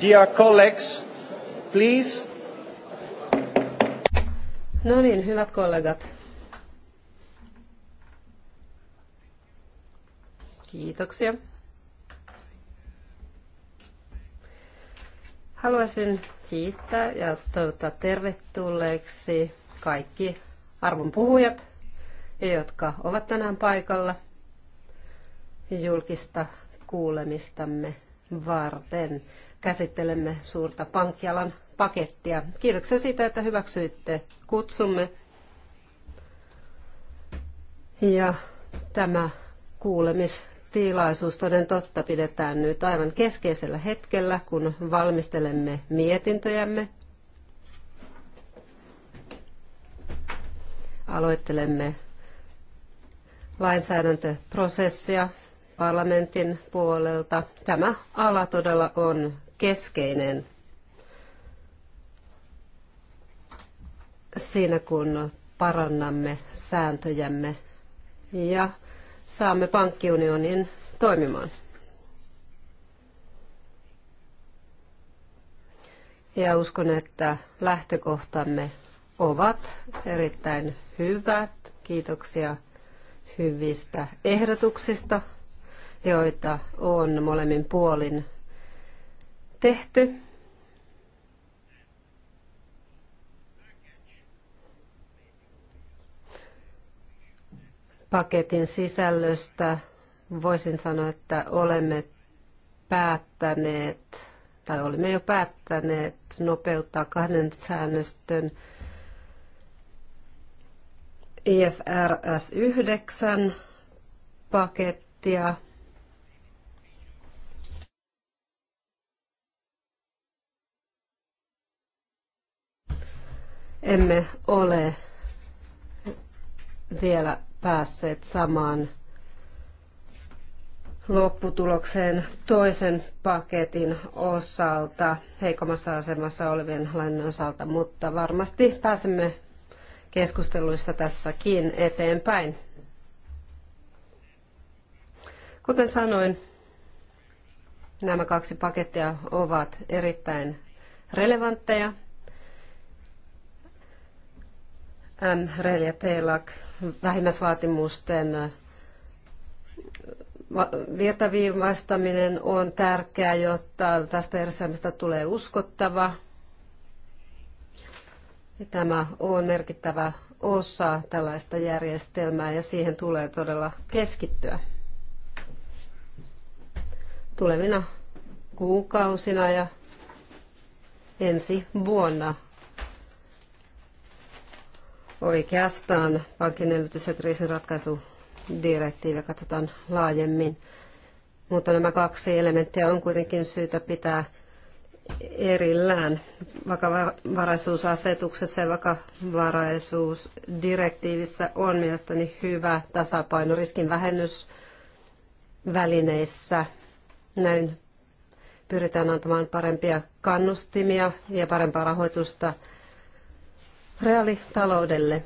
Dear colleagues, please. No niin, hyvät kollegat. Kiitoksia. Haluaisin kiittää ja toivottaa tervetulleeksi kaikki arvon puhujat, jotka ovat tänään paikalla julkista kuulemistamme varten. Käsittelemme suurta pankkialan pakettia. Kiitoksia siitä, että hyväksyitte kutsumme. Ja tämä kuulemistilaisuus toden totta pidetään nyt aivan keskeisellä hetkellä, kun valmistelemme mietintöjämme. Aloittelemme lainsäädäntöprosessia parlamentin puolelta. Tämä ala todella on keskeinen siinä, kun parannamme sääntöjämme ja saamme pankkiunionin toimimaan. Ja uskon, että lähtökohtamme ovat erittäin hyvät. Kiitoksia hyvistä ehdotuksista joita on molemmin puolin tehty. Paketin sisällöstä voisin sanoa, että olemme päättäneet tai olimme jo päättäneet nopeuttaa kahden säännöstön IFRS 9 pakettia emme ole vielä päässeet samaan lopputulokseen toisen paketin osalta, heikommassa asemassa olevien lainen osalta, mutta varmasti pääsemme keskusteluissa tässäkin eteenpäin. Kuten sanoin, nämä kaksi pakettia ovat erittäin relevantteja MREL ja TELAC vähimmäisvaatimusten äh, virtaviivaistaminen on tärkeää, jotta tästä järjestelmästä tulee uskottava. Ja tämä on merkittävä osa tällaista järjestelmää ja siihen tulee todella keskittyä. Tulevina kuukausina ja ensi vuonna Oikeastaan pankin elvytys- ja kriisinratkaisudirektiiviä katsotaan laajemmin. Mutta nämä kaksi elementtiä on kuitenkin syytä pitää erillään vakavaraisuusasetuksessa ja vakavaraisuusdirektiivissä on mielestäni hyvä tasapaino riskin vähennysvälineissä. Näin pyritään antamaan parempia kannustimia ja parempaa rahoitusta reaalitaloudelle.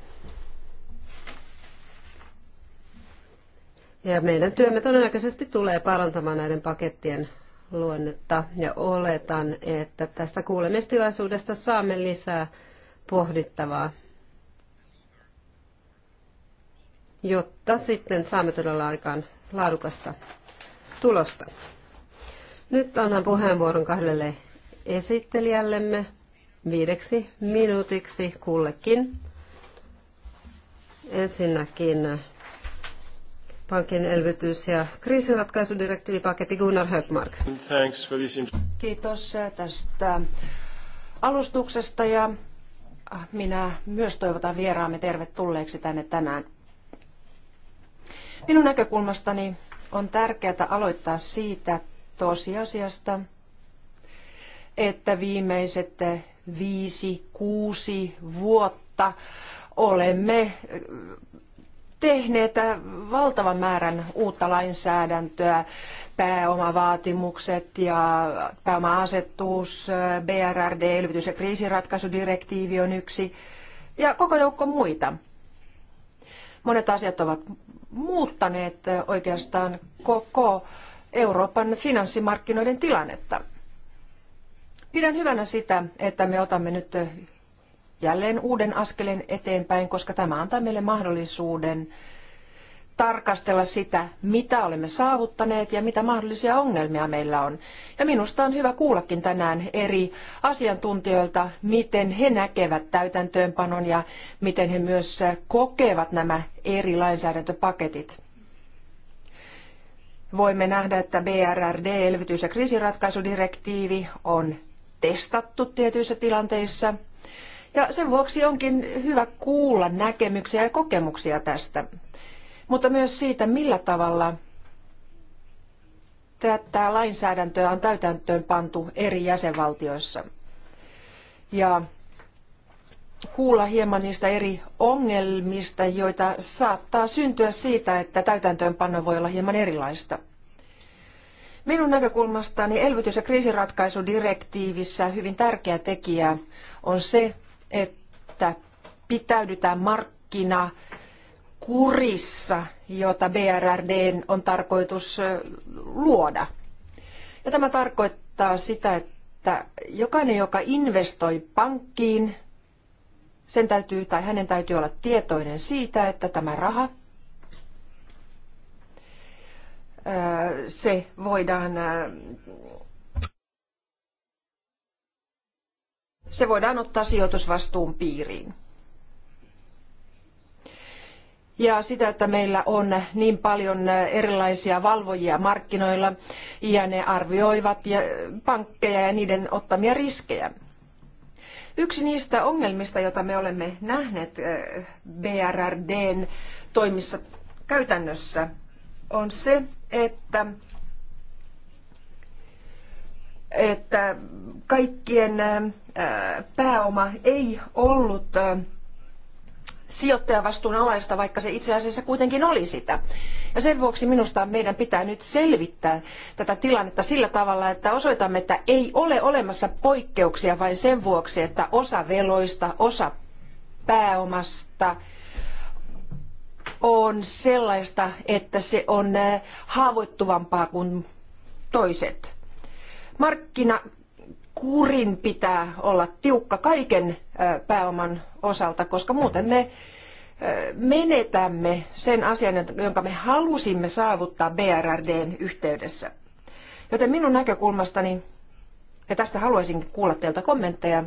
Ja meidän työmme todennäköisesti tulee parantamaan näiden pakettien luonnetta ja oletan, että tästä kuulemistilaisuudesta saamme lisää pohdittavaa, jotta sitten saamme todella aikaan laadukasta tulosta. Nyt annan puheenvuoron kahdelle esittelijällemme viideksi minuutiksi kullekin. Ensinnäkin pankin elvytys- ja kriisinratkaisudirektiivipaketti Gunnar Högmark. Kiitos tästä alustuksesta ja minä myös toivotan vieraamme tervetulleeksi tänne tänään. Minun näkökulmastani on tärkeää aloittaa siitä tosiasiasta, että viimeiset viisi, kuusi vuotta olemme tehneet valtavan määrän uutta lainsäädäntöä, pääomavaatimukset ja pääoma-asetus, BRRD, elvytys- ja kriisiratkaisudirektiivi on yksi ja koko joukko muita. Monet asiat ovat muuttaneet oikeastaan koko Euroopan finanssimarkkinoiden tilannetta. Pidän hyvänä sitä, että me otamme nyt jälleen uuden askeleen eteenpäin, koska tämä antaa meille mahdollisuuden tarkastella sitä, mitä olemme saavuttaneet ja mitä mahdollisia ongelmia meillä on. Ja minusta on hyvä kuullakin tänään eri asiantuntijoilta, miten he näkevät täytäntöönpanon ja miten he myös kokevat nämä eri lainsäädäntöpaketit. Voimme nähdä, että BRRD, elvytys- ja kriisiratkaisudirektiivi, on testattu tietyissä tilanteissa. Ja sen vuoksi onkin hyvä kuulla näkemyksiä ja kokemuksia tästä, mutta myös siitä, millä tavalla tätä lainsäädäntöä on täytäntöön pantu eri jäsenvaltioissa. Ja kuulla hieman niistä eri ongelmista, joita saattaa syntyä siitä, että täytäntöönpano voi olla hieman erilaista. Minun näkökulmastani elvytys- ja kriisiratkaisudirektiivissä hyvin tärkeä tekijä on se, että pitäydytään markkina kurissa, jota BRRD on tarkoitus luoda. Ja tämä tarkoittaa sitä, että jokainen, joka investoi pankkiin, sen täytyy tai hänen täytyy olla tietoinen siitä, että tämä raha – se voidaan se voidaan ottaa sijoitusvastuun piiriin. Ja sitä, että meillä on niin paljon erilaisia valvojia markkinoilla ja ne arvioivat ja pankkeja ja niiden ottamia riskejä. Yksi niistä ongelmista, joita me olemme nähneet BRRDn toimissa käytännössä, on se, että, että kaikkien pääoma ei ollut sijoittajavastuun alaista, vaikka se itse asiassa kuitenkin oli sitä. Ja sen vuoksi minusta meidän pitää nyt selvittää tätä tilannetta sillä tavalla, että osoitamme, että ei ole olemassa poikkeuksia vain sen vuoksi, että osa veloista, osa pääomasta on sellaista, että se on äh, haavoittuvampaa kuin toiset. Markkinakurin pitää olla tiukka kaiken äh, pääoman osalta, koska muuten me äh, menetämme sen asian, jonka me halusimme saavuttaa BRRDn yhteydessä. Joten minun näkökulmastani, ja tästä haluaisin kuulla teiltä kommentteja,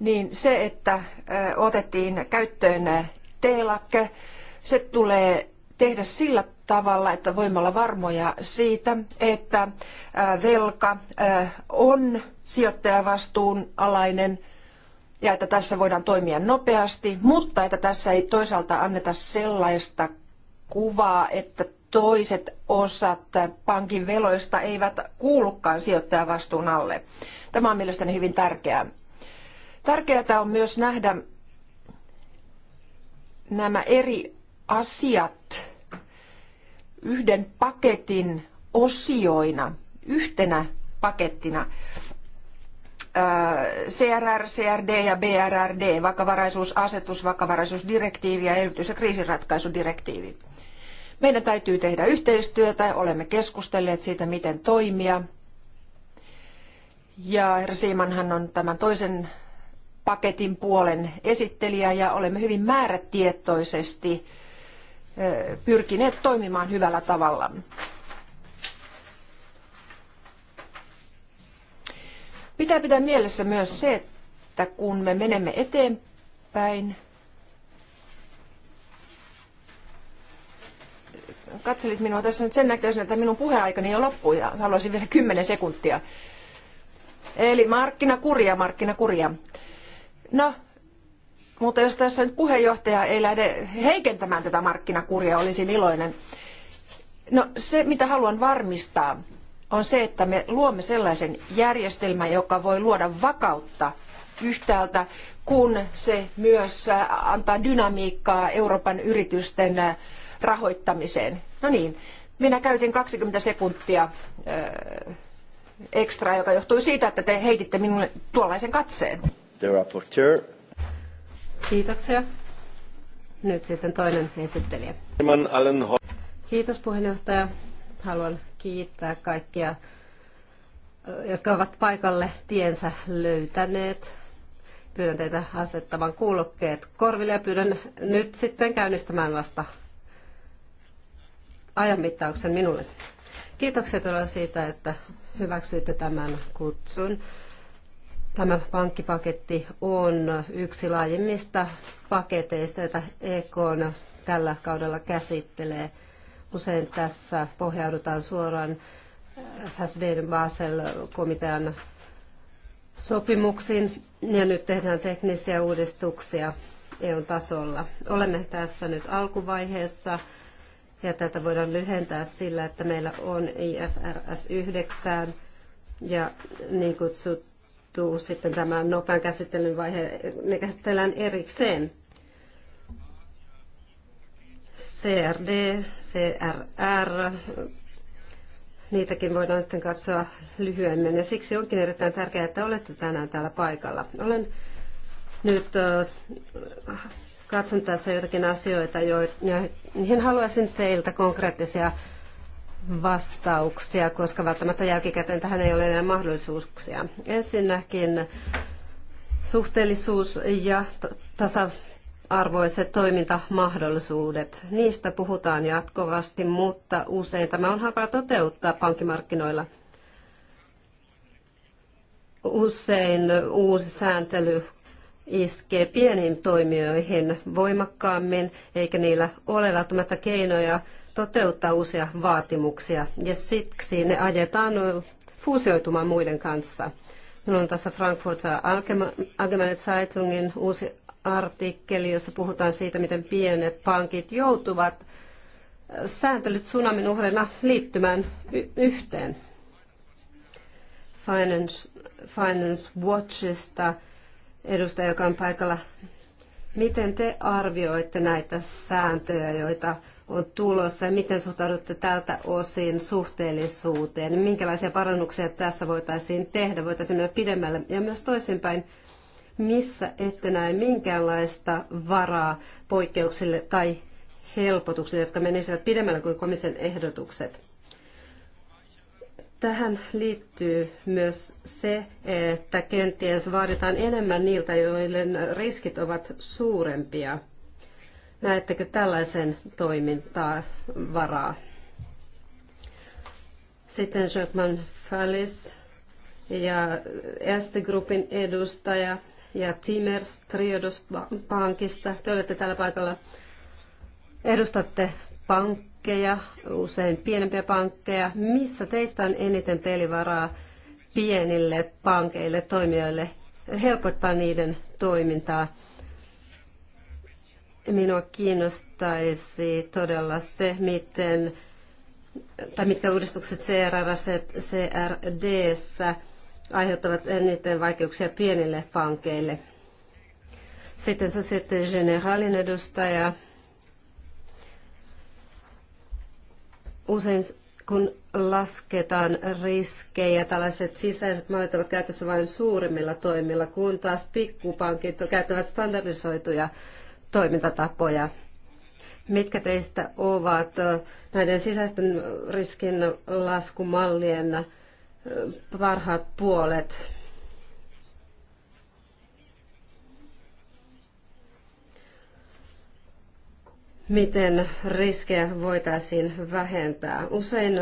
niin se, että otettiin käyttöön TELAK, se tulee tehdä sillä tavalla, että voimme olla varmoja siitä, että velka on sijoittajavastuun alainen ja että tässä voidaan toimia nopeasti, mutta että tässä ei toisaalta anneta sellaista kuvaa, että toiset osat pankin veloista eivät kuulukaan sijoittajavastuun alle. Tämä on mielestäni hyvin tärkeää. Tärkeää on myös nähdä, nämä eri asiat yhden paketin osioina, yhtenä pakettina. Äh, CRR, CRD ja BRRD, vakavaraisuusasetus, vakavaraisuusdirektiivi ja elvytys- ja kriisinratkaisudirektiivi. Meidän täytyy tehdä yhteistyötä, olemme keskustelleet siitä, miten toimia. Ja herra Siimanhan on tämän toisen paketin puolen esittelijä ja olemme hyvin määrätietoisesti pyrkineet toimimaan hyvällä tavalla. Pitää pitää mielessä myös se, että kun me menemme eteenpäin, katselit minua tässä nyt sen näköisenä, että minun puheaikani jo loppui ja haluaisin vielä 10 sekuntia. Eli markkinakuria, markkinakuria. No, mutta jos tässä nyt puheenjohtaja ei lähde heikentämään tätä markkinakuria, olisin iloinen. No se, mitä haluan varmistaa, on se, että me luomme sellaisen järjestelmän, joka voi luoda vakautta yhtäältä, kun se myös antaa dynamiikkaa Euroopan yritysten rahoittamiseen. No niin, minä käytin 20 sekuntia ekstraa, joka johtui siitä, että te heititte minulle tuollaisen katseen the rapporteur. Kiitoksia. Nyt sitten toinen esittelijä. Kiitos puheenjohtaja. Haluan kiittää kaikkia, jotka ovat paikalle tiensä löytäneet. Pyydän teitä asettamaan kuulokkeet korville ja pyydän nyt sitten käynnistämään vasta ajanmittauksen minulle. Kiitoksia todella siitä, että hyväksyitte tämän kutsun. Tämä pankkipaketti on yksi laajimmista paketeista, joita EK on tällä kaudella käsittelee. Usein tässä pohjaudutaan suoraan äh, FSBn Basel-komitean sopimuksiin ja nyt tehdään teknisiä uudistuksia EUn tasolla Olemme tässä nyt alkuvaiheessa ja tätä voidaan lyhentää sillä, että meillä on IFRS 9 ja niin kutsuttu tapahtuu sitten tämä nopean käsittelyn vaihe, ne käsitellään erikseen. CRD, CRR, niitäkin voidaan sitten katsoa lyhyemmin. Ja siksi onkin erittäin tärkeää, että olette tänään täällä paikalla. Olen nyt katson tässä jotakin asioita, joihin haluaisin teiltä konkreettisia vastauksia, koska välttämättä jälkikäteen tähän ei ole enää mahdollisuuksia. Ensinnäkin suhteellisuus ja tasa-arvoiset toimintamahdollisuudet. Niistä puhutaan jatkuvasti, mutta usein tämä on hankala toteuttaa pankkimarkkinoilla. Usein uusi sääntely iskee pieniin toimijoihin voimakkaammin, eikä niillä ole välttämättä keinoja toteuttaa uusia vaatimuksia ja siksi ne ajetaan fuusioitumaan muiden kanssa. Minulla on tässä Frankfurter Allgemeine Zeitungin uusi artikkeli, jossa puhutaan siitä, miten pienet pankit joutuvat sääntelyt tsunamin uhreina liittymään yhteen. Finance, Finance Watchista edustaja, joka on paikalla. Miten te arvioitte näitä sääntöjä, joita on tulossa ja miten suhtaudutte tältä osin suhteellisuuteen? Minkälaisia parannuksia tässä voitaisiin tehdä? Voitaisiin mennä pidemmälle ja myös toisinpäin. Missä ette näe minkäänlaista varaa poikkeuksille tai helpotuksille, jotka menisivät pidemmälle kuin komission ehdotukset? Tähän liittyy myös se, että kenties vaaditaan enemmän niiltä, joiden riskit ovat suurempia – Näettekö tällaisen toimintaa varaa? Sitten Jörgman Fallis ja Erste Groupin edustaja ja Timers Triodos Pankista. Te olette tällä paikalla. Edustatte pankkeja, usein pienempiä pankkeja. Missä teistä on eniten pelivaraa pienille pankeille, toimijoille helpottaa niiden toimintaa? Minua kiinnostaisi todella se, miten, tai mitkä uudistukset CRR, crd aiheuttavat eniten vaikeuksia pienille pankeille. Sitten Societe Generalin edustaja. Usein kun lasketaan riskejä, tällaiset sisäiset mallit ovat käytössä vain suurimmilla toimilla, kun taas pikkupankit käyttävät standardisoituja toimintatapoja. Mitkä teistä ovat näiden sisäisten riskin laskumallien parhaat puolet? miten riskejä voitaisiin vähentää. Usein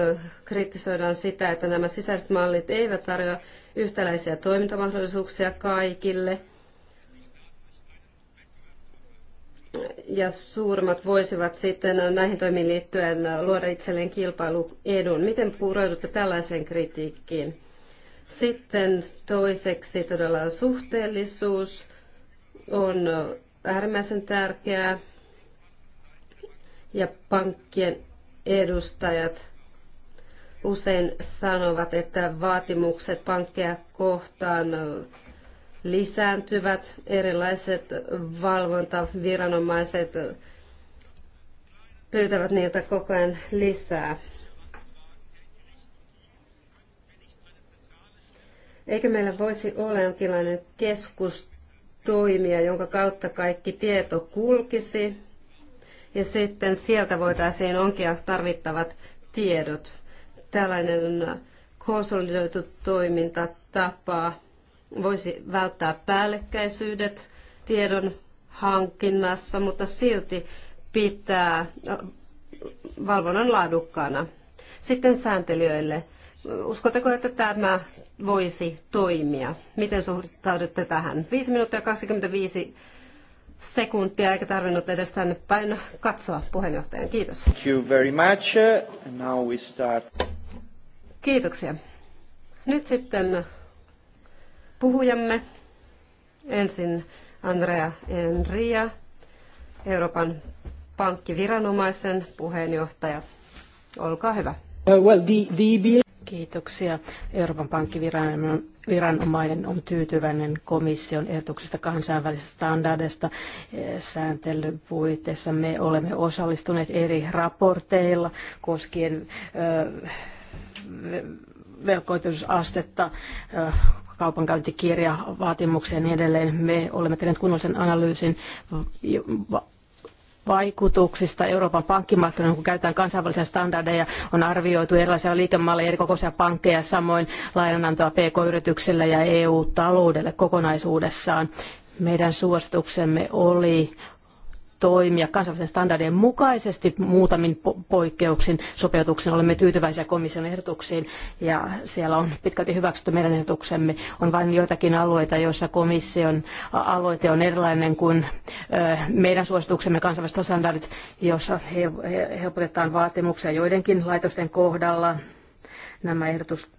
kritisoidaan sitä, että nämä sisäiset mallit eivät tarjoa yhtäläisiä toimintamahdollisuuksia kaikille – ja suurimmat voisivat sitten näihin toimiin liittyen luoda itselleen kilpailuedun. Miten pureudutte tällaiseen kritiikkiin? Sitten toiseksi todella suhteellisuus on äärimmäisen tärkeää ja pankkien edustajat usein sanovat, että vaatimukset pankkeja kohtaan lisääntyvät, erilaiset valvontaviranomaiset pyytävät niiltä koko ajan lisää. Eikö meillä voisi olla jonkinlainen keskustoimija, jonka kautta kaikki tieto kulkisi ja sitten sieltä voitaisiin onkia tarvittavat tiedot. Tällainen konsolidoitu toimintatapa voisi välttää päällekkäisyydet tiedon hankinnassa, mutta silti pitää valvonnan laadukkaana. Sitten sääntelijöille. Uskotteko, että tämä voisi toimia? Miten suhtaudutte tähän? 5 minuuttia 25 sekuntia, eikä tarvinnut edes tänne päin katsoa puheenjohtajan. Kiitos. Thank you very much. And now we start. Kiitoksia. Nyt sitten puhujamme. Ensin Andrea Enria, Euroopan pankkiviranomaisen puheenjohtaja. Olkaa hyvä. Uh, well, the, the... Kiitoksia. Euroopan pankkiviranomainen on tyytyväinen komission ehdotuksesta kansainvälisestä standardista puitteissa. Me olemme osallistuneet eri raporteilla koskien ö, velkoitusastetta kaupankäyntikirja, vaatimuksia ja niin edelleen. Me olemme tehneet kunnollisen analyysin vaikutuksista Euroopan pankkimarkkinoilla, kun käytetään kansainvälisiä standardeja, on arvioitu erilaisia liikemalleja, eri kokoisia pankkeja, samoin lainanantoa PK-yrityksille ja EU-taloudelle kokonaisuudessaan. Meidän suosituksemme oli toimia kansainvälisten standardien mukaisesti muutamin poikkeuksin sopeutuksen. Olemme tyytyväisiä komission ehdotuksiin ja siellä on pitkälti hyväksytty meidän ehdotuksemme. On vain joitakin alueita, joissa komission aloite on erilainen kuin meidän suosituksemme kansainväliset standardit, jossa helpotetaan vaatimuksia joidenkin laitosten kohdalla Nämä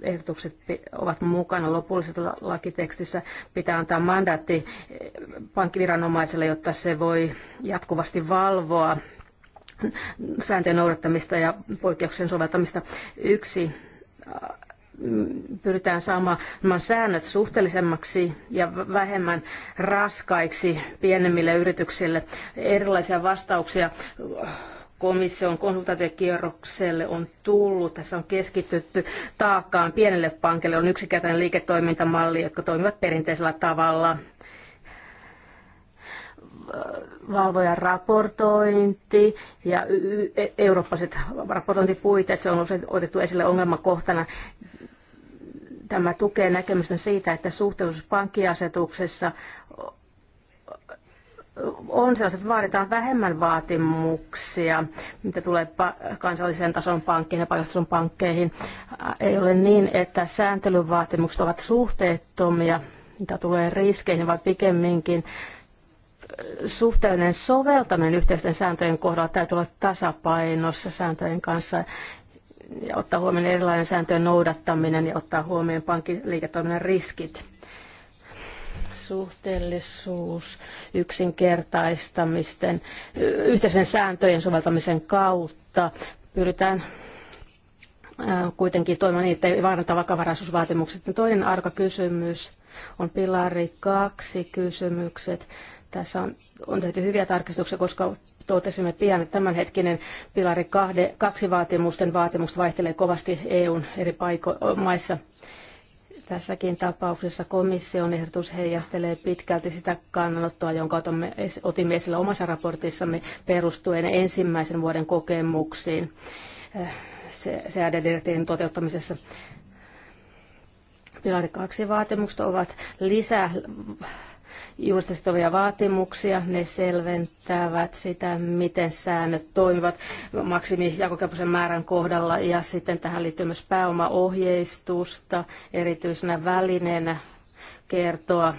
ehdotukset ovat mukana lopullisessa lakitekstissä. Pitää antaa mandaatti eh, pankkiviranomaiselle, jotta se voi jatkuvasti valvoa sääntöjen noudattamista ja poikkeuksien soveltamista. Yksi eh, pyritään saamaan nämä säännöt suhteellisemmaksi ja vähemmän raskaiksi pienemmille yrityksille. Erilaisia vastauksia eh, komission konsultaatiokierrokselle on tullut. Tässä on keskitytty taakkaan pienelle pankille. On yksikäteinen liiketoimintamalli, jotka toimivat perinteisellä tavalla. Valvojan raportointi ja e- eurooppalaiset raportointipuitteet, se on usein otettu esille ongelmakohtana. Tämä tukee näkemystä siitä, että suhteellisuus pankkiasetuksessa on sellaiset, että vaaditaan vähemmän vaatimuksia, mitä tulee kansallisen tason pankkeihin ja paikallisen pankkeihin. Ei ole niin, että sääntelyvaatimukset ovat suhteettomia, mitä tulee riskeihin, vaan pikemminkin suhteellinen soveltaminen yhteisten sääntöjen kohdalla täytyy olla tasapainossa sääntöjen kanssa ja ottaa huomioon erilainen sääntöjen noudattaminen ja ottaa huomioon pankin liiketoiminnan riskit suhteellisuus yksinkertaistamisten, yhteisen sääntöjen soveltamisen kautta pyritään kuitenkin toimimaan niin, ettei vaaranneta vakavaraisuusvaatimukset. Toinen arka kysymys on pilari kaksi kysymykset. Tässä on, on tehty hyviä tarkistuksia, koska totesimme pian, että tämänhetkinen pilari kahde, kaksi vaatimusten vaatimus vaihtelee kovasti EUn eri paiko- maissa. Tässäkin tapauksessa komission ehdotus heijastelee pitkälti sitä kannanottoa, jonka otamme, otimme esille omassa raportissamme perustuen ensimmäisen vuoden kokemuksiin eh, CAD-direktiivin toteuttamisessa. Pilari 2 vaatimukset ovat lisää julistustovia vaatimuksia. Ne selventävät sitä, miten säännöt toimivat maksimijakokelpoisen määrän kohdalla ja sitten tähän liittyy myös pääomaohjeistusta erityisenä välineenä kertoa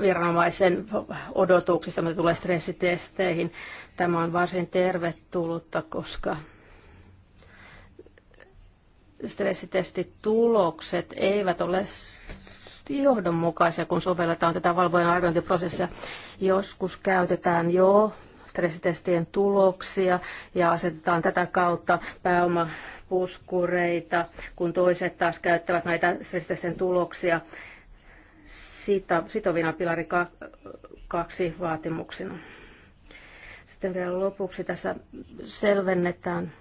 viranomaisen odotuksista, mitä tulee stressitesteihin. Tämä on varsin tervetullutta, koska stressitestitulokset eivät ole johdonmukaisia, kun sovelletaan tätä valvojen arviointiprosessia. Joskus käytetään jo stressitestien tuloksia ja asetetaan tätä kautta pääomapuskureita, kun toiset taas käyttävät näitä stressitestien tuloksia sita, sitovina pilari kaksi vaatimuksina. Sitten vielä lopuksi tässä selvennetään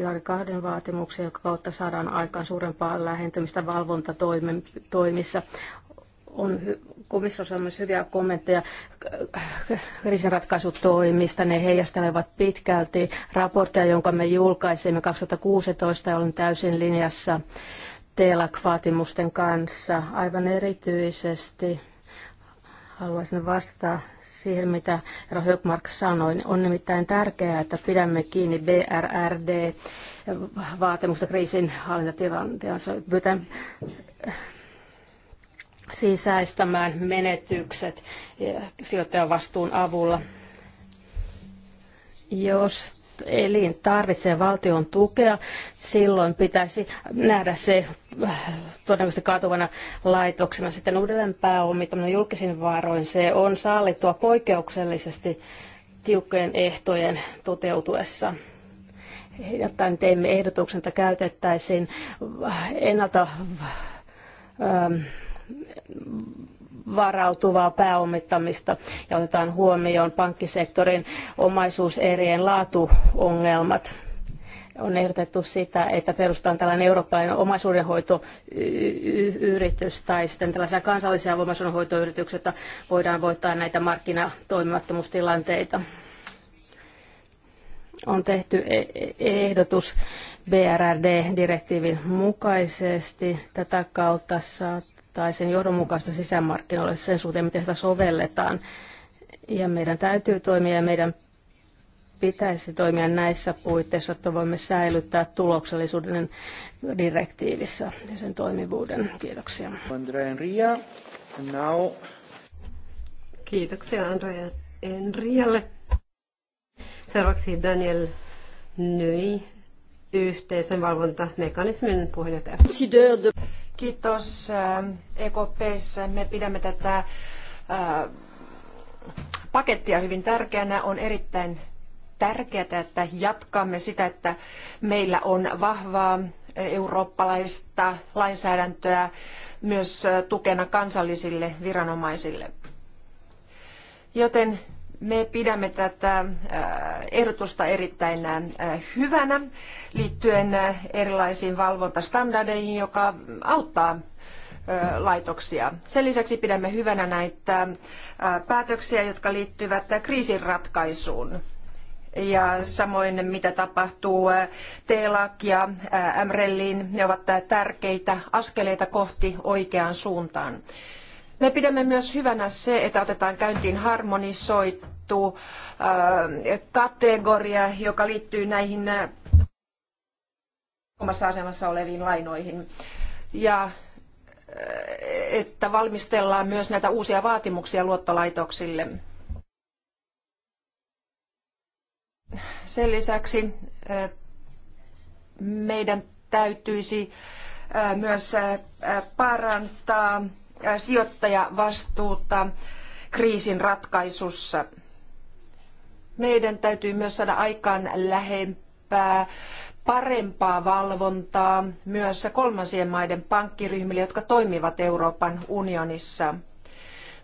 pilari kahden vaatimuksen, joka kautta saadaan aikaan suurempaa lähentymistä valvontatoimissa. On komissiossa on myös hyviä kommentteja kriisinratkaisutoimista. Ne heijastelevat pitkälti raporttia, jonka me julkaisimme 2016 ja olen täysin linjassa TELAK-vaatimusten kanssa. Aivan erityisesti haluaisin vastata siihen, mitä Högmark sanoi. On nimittäin tärkeää, että pidämme kiinni BRRD vaatimusta kriisin hallintatilanteessa. Pyytän äh, sisäistämään menetykset sijoittajan vastuun avulla. Jos elin tarvitsee valtion tukea, silloin pitäisi nähdä se äh, todennäköisesti katuvana laitoksena sitten uudelleen pääomittaminen julkisin varoin. Se on sallittua poikkeuksellisesti tiukkojen ehtojen toteutuessa hiljattain teimme ehdotuksen, että käytettäisiin ennalta ähm, varautuvaa pääomittamista ja otetaan huomioon pankkisektorin omaisuuserien laatuongelmat on ehdotettu sitä, että perustetaan tällainen eurooppalainen omaisuudenhoitoyritys tai sitten tällaisia kansallisia omaisuudenhoitoyrityksiä, että voidaan voittaa näitä markkinatoimimattomuustilanteita. On tehty e- e- ehdotus BRRD-direktiivin mukaisesti. Tätä kautta saat tai sen johdonmukaista sisämarkkinoille sen suhteen, miten sitä sovelletaan. Ja meidän täytyy toimia ja meidän pitäisi toimia näissä puitteissa, että voimme säilyttää tuloksellisuuden direktiivissä ja sen toimivuuden. Kiitoksia. Andrea Enria, now. Kiitoksia Andrea Enrialle. Seuraavaksi Daniel Nyi, yhteisen valvontamekanismin puheenjohtaja. Kiitos. Äh, EKPssä me pidämme tätä äh, pakettia hyvin tärkeänä. On erittäin tärkeää, että jatkamme sitä, että meillä on vahvaa äh, eurooppalaista lainsäädäntöä myös tukena kansallisille viranomaisille. Joten me pidämme tätä äh, ehdotusta erittäin äh, hyvänä liittyen äh, erilaisiin valvontastandardeihin, joka auttaa laitoksia. Sen lisäksi pidämme hyvänä näitä päätöksiä, jotka liittyvät kriisinratkaisuun ja samoin mitä tapahtuu TELAK ja MRELiin, ne ovat tärkeitä askeleita kohti oikeaan suuntaan. Me pidämme myös hyvänä se, että otetaan käyntiin harmonisoitu kategoria, joka liittyy näihin omassa asemassa oleviin lainoihin. Ja että valmistellaan myös näitä uusia vaatimuksia luottolaitoksille. Sen lisäksi meidän täytyisi myös parantaa sijoittajavastuuta kriisin ratkaisussa. Meidän täytyy myös saada aikaan lähempää, parempaa valvontaa myös kolmansien maiden pankkiryhmille, jotka toimivat Euroopan unionissa.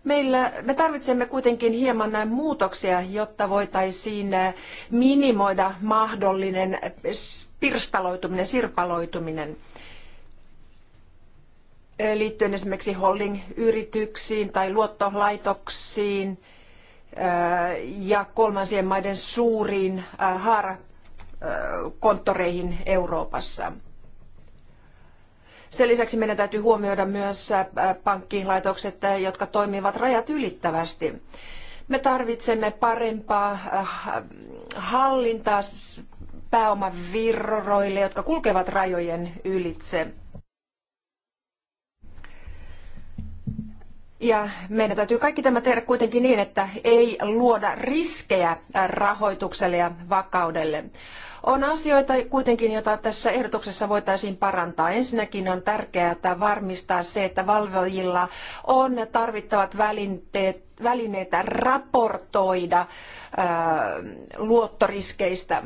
Meillä, me tarvitsemme kuitenkin hieman näin muutoksia, jotta voitaisiin minimoida mahdollinen pirstaloituminen, sirpaloituminen liittyen esimerkiksi holding-yrityksiin tai luottolaitoksiin äh, ja kolmansien maiden suuriin äh, haarakonttoreihin Euroopassa. Sen lisäksi meidän täytyy huomioida myös äh, pankkilaitokset, jotka toimivat rajat ylittävästi. Me tarvitsemme parempaa hallintaa pääomavirroille, jotka kulkevat rajojen ylitse Ja meidän täytyy kaikki tämä tehdä kuitenkin niin, että ei luoda riskejä rahoitukselle ja vakaudelle. On asioita kuitenkin, joita tässä ehdotuksessa voitaisiin parantaa. Ensinnäkin on tärkeää että varmistaa se, että valvojilla on tarvittavat välineet, raportoida ää, luottoriskeistä.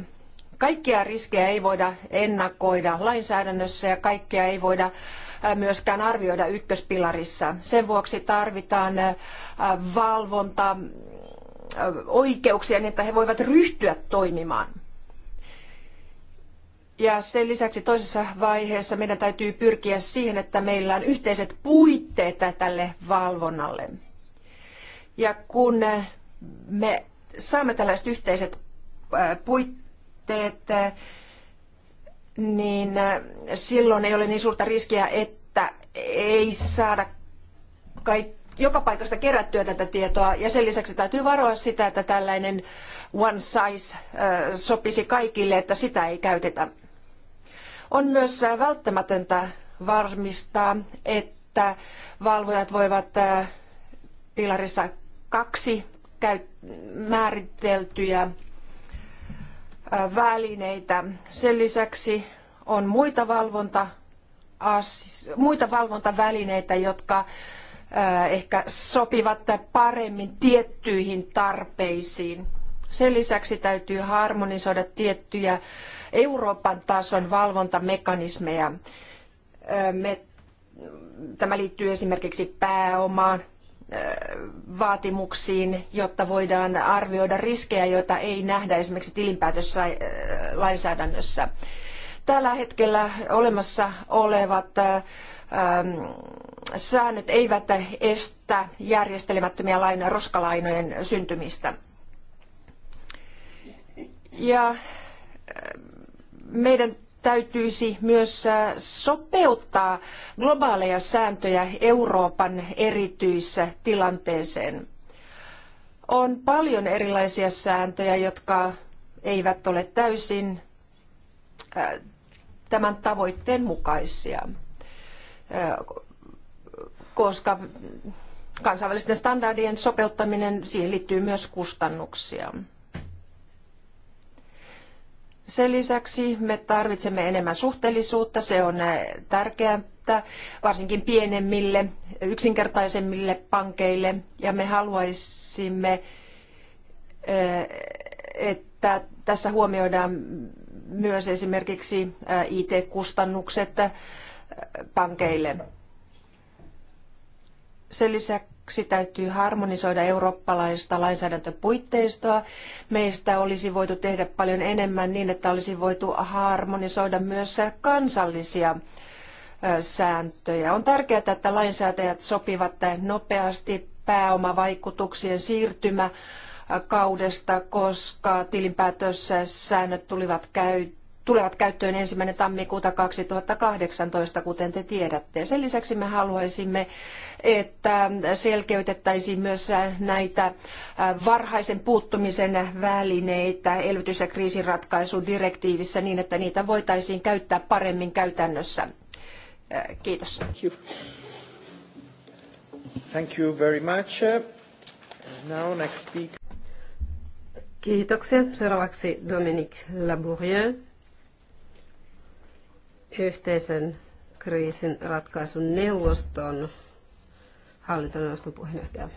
Kaikkia riskejä ei voida ennakoida lainsäädännössä ja kaikkea ei voida myöskään arvioida ykköspilarissa. Sen vuoksi tarvitaan valvonta oikeuksia niin, että he voivat ryhtyä toimimaan. Ja sen lisäksi toisessa vaiheessa meidän täytyy pyrkiä siihen, että meillä on yhteiset puitteet tälle valvonnalle. Ja kun me saamme tällaiset yhteiset puitteet, niin äh, silloin ei ole niin suurta riskiä, että ei saada kaikki joka paikasta kerättyä tätä tietoa ja sen lisäksi täytyy varoa sitä, että tällainen one size äh, sopisi kaikille, että sitä ei käytetä. On myös äh, välttämätöntä varmistaa, että valvojat voivat pilarissa kaksi määriteltyjä välineitä. Sen lisäksi on muita, valvonta, muita valvontavälineitä, jotka ehkä sopivat paremmin tiettyihin tarpeisiin. Sen lisäksi täytyy harmonisoida tiettyjä Euroopan tason valvontamekanismeja. Me, tämä liittyy esimerkiksi pääomaan, vaatimuksiin, jotta voidaan arvioida riskejä, joita ei nähdä esimerkiksi tilinpäätöslainsäädännössä. Äh, Tällä hetkellä olemassa olevat äh, ähm, säännöt eivät estä järjestelemättömiä lainoja, roskalainojen syntymistä. Ja äh, meidän täytyisi myös äh, sopeuttaa globaaleja sääntöjä Euroopan erityistilanteeseen. On paljon erilaisia sääntöjä, jotka eivät ole täysin äh, tämän tavoitteen mukaisia, äh, koska kansainvälisten standardien sopeuttaminen, siihen liittyy myös kustannuksia. Sen lisäksi me tarvitsemme enemmän suhteellisuutta, se on eh, tärkeää varsinkin pienemmille, yksinkertaisemmille pankeille ja me haluaisimme, eh, että tässä huomioidaan myös esimerkiksi eh, IT-kustannukset pankeille. Sen lisäksi Siksi täytyy harmonisoida eurooppalaista lainsäädäntöpuitteistoa. Meistä olisi voitu tehdä paljon enemmän niin, että olisi voitu harmonisoida myös kansallisia sääntöjä. On tärkeää, että lainsäätäjät sopivat nopeasti pääomavaikutuksien siirtymä kaudesta, koska tilinpäätössä säännöt tulivat käyttöön tulevat käyttöön ensimmäinen tammikuuta 2018, kuten te tiedätte. Sen lisäksi me haluaisimme että selkeytettäisiin myös näitä äh, varhaisen puuttumisen välineitä elvytys- ja kriisinratkaisudirektiivissä niin, että niitä voitaisiin käyttää paremmin käytännössä. Äh, kiitos. Thank you very much. Now next speaker. Kiitoksia. Seuraavaksi Dominique Labourieux, yhteisen kriisin ratkaisun neuvoston hallintoneuvoston puheenjohtaja.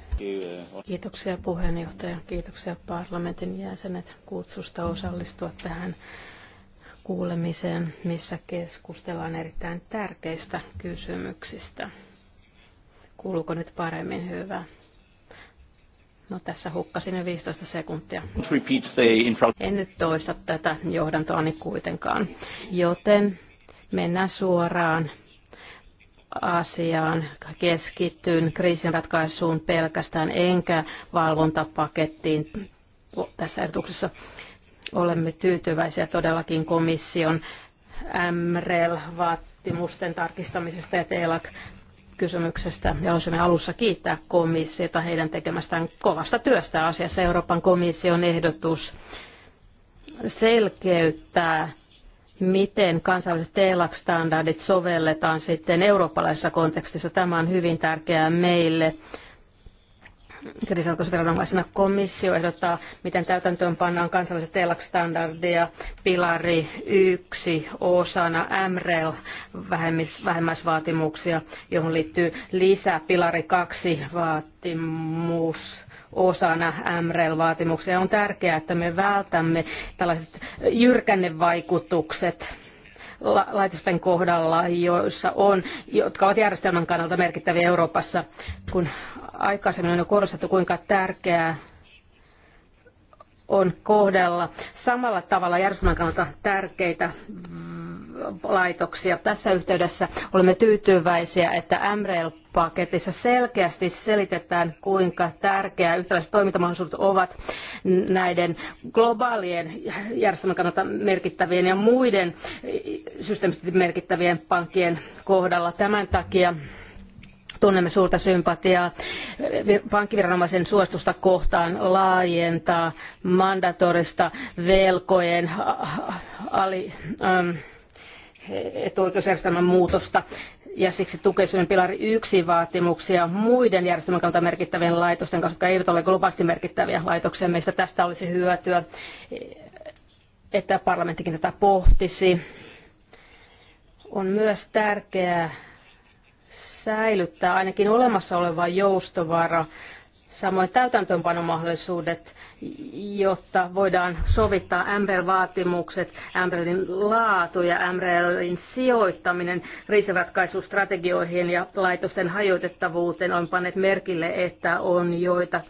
Kiitoksia puheenjohtaja, kiitoksia parlamentin jäsenet kutsusta osallistua tähän kuulemiseen, missä keskustellaan erittäin tärkeistä kysymyksistä. Kuuluuko nyt paremmin hyvä? No tässä hukkasin jo 15 sekuntia. En nyt toista tätä johdantoani kuitenkaan, joten mennään suoraan asiaan keskittyn kriisinratkaisuun pelkästään enkä valvontapakettiin tässä ehdotuksessa. Olemme tyytyväisiä todellakin komission MREL-vaatimusten tarkistamisesta ja TELAK kysymyksestä ja haluaisimme alussa kiittää komissiota heidän tekemästään kovasta työstä asiassa. Euroopan komission ehdotus selkeyttää miten kansalliset elac standardit sovelletaan sitten eurooppalaisessa kontekstissa. Tämä on hyvin tärkeää meille. Kriisalkoisviranomaisena komissio ehdottaa, miten täytäntöön pannaan kansalliset elac standardia pilari yksi osana MREL vähemmäisvaatimuksia, johon liittyy lisää pilari kaksi vaatimus osana MREL-vaatimuksia. On tärkeää, että me vältämme tällaiset jyrkännevaikutukset laitosten kohdalla, joissa on, jotka ovat järjestelmän kannalta merkittäviä Euroopassa, kun aikaisemmin on jo korostettu, kuinka tärkeää on kohdella samalla tavalla järjestelmän kannalta tärkeitä laitoksia. Tässä yhteydessä olemme tyytyväisiä, että MREL-paketissa selkeästi selitetään, kuinka tärkeää yhtäläiset toimintamahdollisuudet ovat näiden globaalien järjestelmän kannalta merkittävien ja muiden systeemisesti merkittävien pankkien kohdalla. Tämän takia tunnemme suurta sympatiaa pankkiviranomaisen suostusta kohtaan laajentaa mandatorista velkojen ali, ähm, oikeusjärjestelmän muutosta ja siksi tukisimme pilari yksi vaatimuksia muiden järjestelmän kannalta merkittävien laitosten kanssa, jotka eivät ole globaalisti merkittäviä laitoksia. Meistä tästä olisi hyötyä, että parlamenttikin tätä pohtisi. On myös tärkeää säilyttää ainakin olemassa oleva joustovara samoin täytäntöönpanomahdollisuudet, jotta voidaan sovittaa MREL-vaatimukset, MRELin laatu ja MRELin sijoittaminen kriisiratkaisustrategioihin ja laitosten hajoitettavuuteen. on panneet merkille, että on joita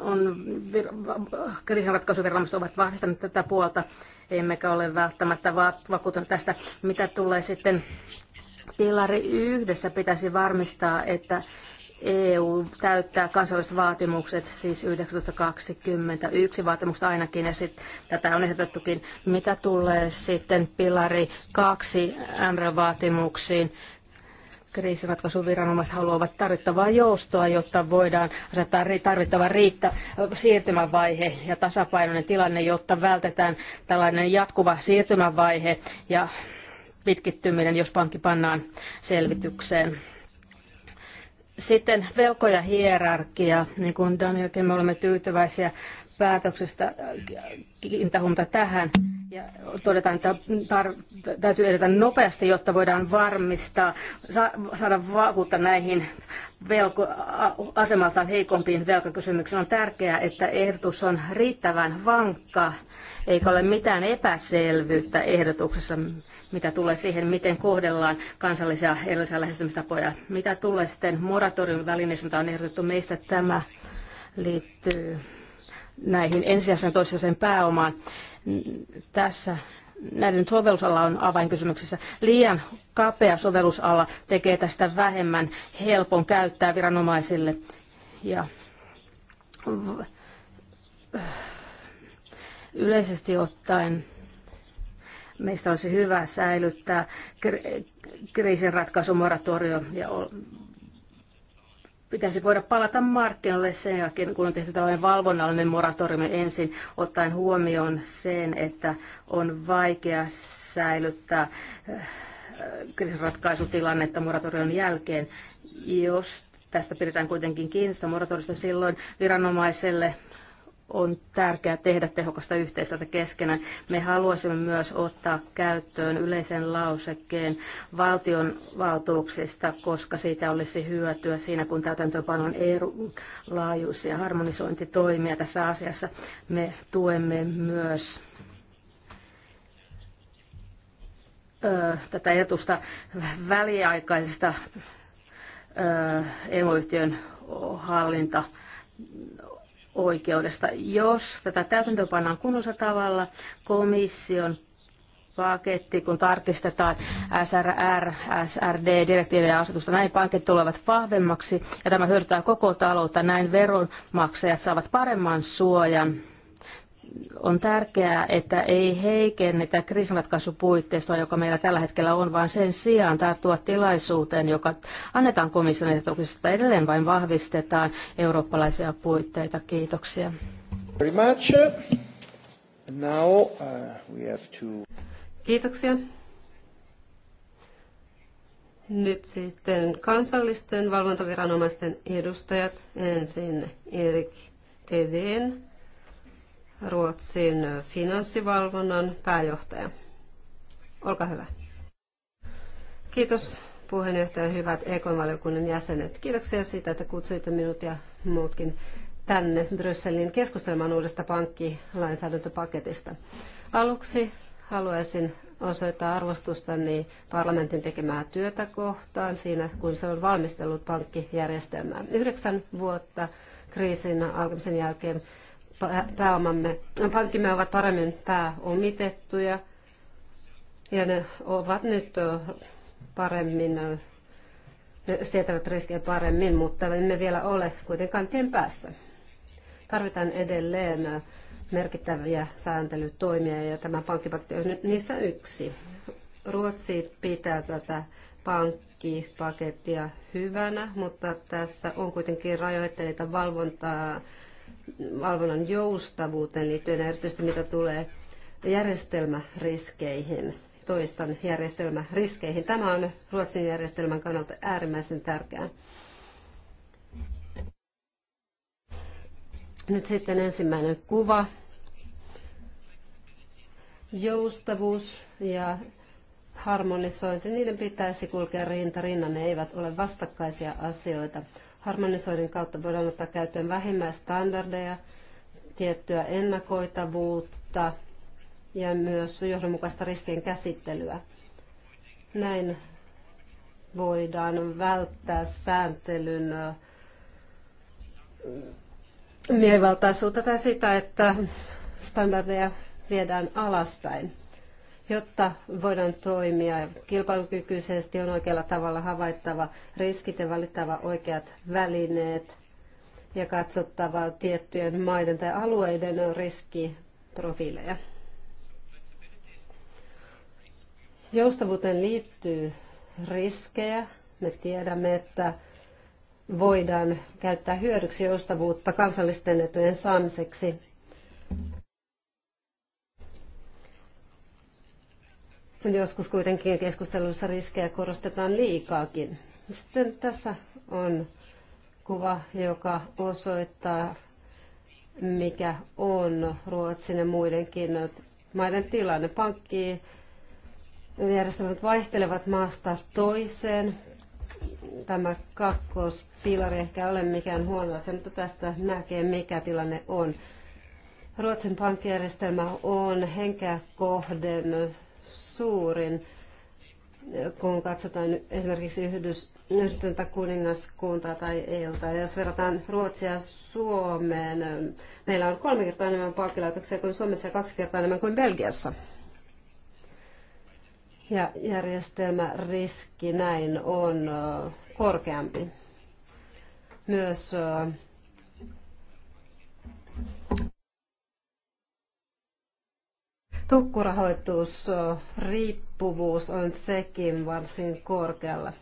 on, kriisinratkaisuviranomaiset ovat vahvistaneet tätä puolta, emmekä ole välttämättä vakuutuneet tästä, mitä tulee sitten Pilari yhdessä pitäisi varmistaa, että EU täyttää kansalliset vaatimukset, siis 1921 vaatimusta ainakin, ja sit, tätä on ehdotettukin. Mitä tulee sitten pilari 2 MR-vaatimuksiin? Kriisinratkaisuviranomaiset haluavat tarvittavaa joustoa, jotta voidaan asettaa tarvittava riittä, siirtymävaihe ja tasapainoinen tilanne, jotta vältetään tällainen jatkuva siirtymävaihe ja pitkittyminen, jos pankki pannaan selvitykseen. Sitten velkoja hierarkia, niin kuin Danielkin me olemme tyytyväisiä päätöksestä kiinnittää tähän ja todetaan, että tar- täytyy edetä nopeasti, jotta voidaan varmistaa, sa- saada vakuutta näihin velko- asemaltaan heikompiin velkakysymyksiin. On tärkeää, että ehdotus on riittävän vankka, eikä ole mitään epäselvyyttä ehdotuksessa mitä tulee siihen, miten kohdellaan kansallisia erilaisia lähestymistapoja. Mitä tulee sitten moratorium välineeseen, on ehdotettu meistä, tämä liittyy näihin ensisijaisen toisessa pääomaan. Tässä näiden sovellusala on avainkysymyksessä. Liian kapea sovellusala tekee tästä vähemmän helpon käyttää viranomaisille. Ja yleisesti ottaen Meistä olisi hyvä säilyttää kriisinratkaisumoratorio ja pitäisi voida palata markkinoille sen jälkeen, kun on tehty tällainen valvonnallinen moratoriumi niin ensin, ottaen huomioon sen, että on vaikea säilyttää eh, kriisiratkaisutilannetta moratorion jälkeen, jos tästä pidetään kuitenkin kiinni moratorista silloin viranomaiselle on tärkeää tehdä tehokasta yhteistyötä keskenään. Me haluaisimme myös ottaa käyttöön yleisen lausekkeen valtion valtuuksista, koska siitä olisi hyötyä siinä, kun täytäntöönpanon laajuus ja harmonisointitoimia tässä asiassa. Me tuemme myös ö, tätä etusta väliaikaisesta emoyhtiön hallinta oikeudesta. Jos tätä pannaan kunnossa tavalla, komission paketti, kun tarkistetaan SRR, SRD, direktiivejä ja asetusta. Näin pankit tulevat vahvemmaksi ja tämä hyödyttää koko taloutta. Näin veronmaksajat saavat paremman suojan on tärkeää, että ei heikennetä kriisinratkaisupuitteistoa, joka meillä tällä hetkellä on, vaan sen sijaan tarttua tilaisuuteen, joka annetaan komission ehdotuksesta edelleen vain vahvistetaan eurooppalaisia puitteita. Kiitoksia. Very much. Now, uh, we have to... Kiitoksia. Nyt sitten kansallisten valvontaviranomaisten edustajat. Ensin Erik Teden Ruotsin finanssivalvonnan pääjohtaja. Olkaa hyvä. Kiitos puheenjohtaja, hyvät EK-valiokunnan jäsenet. Kiitoksia siitä, että kutsuitte minut ja muutkin tänne Brysselin keskustelemaan uudesta pankkilainsäädäntöpaketista. Aluksi haluaisin osoittaa arvostustani parlamentin tekemää työtä kohtaan siinä, kun se on valmistellut pankkijärjestelmää. Yhdeksän vuotta kriisin alkamisen jälkeen pääomamme, pankkimme ovat paremmin pääomitettuja ja ne ovat nyt paremmin, ne sietävät riskejä paremmin, mutta emme vielä ole kuitenkaan tien päässä. Tarvitaan edelleen merkittäviä sääntelytoimia ja tämä pankkipaketti on niistä yksi. Ruotsi pitää tätä pankkipakettia hyvänä, mutta tässä on kuitenkin rajoitteita valvontaa valvonnan joustavuuteen liittyen, erityisesti mitä tulee järjestelmäriskeihin, toistan järjestelmäriskeihin. Tämä on Ruotsin järjestelmän kannalta äärimmäisen tärkeää. Nyt sitten ensimmäinen kuva. Joustavuus ja harmonisointi, niiden pitäisi kulkea rinta rinnan, ne eivät ole vastakkaisia asioita. Harmonisoinnin kautta voidaan ottaa käyttöön vähimmäistandardeja, tiettyä ennakoitavuutta ja myös johdonmukaista riskien käsittelyä. Näin voidaan välttää sääntelyn mielivaltaisuutta tai sitä, että standardeja viedään alaspäin. Jotta voidaan toimia kilpailukykyisesti, on oikealla tavalla havaittava riskit ja valittava oikeat välineet ja katsottava tiettyjen maiden tai alueiden riskiprofiileja. Joustavuuteen liittyy riskejä. Me tiedämme, että voidaan käyttää hyödyksi joustavuutta kansallisten etujen saamiseksi. Joskus kuitenkin keskustelussa riskejä korostetaan liikaakin. Sitten tässä on kuva, joka osoittaa, mikä on Ruotsin ja muidenkin maiden tilanne. Pankki järjestelmät vaihtelevat maasta toiseen. Tämä kakkospilari ehkä ole mikään huono asia, mutta tästä näkee, mikä tilanne on. Ruotsin pankkijärjestelmä on henkeä kohden suurin, kun katsotaan esimerkiksi Yhdys, yhdistyntä kuningaskuntaa tai eilta Ja jos verrataan Ruotsia Suomeen, meillä on kolme kertaa enemmän pankkilaitoksia kuin Suomessa ja kaksi kertaa enemmän kuin Belgiassa. Ja järjestelmäriski näin on korkeampi. Myös tukkurahoitusriippuvuus on sekin varsin korkealla.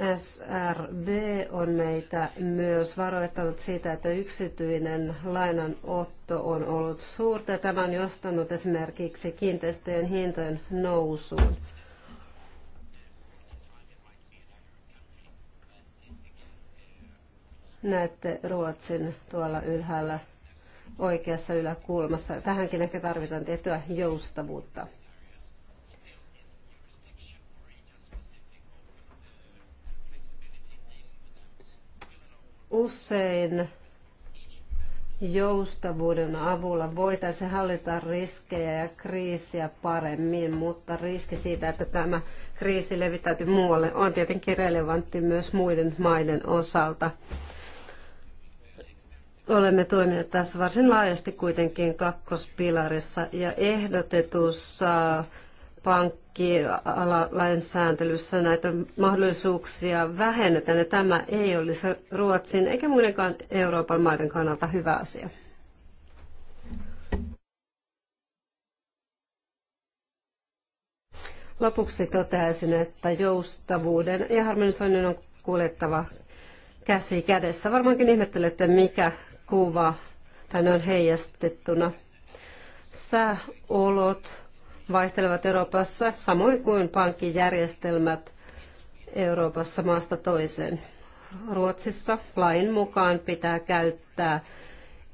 ESRB on meitä myös varoittanut siitä, että yksityinen lainanotto on ollut suurta. Tämä on johtanut esimerkiksi kiinteistöjen hintojen nousuun. Näette Ruotsin tuolla ylhäällä oikeassa yläkulmassa. Tähänkin ehkä tarvitaan tiettyä joustavuutta. Usein joustavuuden avulla voitaisiin hallita riskejä ja kriisiä paremmin, mutta riski siitä, että tämä kriisi levittäytyy muualle, on tietenkin relevantti myös muiden maiden osalta olemme toimineet tässä varsin laajasti kuitenkin kakkospilarissa ja ehdotetussa pankkialalainsääntelyssä näitä mahdollisuuksia vähennetään ja tämä ei olisi Ruotsin eikä muidenkaan Euroopan maiden kannalta hyvä asia. Lopuksi toteaisin, että joustavuuden ja harmonisoinnin on kuljettava käsi kädessä. Varmaankin ihmettelette, mikä kuva, tai ne on heijastettuna. Sääolot vaihtelevat Euroopassa, samoin kuin pankkijärjestelmät Euroopassa maasta toiseen. Ruotsissa lain mukaan pitää käyttää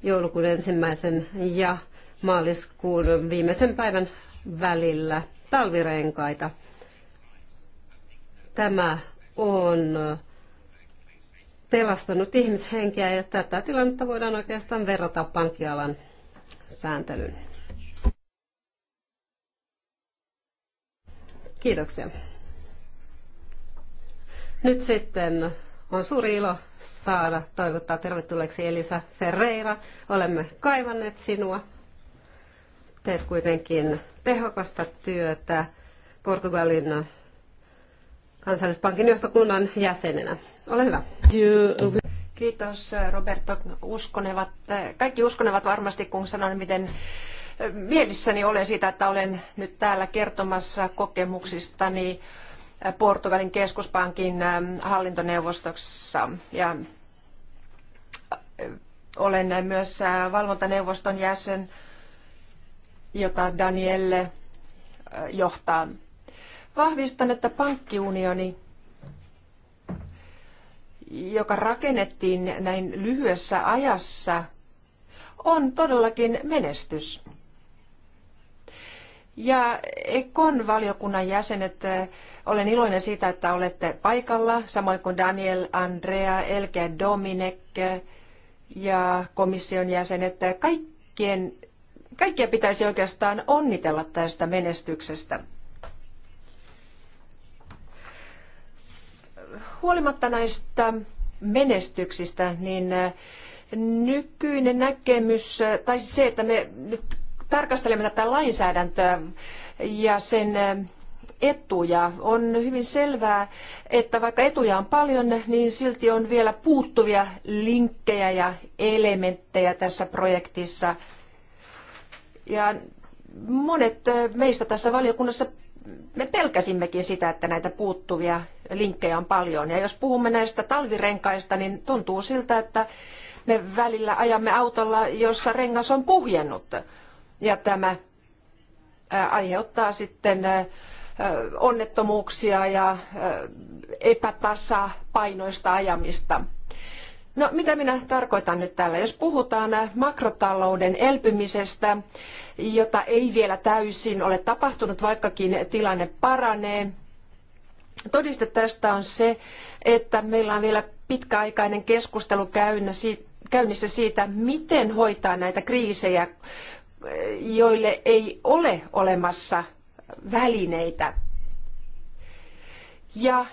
joulukuun ensimmäisen ja maaliskuun viimeisen päivän välillä talvirenkaita. Tämä on pelastanut ihmishenkiä ja tätä tilannetta voidaan oikeastaan verrata pankkialan sääntelyyn. Kiitoksia. Nyt sitten on suuri ilo saada toivottaa tervetulleeksi Elisa Ferreira. Olemme kaivanneet sinua. Teet kuitenkin tehokasta työtä Portugalin kansallispankin johtokunnan jäsenenä. Ole hyvä. Kiitos Roberto. Uskonevat, kaikki uskonevat varmasti, kun sanon, miten eh, mielissäni olen siitä, että olen nyt täällä kertomassa kokemuksistani eh, Portugalin keskuspankin eh, hallintoneuvostossa. Ja olen myös valvontaneuvoston jäsen, jota Danielle johtaa. Vahvistan, että pankkiunioni joka rakennettiin näin lyhyessä ajassa, on todellakin menestys. Ja Ekon valiokunnan jäsenet, eh, olen iloinen siitä, että olette paikalla, samoin kuin Daniel, Andrea, Elke, Dominek eh, ja komission jäsenet. Kaikkien, kaikkia pitäisi oikeastaan onnitella tästä menestyksestä. huolimatta näistä menestyksistä, niin äh, nykyinen näkemys, äh, tai siis se, että me nyt tarkastelemme tätä lainsäädäntöä ja sen äh, etuja. On hyvin selvää, että vaikka etuja on paljon, niin silti on vielä puuttuvia linkkejä ja elementtejä tässä projektissa. Ja monet meistä tässä valiokunnassa me pelkäsimmekin sitä, että näitä puuttuvia linkkejä on paljon. Ja jos puhumme näistä talvirenkaista, niin tuntuu siltä, että me välillä ajamme autolla, jossa rengas on puhjennut. Ja tämä aiheuttaa sitten onnettomuuksia ja epätasapainoista ajamista. No mitä minä tarkoitan nyt tällä? Jos puhutaan makrotalouden elpymisestä, jota ei vielä täysin ole tapahtunut, vaikkakin tilanne paranee, todiste tästä on se, että meillä on vielä pitkäaikainen keskustelu käynnissä siitä, miten hoitaa näitä kriisejä, joille ei ole olemassa välineitä ja äh,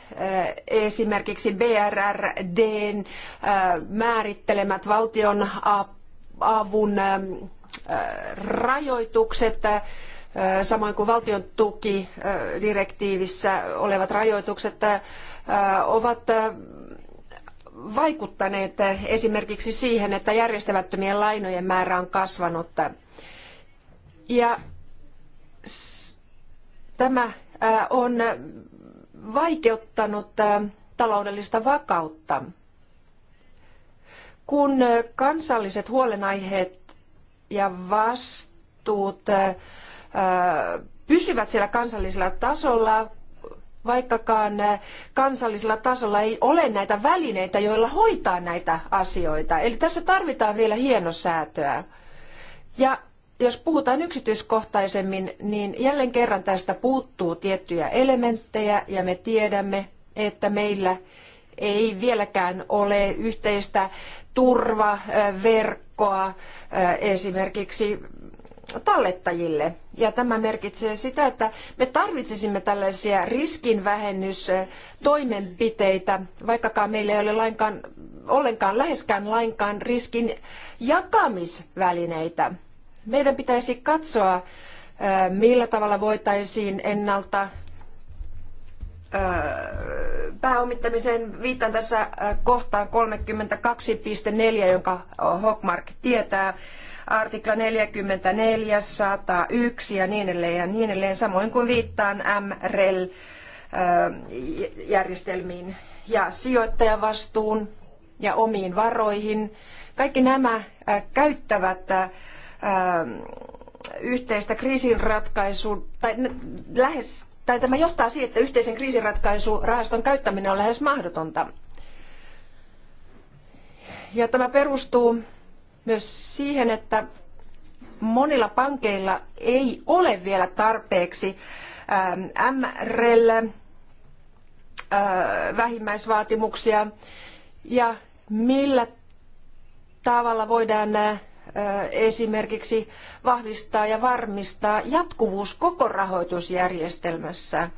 esimerkiksi BRRDn äh, määrittelemät valtion avun ähm, äh, rajoitukset, samoin kuin valtion tukidirektiivissä olevat rajoitukset ovat vaikuttaneet esimerkiksi siihen, että järjestämättömien lainojen määrä on kasvanut. Ja tämä on vaikeuttanut taloudellista vakautta. Kun kansalliset huolenaiheet ja vastuut pysyvät siellä kansallisella tasolla, vaikkakaan kansallisella tasolla ei ole näitä välineitä, joilla hoitaa näitä asioita. Eli tässä tarvitaan vielä hienosäätöä. Ja jos puhutaan yksityiskohtaisemmin, niin jälleen kerran tästä puuttuu tiettyjä elementtejä ja me tiedämme, että meillä ei vieläkään ole yhteistä turvaverkkoa äh, esimerkiksi tallettajille. Ja tämä merkitsee sitä, että me tarvitsisimme tällaisia riskinvähennystoimenpiteitä, vaikkakaan meillä ei ole lainkaan, ollenkaan läheskään lainkaan riskin jakamisvälineitä. Meidän pitäisi katsoa, millä tavalla voitaisiin ennalta pääomittamiseen. Viittaan tässä kohtaan 32.4, jonka Hockmark tietää. Artikla 44, 101 ja niin edelleen ja niin edelleen. Samoin kuin viittaan MREL-järjestelmiin ja sijoittajavastuun ja omiin varoihin. Kaikki nämä käyttävät Ähm, yhteistä kriisinratkaisua, tai lähes, tai tämä johtaa siihen, että yhteisen kriisinratkaisurahaston käyttäminen on lähes mahdotonta. Ja tämä perustuu myös siihen, että monilla pankeilla ei ole vielä tarpeeksi MRL ähm, äh, vähimmäisvaatimuksia ja millä tavalla voidaan äh, esimerkiksi vahvistaa ja varmistaa jatkuvuus koko rahoitusjärjestelmässä.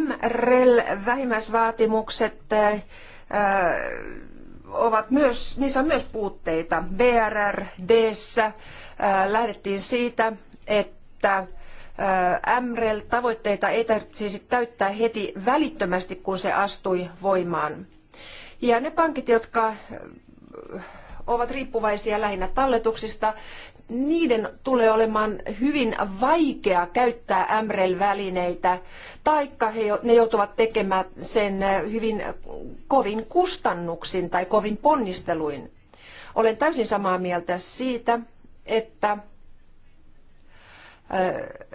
MREL-vähimmäisvaatimukset ovat myös, niissä on myös puutteita. BRRDssä lähdettiin siitä, että MREL-tavoitteita ei tarvitsisi täyttää heti välittömästi, kun se astui voimaan. Ja ne pankit, jotka ovat riippuvaisia lähinnä talletuksista, niiden tulee olemaan hyvin vaikea käyttää MREL-välineitä, taikka he, ne joutuvat tekemään sen eh, hyvin kovin kustannuksin tai kovin ponnisteluin. Olen täysin samaa mieltä siitä, että eh,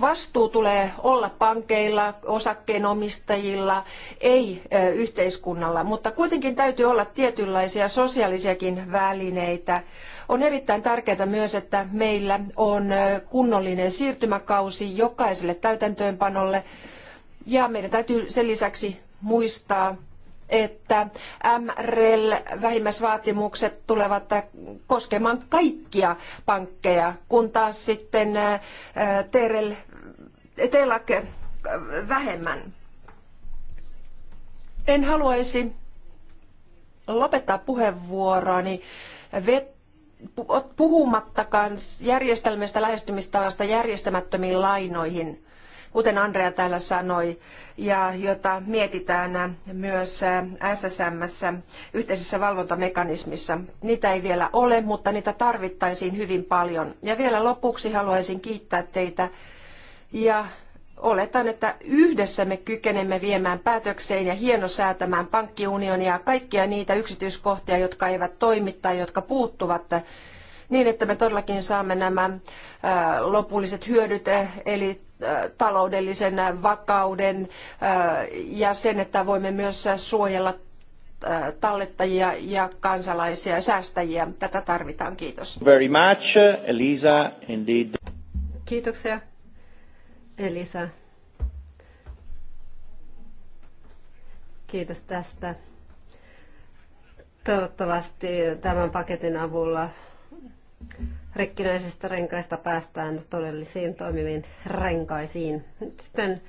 vastuu tulee olla pankeilla, osakkeenomistajilla, ei yhteiskunnalla, mutta kuitenkin täytyy olla tietynlaisia sosiaalisiakin välineitä. On erittäin tärkeää myös, että meillä on kunnollinen siirtymäkausi jokaiselle täytäntöönpanolle ja meidän täytyy sen lisäksi muistaa että MREL-vähimmäisvaatimukset tulevat koskemaan kaikkia pankkeja, kun taas sitten TREL, TELAK vähemmän. En haluaisi lopettaa puheenvuoroani puhumattakaan järjestelmästä lähestymistavasta järjestämättömiin lainoihin kuten Andrea täällä sanoi, ja jota mietitään myös SSMssä, yhteisessä valvontamekanismissa. Niitä ei vielä ole, mutta niitä tarvittaisiin hyvin paljon. Ja vielä lopuksi haluaisin kiittää teitä ja oletan, että yhdessä me kykenemme viemään päätökseen ja hienosäätämään pankkiunionia kaikkia niitä yksityiskohtia, jotka eivät toimi tai jotka puuttuvat niin, että me todellakin saamme nämä äh, lopulliset hyödyt, eh, eli äh, taloudellisen vakauden äh, ja sen, että voimme myös suojella tallettajia ja kansalaisia ja säästäjiä. Tätä tarvitaan. Kiitos. Very much, Elisa, indeed. Kiitoksia, Elisa. Kiitos tästä. Toivottavasti tämän paketin avulla rikkinäisistä renkaista päästään todellisiin toimiviin renkaisiin. Sitten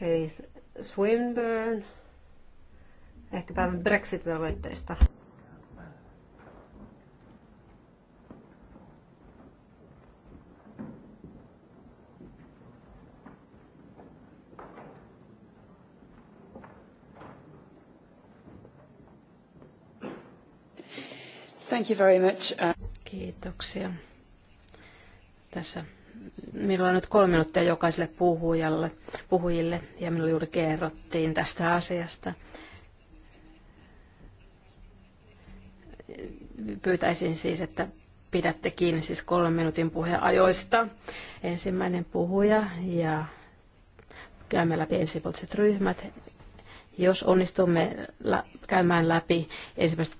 Keith Swinburne, ehkäpä Brexit-velvoitteista. Thank you very much. Uh, Kiitoksia. Tässä minulla on nyt kolme minuuttia jokaiselle puhujalle, puhujille ja minulle juuri kerrottiin tästä asiasta. Pyytäisin siis, että pidätte kiinni siis kolmen minuutin puheajoista. Ensimmäinen puhuja ja käymme läpi ensipuoliset ryhmät. Jos onnistumme käymään läpi ensimmäisen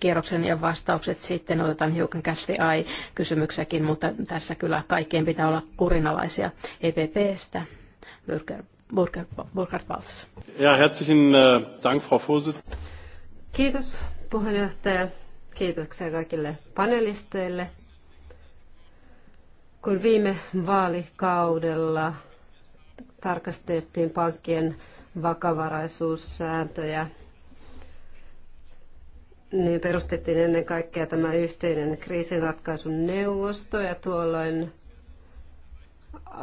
kierroksen ja vastaukset, sitten otetaan hiukan kästi ai kysymyksiäkin, mutta tässä kyllä kaikkien pitää olla kurinalaisia EPPstä. Burger, Burger, Burger Ja, herzlichen äh, Dank, Frau Kiitos puheenjohtaja. Kiitoksia kaikille panelisteille. Kun viime vaalikaudella tarkastettiin pankkien vakavaraisuussääntöjä, niin perustettiin ennen kaikkea tämä yhteinen kriisinratkaisun neuvosto ja tuolloin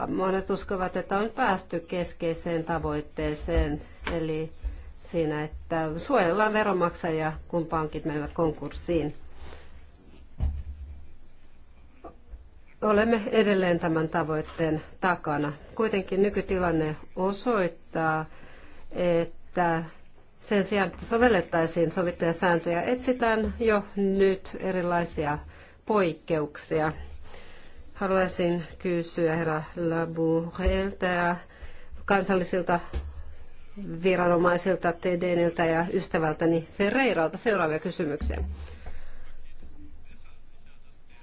monet uskovat, että on päästy keskeiseen tavoitteeseen, eli siinä, että suojellaan veronmaksajia, kun pankit menevät konkurssiin. Olemme edelleen tämän tavoitteen takana. Kuitenkin nykytilanne osoittaa, että sen sijaan, että sovellettaisiin sovittuja sääntöjä, etsitään jo nyt erilaisia poikkeuksia. Haluaisin kysyä herra Labourelta ja kansallisilta viranomaisilta, TDNiltä ja ystävältäni Ferreiralta seuraavia kysymyksiä.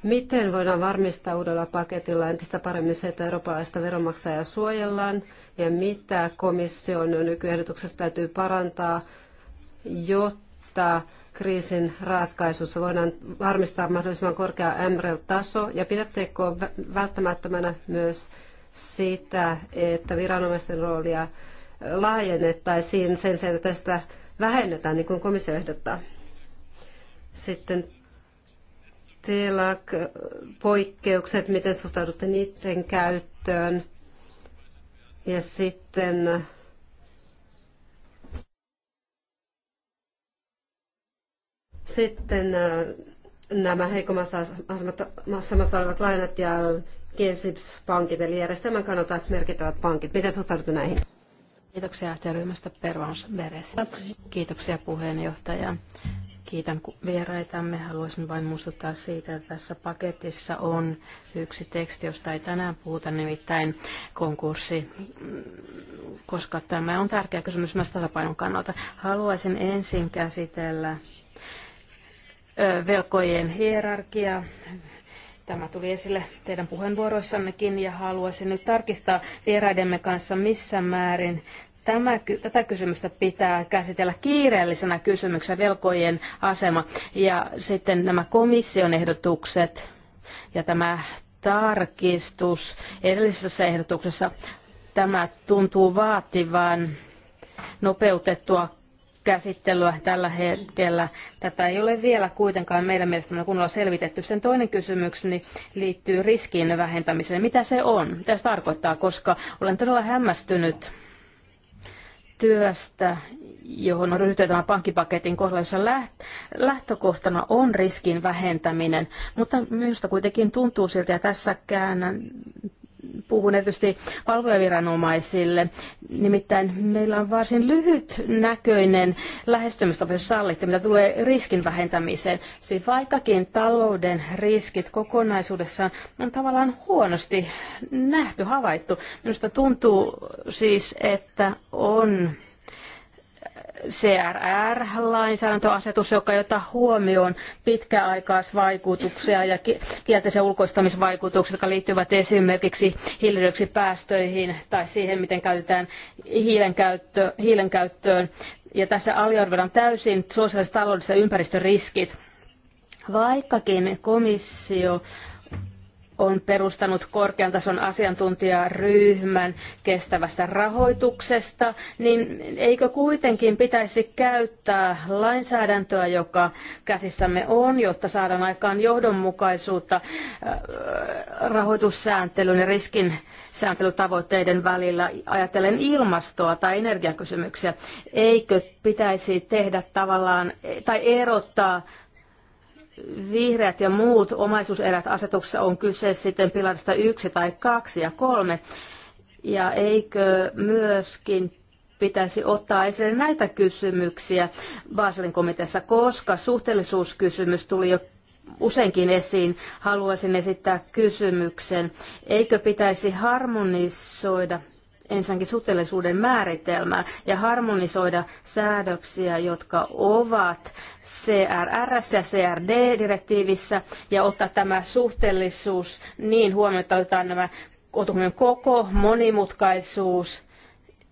Miten voidaan varmistaa uudella paketilla entistä paremmin se, että eurooppalaista veronmaksajaa suojellaan ja mitä komission nykyehdotuksessa täytyy parantaa, jotta kriisin ratkaisussa voidaan varmistaa mahdollisimman korkea MREL-taso ja pidättekö välttämättömänä myös sitä, että viranomaisten roolia laajennettaisiin sen sijaan, että sitä vähennetään, niin kuin komissio ehdottaa. Sitten TELAC-poikkeukset, eh, miten suhtaudutte niiden käyttöön. Ja sitten Sitten eh, nämä heikommassa asemassa olevat lainat ja GSIPS-pankit, eli järjestelmän kannalta merkittävät pankit. Miten suhtaudutte näihin? Kiitoksia ryhmästä Pervons Beres. Kiitoksia puheenjohtaja. Kiitän vieraitamme. Haluaisin vain muistuttaa siitä, että tässä paketissa on yksi teksti, josta ei tänään puhuta, nimittäin konkurssi, koska tämä on tärkeä kysymys myös tasapainon kannalta. Haluaisin ensin käsitellä velkojen hierarkia. Tämä tuli esille teidän puheenvuoroissannekin ja haluaisin nyt tarkistaa vieraidemme kanssa, missä määrin Tämä, tätä kysymystä pitää käsitellä kiireellisenä kysymyksenä velkojen asema. Ja sitten nämä komission ehdotukset ja tämä tarkistus edellisessä ehdotuksessa, tämä tuntuu vaativan nopeutettua käsittelyä tällä hetkellä. Tätä ei ole vielä kuitenkaan meidän mielestämme kunnolla selvitetty. Sen toinen kysymykseni liittyy riskiin vähentämiseen. Mitä se on? Mitä se tarkoittaa? Koska olen todella hämmästynyt työstä, johon on ryhtynyt tämän pankkipaketin kohdalla, jossa lähtökohtana on riskin vähentäminen. Mutta minusta kuitenkin tuntuu siltä, ja tässä käännän puhun erityisesti valvojaviranomaisille. Nimittäin meillä on varsin lyhyt näköinen lähestymistapa, jos sallitte, mitä tulee riskin vähentämiseen. Siis vaikkakin talouden riskit kokonaisuudessaan on tavallaan huonosti nähty, havaittu. Minusta tuntuu siis, että on CRR-lainsäädäntöasetus, joka ei ota huomioon pitkäaikaisvaikutuksia ja kielteisiä ulkoistamisvaikutuksia, jotka liittyvät esimerkiksi hiilidioksidipäästöihin tai siihen, miten käytetään hiilenkäyttöä, hiilenkäyttöön. Ja tässä aliarvioidaan täysin sosiaaliset, taloudelliset ja ympäristöriskit. Vaikkakin komissio on perustanut korkean tason asiantuntijaryhmän kestävästä rahoituksesta, niin eikö kuitenkin pitäisi käyttää lainsäädäntöä, joka käsissämme on, jotta saadaan aikaan johdonmukaisuutta äh, rahoitussääntelyn ja riskin sääntelytavoitteiden välillä ajatellen ilmastoa tai energiakysymyksiä. Eikö pitäisi tehdä tavallaan tai erottaa vihreät ja muut omaisuuserät asetuksessa on kyse sitten pilarista yksi tai kaksi ja kolme. Ja eikö myöskin pitäisi ottaa esille näitä kysymyksiä Baselin komiteassa, koska suhteellisuuskysymys tuli jo useinkin esiin. Haluaisin esittää kysymyksen, eikö pitäisi harmonisoida ensinnäkin suhteellisuuden määritelmää ja harmonisoida säädöksiä, jotka ovat CRRs ja CRD-direktiivissä ja ottaa tämä suhteellisuus niin huomioon, että otetaan nämä otuminen koko monimutkaisuus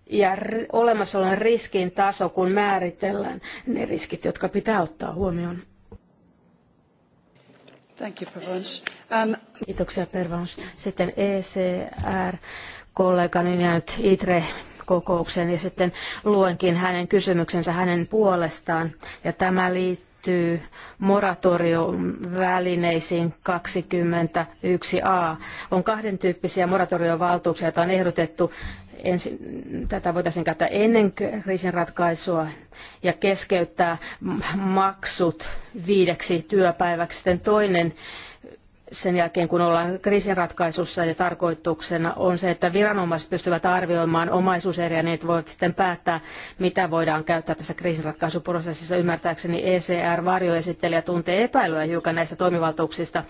ja olemassa olevan riskin taso, kun määritellään ne riskit, jotka pitää ottaa huomioon. Thank you, Um... Kiitoksia, Pervans. Sitten ECR kollegani nyt Itre kokoukseen ja sitten luenkin hänen kysymyksensä hänen puolestaan. Ja tämä liittyy moratoriovälineisiin 21a. On kahden tyyppisiä moratoriovaltuuksia, joita on ehdotettu. Ensin, tätä voitaisiin käyttää ennen kriisin ratkaisua ja keskeyttää maksut viideksi työpäiväksi. Sitten toinen sen jälkeen, kun ollaan kriisinratkaisussa ja tarkoituksena on se, että viranomaiset pystyvät arvioimaan omaisuuseriä, niin voivat sitten päättää, mitä voidaan käyttää tässä kriisinratkaisuprosessissa. Ymmärtääkseni ECR-varjoesittelijä tuntee epäilyä hiukan näistä toimivaltuuksista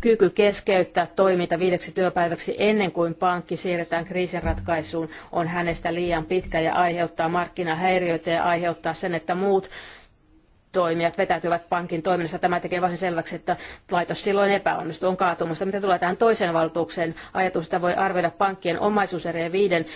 kyky keskeyttää toiminta viideksi työpäiväksi ennen kuin pankki siirretään kriisinratkaisuun on hänestä liian pitkä ja aiheuttaa markkinahäiriöitä ja aiheuttaa sen, että muut toimijat vetäytyvät pankin toiminnasta. Tämä tekee varsin selväksi, että laitos silloin epäonnistuu, on kaatumassa. Mitä tulee tähän toiseen valtuukseen, että voi arvioida pankkien omaisuuseriä viiden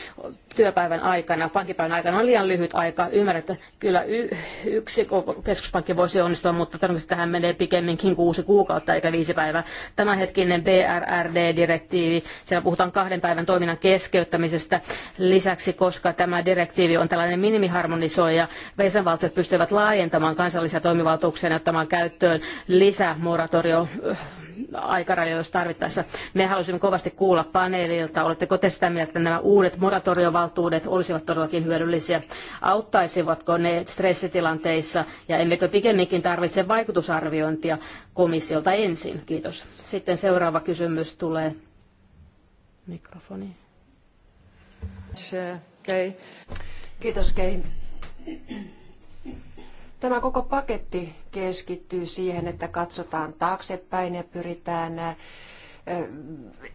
työpäivän aikana. Pankkipäivän aikana on liian lyhyt aika. Ymmärrän, että kyllä y- yksi keskuspankki voisi onnistua, mutta todennäköisesti tähän menee pikemminkin kuusi kuukautta eikä viisi päivää. Tämänhetkinen BRRD-direktiivi, siellä puhutaan kahden päivän toiminnan keskeyttämisestä lisäksi, koska tämä direktiivi on tällainen minimiharmonisoija. Vesenvaltiot pystyvät laajentamaan kansallista kansallisia toimivaltuuksia ottamaan käyttöön lisämoratorio äh, aikarajoja, jos tarvittaessa. Me halusimme kovasti kuulla paneelilta, oletteko te sitä mieltä, että nämä uudet moratoriovaltuudet olisivat todellakin hyödyllisiä? Auttaisivatko ne stressitilanteissa ja emmekö pikemminkin tarvitse vaikutusarviointia komissiolta ensin? Kiitos. Sitten seuraava kysymys tulee. Mikrofoni. Kiitos Kei. Tämä koko paketti keskittyy siihen, että katsotaan taaksepäin ja pyritään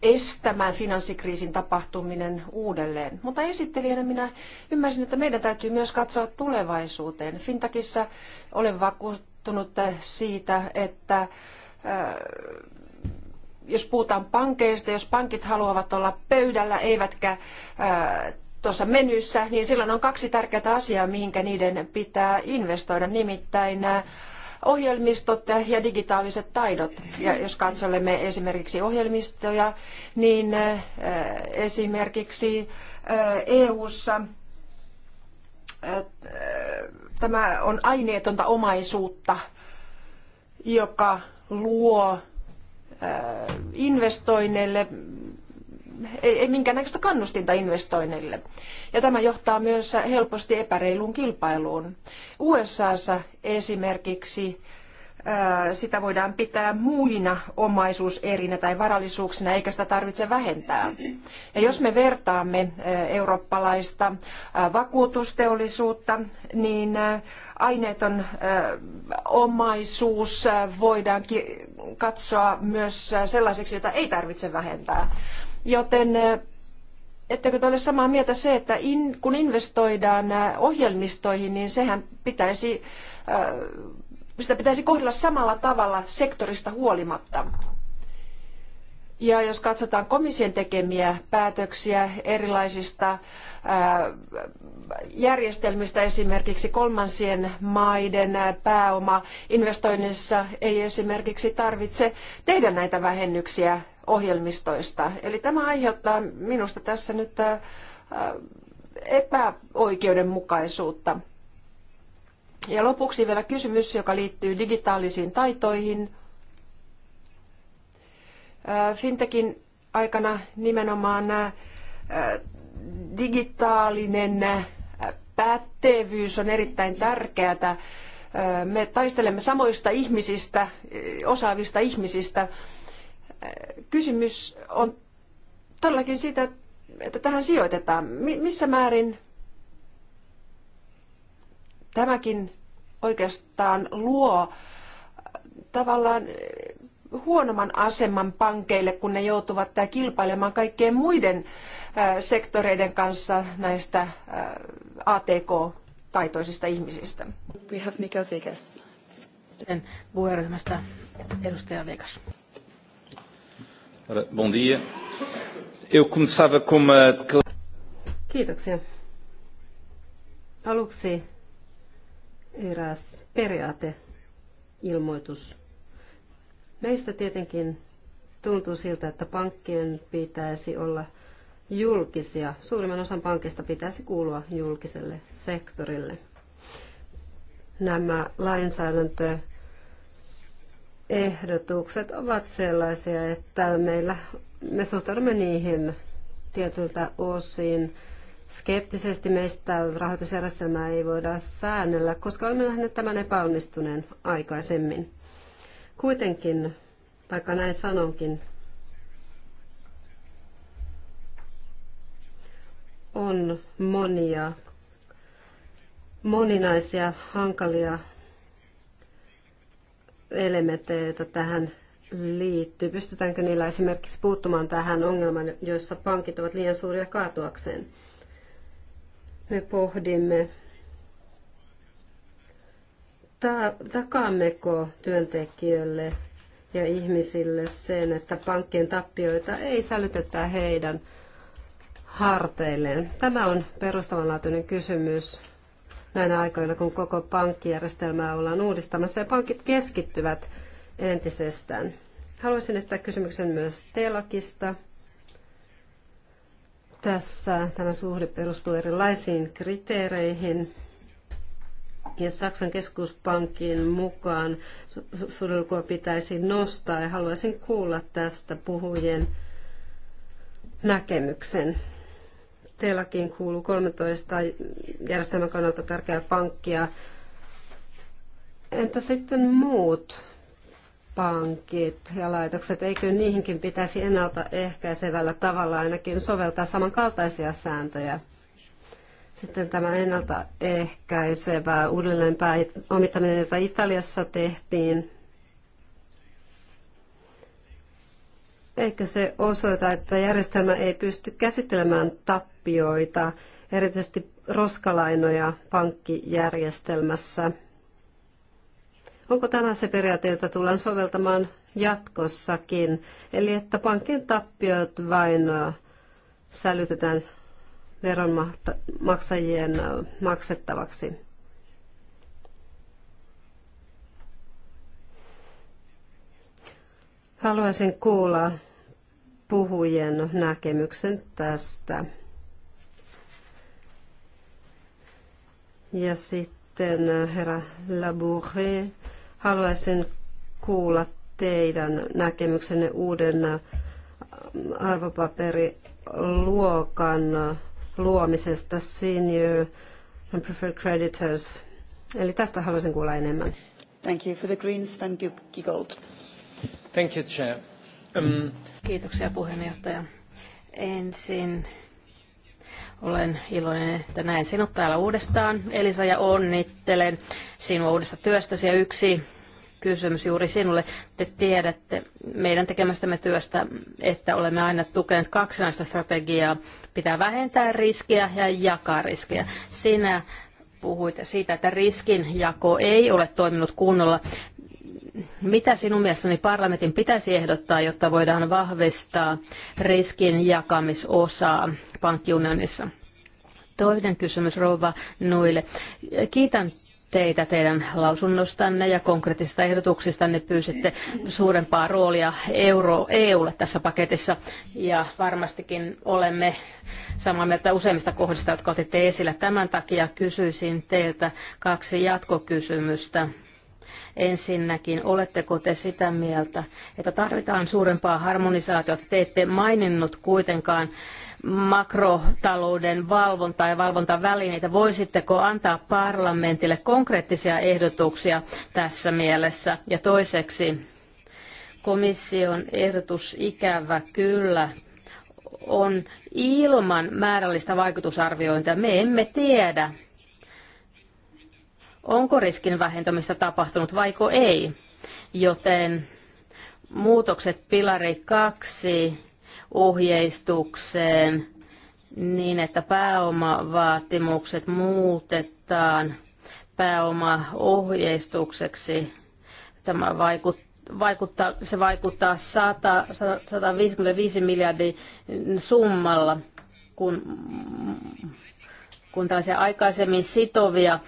estämään finanssikriisin tapahtuminen uudelleen. Mutta esittelijänä minä ymmärsin, että meidän täytyy myös katsoa tulevaisuuteen. Fintakissa olen vakuuttunut siitä, että jos puhutaan pankeista, jos pankit haluavat olla pöydällä eivätkä tuossa menyssä, niin silloin on kaksi tärkeää asiaa, mihinkä niiden pitää investoida, nimittäin äh, ohjelmistot ja digitaaliset taidot. Ja jos katselemme esimerkiksi ohjelmistoja, niin äh, esimerkiksi äh, EU-ssa tämä on aineetonta omaisuutta, joka luo investoinneille ei, ei minkäännäköistä kannustinta investoinneille. Ja tämä johtaa myös helposti epäreiluun kilpailuun. USAssa esimerkiksi sitä voidaan pitää muina omaisuuserinä tai varallisuuksina, eikä sitä tarvitse vähentää. Ja jos me vertaamme eurooppalaista vakuutusteollisuutta, niin aineeton omaisuus voidaan katsoa myös sellaiseksi, jota ei tarvitse vähentää. Joten ettekö te ole samaa mieltä se, että in, kun investoidaan ohjelmistoihin, niin sehän pitäisi, sitä pitäisi kohdella samalla tavalla sektorista huolimatta. Ja jos katsotaan komission tekemiä päätöksiä erilaisista järjestelmistä, esimerkiksi kolmansien maiden pääoma investoinnissa ei esimerkiksi tarvitse tehdä näitä vähennyksiä ohjelmistoista. Eli tämä aiheuttaa minusta tässä nyt äh, äh, epäoikeudenmukaisuutta. Ja lopuksi vielä kysymys, joka liittyy digitaalisiin taitoihin. Äh, Fintekin aikana nimenomaan digitaalinen pätevyys on erittäin tärkeää. Me taistelemme samoista ihmisistä, osaavista ihmisistä, kysymys on todellakin siitä, että tähän sijoitetaan. Missä määrin tämäkin oikeastaan luo äh, tavallaan äh, huonomman aseman pankeille, kun ne joutuvat kilpailemaan kaikkien muiden äh, sektoreiden kanssa näistä ATK-taitoisista ihmisistä. We have Mikael Vegas. Sitten puheenryhmästä edustaja Vegas. Ora, bom dia. Eu começava com uma... Kiitoksia. Aluksi eräs periaateilmoitus. Meistä tietenkin tuntuu siltä, että pankkien pitäisi olla julkisia. Suurimman osan pankista pitäisi kuulua julkiselle sektorille. Nämä lainsäädäntöä ehdotukset ovat sellaisia, että meillä, me suhtaudumme niihin tietyltä osin skeptisesti meistä rahoitusjärjestelmää ei voida säännellä, koska olemme nähneet tämän epäonnistuneen aikaisemmin. Kuitenkin, vaikka näin sanonkin, on monia moninaisia hankalia elementtejä, joita tähän liittyy? Pystytäänkö niillä esimerkiksi puuttumaan tähän ongelmaan, jossa pankit ovat liian suuria kaatuakseen? Me pohdimme, ta- takaammeko työntekijöille ja ihmisille sen, että pankkien tappioita ei sälytetä heidän harteilleen. Tämä on perustavanlaatuinen kysymys, näinä aikoina, kun koko pankkijärjestelmää ollaan uudistamassa ja pankit keskittyvät entisestään. Haluaisin esittää kysymyksen myös telakista. Tässä tämä suhde perustuu erilaisiin kriteereihin. Ja Saksan keskuspankin mukaan suhdelukua pitäisi nostaa ja haluaisin kuulla tästä puhujien näkemyksen telakin kuuluu 13 järjestelmän kannalta tärkeää pankkia. Entä sitten muut pankit ja laitokset, eikö niihinkin pitäisi ennaltaehkäisevällä tavalla ainakin soveltaa samankaltaisia sääntöjä? Sitten tämä ennaltaehkäisevä uudelleenpäin omittaminen, jota Italiassa tehtiin, Eikö se osoita, että järjestelmä ei pysty käsittelemään tappioita, erityisesti roskalainoja pankkijärjestelmässä? Onko tämä se periaate, jota tullaan soveltamaan jatkossakin? Eli että pankin tappiot vain sälytetään veronmaksajien maksettavaksi. Haluaisin kuulla puhujien näkemyksen tästä. Ja sitten herra Labouré, haluaisin kuulla teidän näkemyksenne uuden äh, arvopaperiluokan luomisesta senior and preferred creditors. Eli tästä haluaisin kuulla enemmän. Thank you for the Greens, Sven Giegold. Thank you, Chair. Kiitoksia puheenjohtaja. Ensin olen iloinen, että näen sinut täällä uudestaan. Elisa ja onnittelen sinua uudesta työstäsi ja yksi kysymys juuri sinulle. Te tiedätte meidän tekemästämme työstä, että olemme aina tukeneet kaksinaista strategiaa. Pitää vähentää riskiä ja jakaa riskiä. Sinä puhuit siitä, että riskinjako ei ole toiminut kunnolla. Mitä sinun mielestäsi parlamentin pitäisi ehdottaa, jotta voidaan vahvistaa riskin jakamisosaa pankkiunionissa? Toinen kysymys Rouva Nuille. Kiitän teitä teidän lausunnostanne ja konkreettisista ehdotuksistanne pyysitte suurempaa roolia euro, EUlle tässä paketissa ja varmastikin olemme samaa mieltä useimmista kohdista, jotka otitte esillä. Tämän takia kysyisin teiltä kaksi jatkokysymystä Ensinnäkin, oletteko te sitä mieltä, että tarvitaan suurempaa harmonisaatiota? Te ette maininnut kuitenkaan makrotalouden valvontaa ja valvontavälineitä. Voisitteko antaa parlamentille konkreettisia ehdotuksia tässä mielessä? Ja toiseksi, komission ehdotus ikävä kyllä on ilman määrällistä vaikutusarviointia. Me emme tiedä, onko riskin vähentämistä tapahtunut vaiko ei. Joten muutokset pilari 2 ohjeistukseen niin, että pääomavaatimukset muutetaan pääomaohjeistukseksi. Tämä vaikuttaa Vaikuttaa, se vaikuttaa 100, 155 miljardin summalla, kun kun tällaisia aikaisemmin sitovia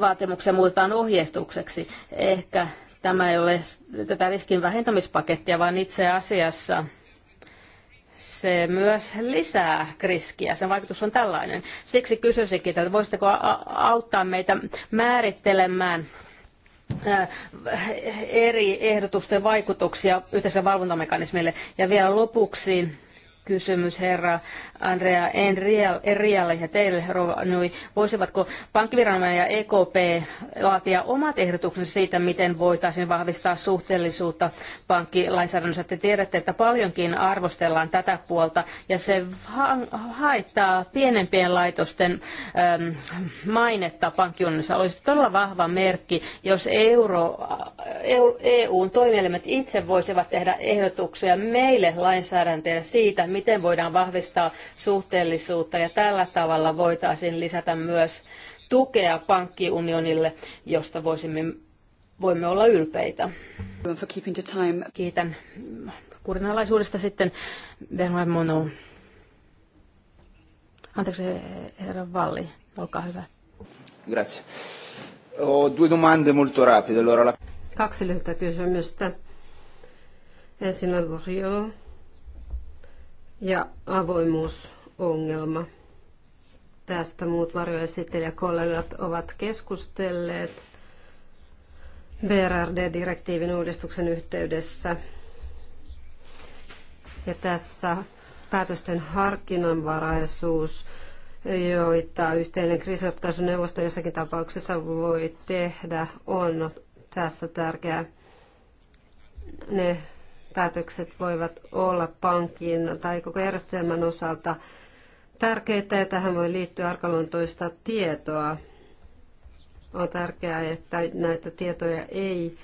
vaatimuksia muutetaan ohjeistukseksi. Ehkä tämä ei ole tätä riskin vähentämispakettia, vaan itse asiassa se myös lisää riskiä. Sen vaikutus on tällainen. Siksi kysyisinkin, että voisitteko auttaa meitä määrittelemään eri ehdotusten vaikutuksia yhteisen valvontamekanismille. Ja vielä lopuksi kysymys herra Andrea Enrialle ja teille, Nui. Voisivatko pankkiviranomainen ja EKP laatia omat ehdotuksensa siitä, miten voitaisiin vahvistaa suhteellisuutta pankkilainsäädännössä? Te tiedätte, että paljonkin arvostellaan tätä puolta ja se haittaa pienempien laitosten äm, mainetta pankkiunnissa. Olisi todella vahva merkki, jos euro, EUn toimielimet itse voisivat tehdä ehdotuksia meille lainsäädäntöä siitä, miten voidaan vahvistaa suhteellisuutta ja tällä tavalla voitaisiin lisätä myös tukea pankkiunionille, josta voisimme, voimme olla ylpeitä. Kiitän kurinalaisuudesta sitten Bernard Monod. Anteeksi, herra Valli, olkaa hyvä. Grazie. Ho due domande molto rapide. Allora la... Kaksi lyhyttä kysymystä. ensin Borjo ja avoimuusongelma. Tästä muut varjoesittelijäkollegat ovat keskustelleet BRD-direktiivin uudistuksen yhteydessä. Ja tässä päätösten harkinnanvaraisuus, joita yhteinen kriisiratkaisuneuvosto jossakin tapauksessa voi tehdä, on tässä tärkeä. Ne päätökset voivat olla pankin tai koko järjestelmän osalta tärkeitä ja tähän voi liittyä arkaluontoista tietoa. On tärkeää, että näitä tietoja ei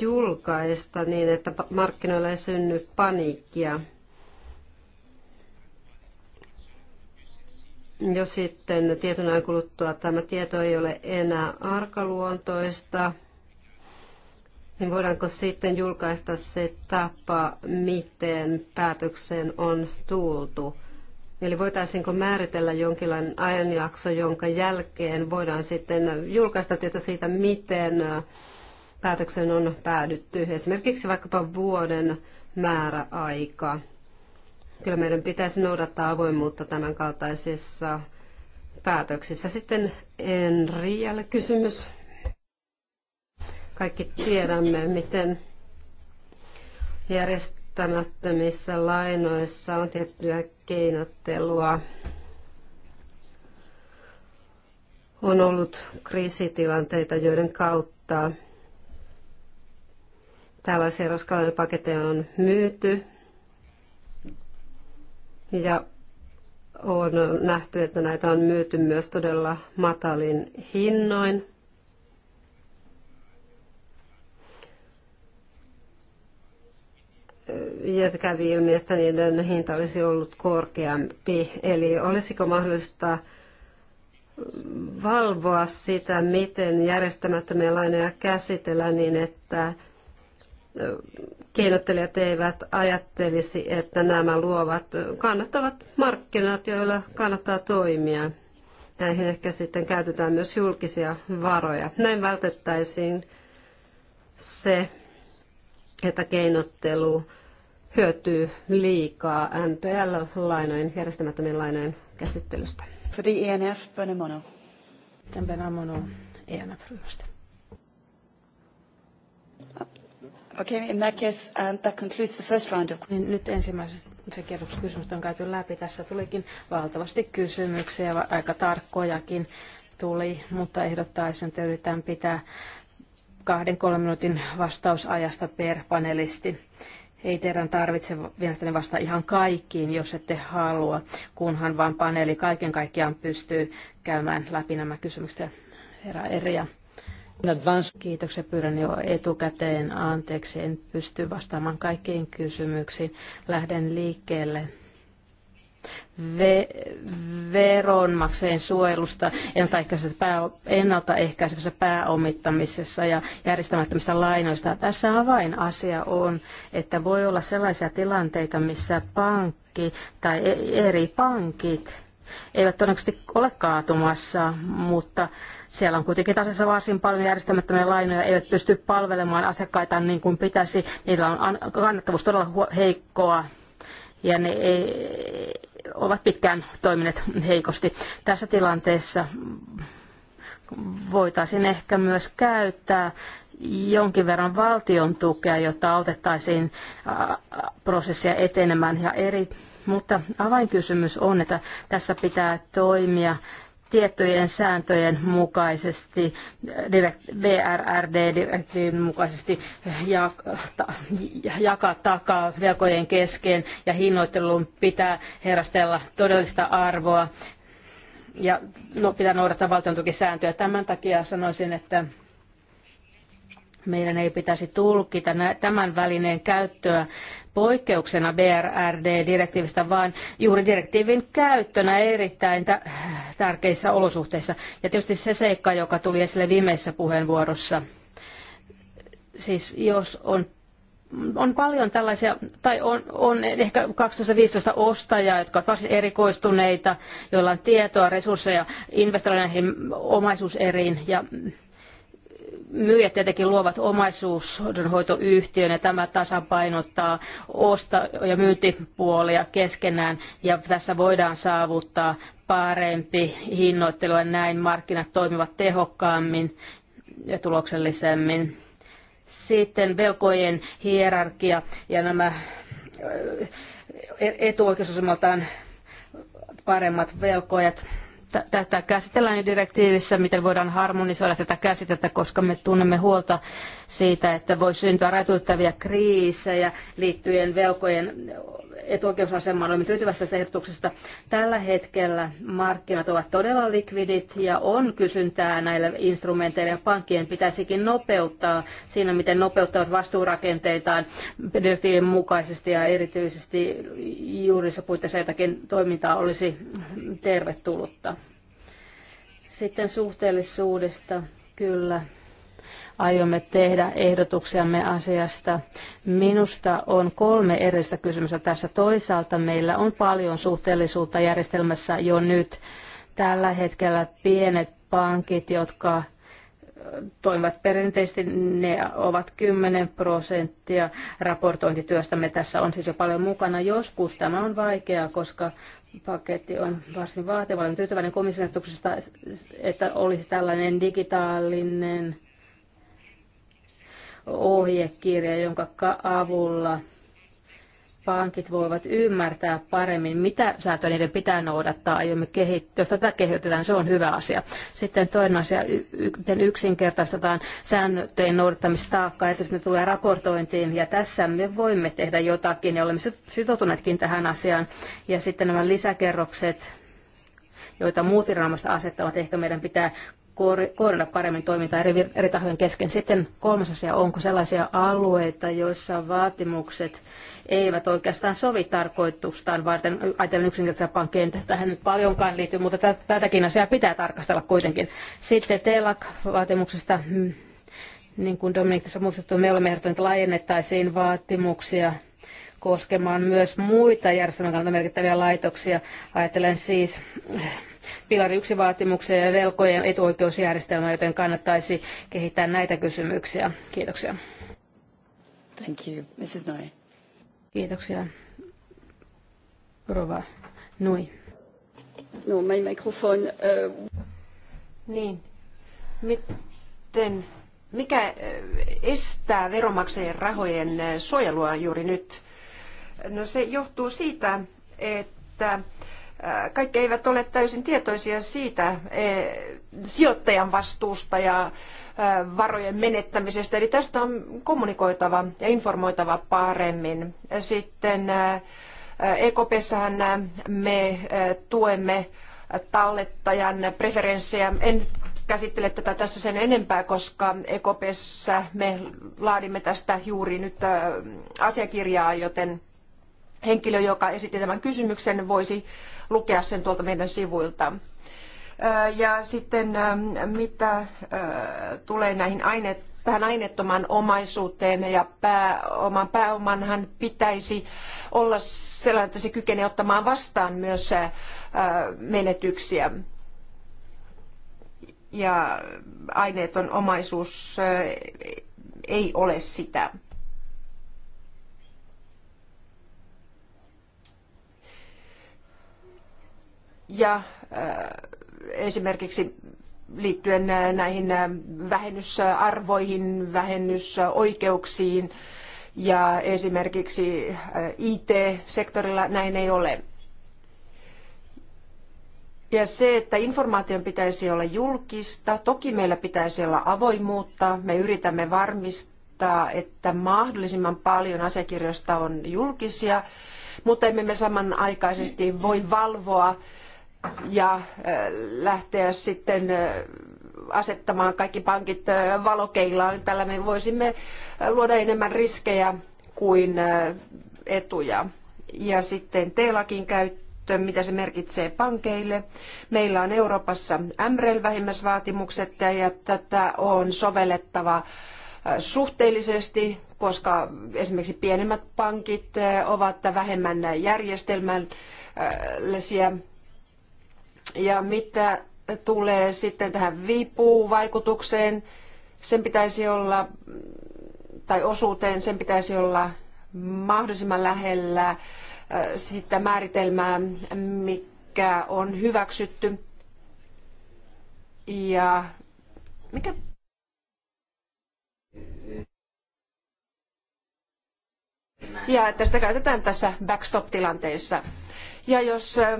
julkaista niin, että markkinoilla ei synny paniikkia. Jos sitten tietyn ajan kuluttua tämä tieto ei ole enää arkaluontoista, niin voidaanko sitten julkaista se tapa, miten päätökseen on tultu? Eli voitaisiinko määritellä jonkinlainen ajanjakso, jonka jälkeen voidaan sitten julkaista tieto siitä, miten päätöksen on päädytty. Esimerkiksi vaikkapa vuoden määräaika. Kyllä meidän pitäisi noudattaa avoimuutta tämän kaltaisissa päätöksissä. Sitten Enrialle kysymys. Kaikki tiedämme, miten järjestämättömissä lainoissa on tiettyä keinottelua. On ollut kriisitilanteita, joiden kautta tällaisia roskalainapaketteja on myyty ja on nähty, että näitä on myyty myös todella matalin hinnoin. ja kävi ilmi, että niiden hinta olisi ollut korkeampi. Eli olisiko mahdollista valvoa sitä, miten järjestämättömiä lainoja käsitellään niin, että keinottelijat eivät ajattelisi, että nämä luovat kannattavat markkinat, joilla kannattaa toimia. Näihin ehkä sitten käytetään myös julkisia varoja. Näin vältettäisiin se, että keinottelu hyötyy liikaa NPL-lainojen, järjestämättömien lainojen käsittelystä. For the ENF, Benamono. Tämän Benamono ENF-ryhmästä. Okay, in that case, um, that concludes the first round of... Niin nyt ensimmäiset se kierroksen on käyty läpi. Tässä tulikin valtavasti kysymyksiä, aika tarkkojakin tuli, mutta ehdottaisin, että yritetään pitää kahden kolmen minuutin vastausajasta per panelisti ei teidän tarvitse mielestäni vastata ihan kaikkiin, jos ette halua, kunhan vaan paneeli kaiken kaikkiaan pystyy käymään läpi nämä kysymykset herra eriä. Kiitoksia, pyydän jo etukäteen anteeksi, en pysty vastaamaan kaikkiin kysymyksiin. Lähden liikkeelle ve- veronmaksajien suojelusta, ennaltaehkäisevässä, ennaltaehkäisevässä pääomittamisessa ja järjestämättömistä lainoista. Tässä avainasia on, että voi olla sellaisia tilanteita, missä pankki tai e, eri pankit eivät todennäköisesti ole kaatumassa, mutta siellä on kuitenkin tasassa varsin paljon järjestämättömiä lainoja, eivät pysty palvelemaan asiakkaita niin kuin pitäisi. Niillä on kannattavuus todella heikkoa ja ne ei, ovat pitkään toimineet heikosti. Tässä tilanteessa voitaisiin ehkä myös käyttää jonkin verran valtion tukea, jotta autettaisiin prosessia etenemään ja eri mutta avainkysymys on, että tässä pitää toimia tiettyjen sääntöjen mukaisesti, BRRD-direktiivin mukaisesti jakaa takaa velkojen kesken ja hinnoittelun pitää herastella todellista arvoa ja no, pitää noudattaa valtiontukisääntöjä. Tämän takia sanoisin, että meidän ei pitäisi tulkita tämän välineen käyttöä poikkeuksena BRRD-direktiivistä, vaan juuri direktiivin käyttönä erittäin tärkeissä olosuhteissa. Ja tietysti se seikka, joka tuli esille viimeisessä puheenvuorossa, siis jos on on paljon tällaisia, tai on, on ehkä 12-15 ostajaa, jotka ovat varsin erikoistuneita, joilla on tietoa, resursseja investoida näihin omaisuuseriin. Ja myyjät tietenkin luovat omaisuudenhoitoyhtiön ja tämä tasapainottaa osta- ja myyntipuolia keskenään ja tässä voidaan saavuttaa parempi hinnoittelu ja näin markkinat toimivat tehokkaammin ja tuloksellisemmin. Sitten velkojen hierarkia ja nämä e-, etuoikeusasemaltaan paremmat velkojat tätä käsitellään direktiivissä, miten voidaan harmonisoida tätä käsitettä, koska me tunnemme huolta siitä, että voi syntyä rajoittavia kriisejä liittyen velkojen etuoikeusasemaan. Olemme tyytyväisiä tästä ehdotuksesta. Tällä hetkellä markkinat ovat todella likvidit ja on kysyntää näille instrumenteille ja pankkien pitäisikin nopeuttaa siinä, miten nopeuttavat vastuurakenteitaan direktiivin mukaisesti ja erityisesti juurissa puitteissa jotakin toimintaa olisi tervetullutta. Sitten suhteellisuudesta, kyllä aiomme tehdä ehdotuksiamme asiasta. Minusta on kolme erillistä kysymystä tässä. Toisaalta meillä on paljon suhteellisuutta järjestelmässä jo nyt. Tällä hetkellä pienet pankit, jotka toimivat perinteisesti, ne ovat 10 prosenttia raportointityöstämme. Tässä on siis jo paljon mukana. Joskus tämä on vaikeaa, koska paketti on varsin vaativa. Olen tyytyväinen komission että olisi tällainen digitaalinen ohjekirja, jonka avulla pankit voivat ymmärtää paremmin, mitä säätöä niiden pitää noudattaa, aiomme kehittyä. Jos tätä kehitetään, se on hyvä asia. Sitten toinen asia, miten yksinkertaistetaan sääntöjen noudattamistaakkaa, että ne tulee raportointiin, ja tässä me voimme tehdä jotakin, ja olemme sitoutuneetkin tähän asiaan. Ja sitten nämä lisäkerrokset, joita muut viranomaiset asettavat, ehkä meidän pitää koordinoida paremmin toimintaa eri, eri tahojen kesken. Sitten kolmas asia, onko sellaisia alueita, joissa vaatimukset eivät oikeastaan sovi tarkoitustaan varten. Ajatellen yksinkertaisempaan kentästä tähän nyt paljonkaan liittyy, mutta tätäkin asiaa pitää tarkastella kuitenkin. Sitten TELAK-vaatimuksesta, hmm, niin kuin Dominik tässä muistuttu, me olemme ehdottaneet, että laajennettaisiin vaatimuksia koskemaan myös muita järjestelmän kannalta merkittäviä laitoksia. Ajattelen siis pilari yksi vaatimuksia ja velkojen etuoikeusjärjestelmä, joten kannattaisi kehittää näitä kysymyksiä. Kiitoksia. Thank you. Mrs. Kiitoksia. Rova Nui. No, my microphone. Uh... Niin. Miten, mikä uh, estää veronmaksajien rahojen uh, suojelua juuri nyt? No se johtuu siitä, että kaikki eivät ole täysin tietoisia siitä e, sijoittajan vastuusta ja e, varojen menettämisestä. Eli tästä on kommunikoitava ja informoitava paremmin. Sitten EKPssähän e me tuemme tallettajan preferenssejä. En käsittele tätä tässä sen enempää, koska EKPssä me laadimme tästä juuri nyt asiakirjaa, joten henkilö, joka esitti tämän kysymyksen, voisi lukea sen tuolta meidän sivuilta. Ja sitten mitä tulee näihin aineet, tähän aineettomaan omaisuuteen ja pääoman, pääomanhan pitäisi olla sellainen, että se kykenee ottamaan vastaan myös menetyksiä. Ja aineeton omaisuus ei ole sitä. ja äh, esimerkiksi liittyen äh, näihin äh, vähennysarvoihin, vähennysoikeuksiin ja esimerkiksi IT-sektorilla näin ei ole. Ja se, että informaation pitäisi olla julkista, toki meillä pitäisi olla avoimuutta, me yritämme varmistaa, että mahdollisimman paljon asiakirjoista on julkisia, mutta emme me samanaikaisesti voi valvoa ja äh, lähteä sitten äh, asettamaan kaikki pankit äh, valokeilaan. Tällä me voisimme luoda enemmän riskejä kuin etuja. Ja sitten teelakin käyttö, mitä se merkitsee pankeille. Meillä on Euroopassa MREL-vähimmäisvaatimukset ja tätä on sovellettava suhteellisesti, koska esimerkiksi pienemmät pankit ovat vähemmän järjestelmällisiä ja mitä tulee sitten tähän vipuvaikutukseen, sen pitäisi olla, tai osuuteen, sen pitäisi olla mahdollisimman lähellä äh, sitä määritelmää, mikä on hyväksytty. Ja mikä ja että sitä käytetään tässä backstop-tilanteessa. Ja jos äh,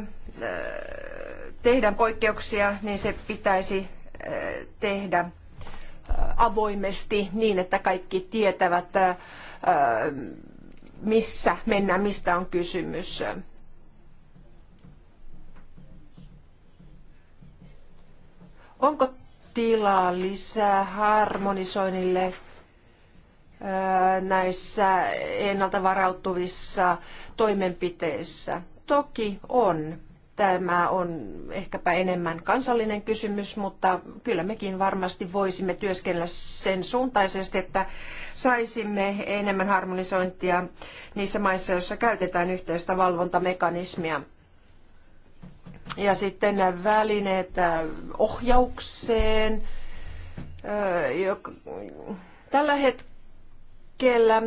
tehdään poikkeuksia, niin se pitäisi tehdä avoimesti niin, että kaikki tietävät, missä mennään, mistä on kysymys. Onko tilaa lisää harmonisoinnille näissä ennalta varautuvissa toimenpiteissä? Toki on. Tämä on ehkäpä enemmän kansallinen kysymys, mutta kyllä mekin varmasti voisimme työskennellä sen suuntaisesti, että saisimme enemmän harmonisointia niissä maissa, joissa käytetään yhteistä valvontamekanismia. Ja sitten nämä välineet äh, ohjaukseen. Äh, tällä hetkellä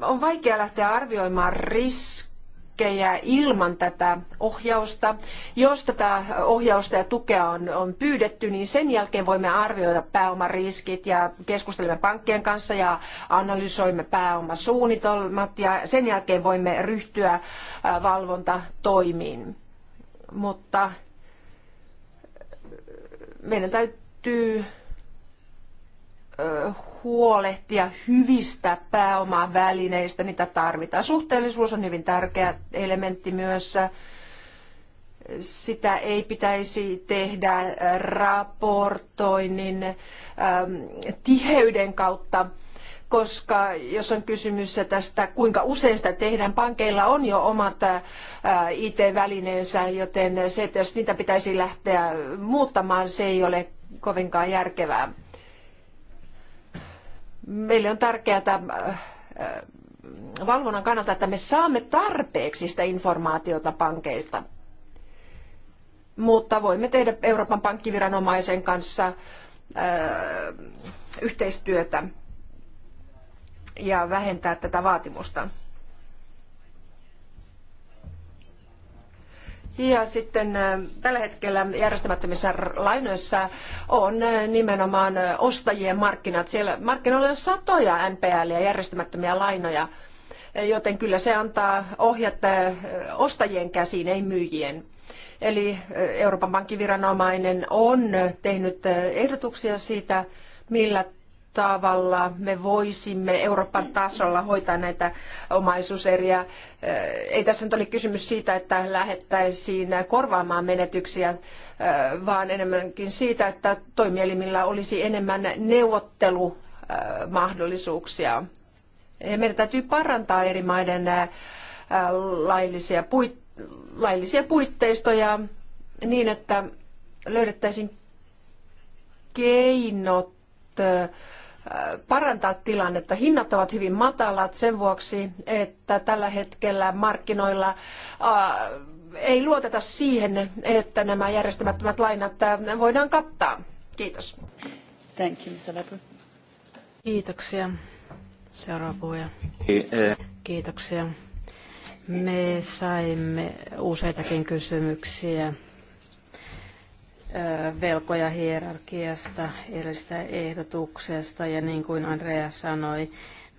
on vaikea lähteä arvioimaan riskiä vinkkejä ilman tätä ohjausta. Jos tätä ohjausta ja tukea on, on pyydetty, niin sen jälkeen voimme arvioida pääomariskit ja keskustelemme pankkien kanssa ja analysoimme pääomasuunnitelmat ja sen jälkeen voimme ryhtyä valvontatoimiin. Mutta meidän täytyy huolehtia hyvistä välineistä, niitä tarvitaan. Suhteellisuus on hyvin tärkeä elementti myös. Sitä ei pitäisi tehdä raportoinnin ähm, tiheyden kautta, koska jos on kysymys tästä, kuinka usein sitä tehdään, pankeilla on jo omat äh, IT-välineensä, joten se, että jos niitä pitäisi lähteä muuttamaan, se ei ole kovinkaan järkevää meille on tärkeää äh, äh, valvonnan kannalta, että me saamme tarpeeksi sitä informaatiota pankeilta. Mutta voimme tehdä Euroopan pankkiviranomaisen kanssa äh, yhteistyötä ja vähentää tätä vaatimusta. Ja sitten äh, tällä hetkellä järjestämättömissä lainoissa on äh, nimenomaan äh, ostajien markkinat. Siellä markkinoilla on satoja NPL ja järjestämättömiä lainoja, joten kyllä se antaa ohjat ostajien käsiin, ei myyjien. Eli Euroopan pankkiviranomainen on tehnyt ehdotuksia siitä, millä tavalla me voisimme Euroopan tasolla hoitaa näitä omaisuuseriä. Äh, ei tässä nyt ole kysymys siitä, että lähettäisiin korvaamaan menetyksiä, äh, vaan enemmänkin siitä, että toimielimillä olisi enemmän neuvottelumahdollisuuksia. Ja meidän täytyy parantaa eri maiden äh, laillisia, puit, laillisia puitteistoja niin, että löydettäisiin keinot parantaa tilannetta. Hinnat ovat hyvin matalat sen vuoksi, että tällä hetkellä markkinoilla äh, ei luoteta siihen, että nämä järjestämättömät lainat äh, voidaan kattaa. Kiitos. Thank you, Kiitoksia. Seuraava puhuja. Eh. Kiitoksia. Me saimme useitakin kysymyksiä velkoja hierarkiasta, ehdotuksesta ja niin kuin Andrea sanoi,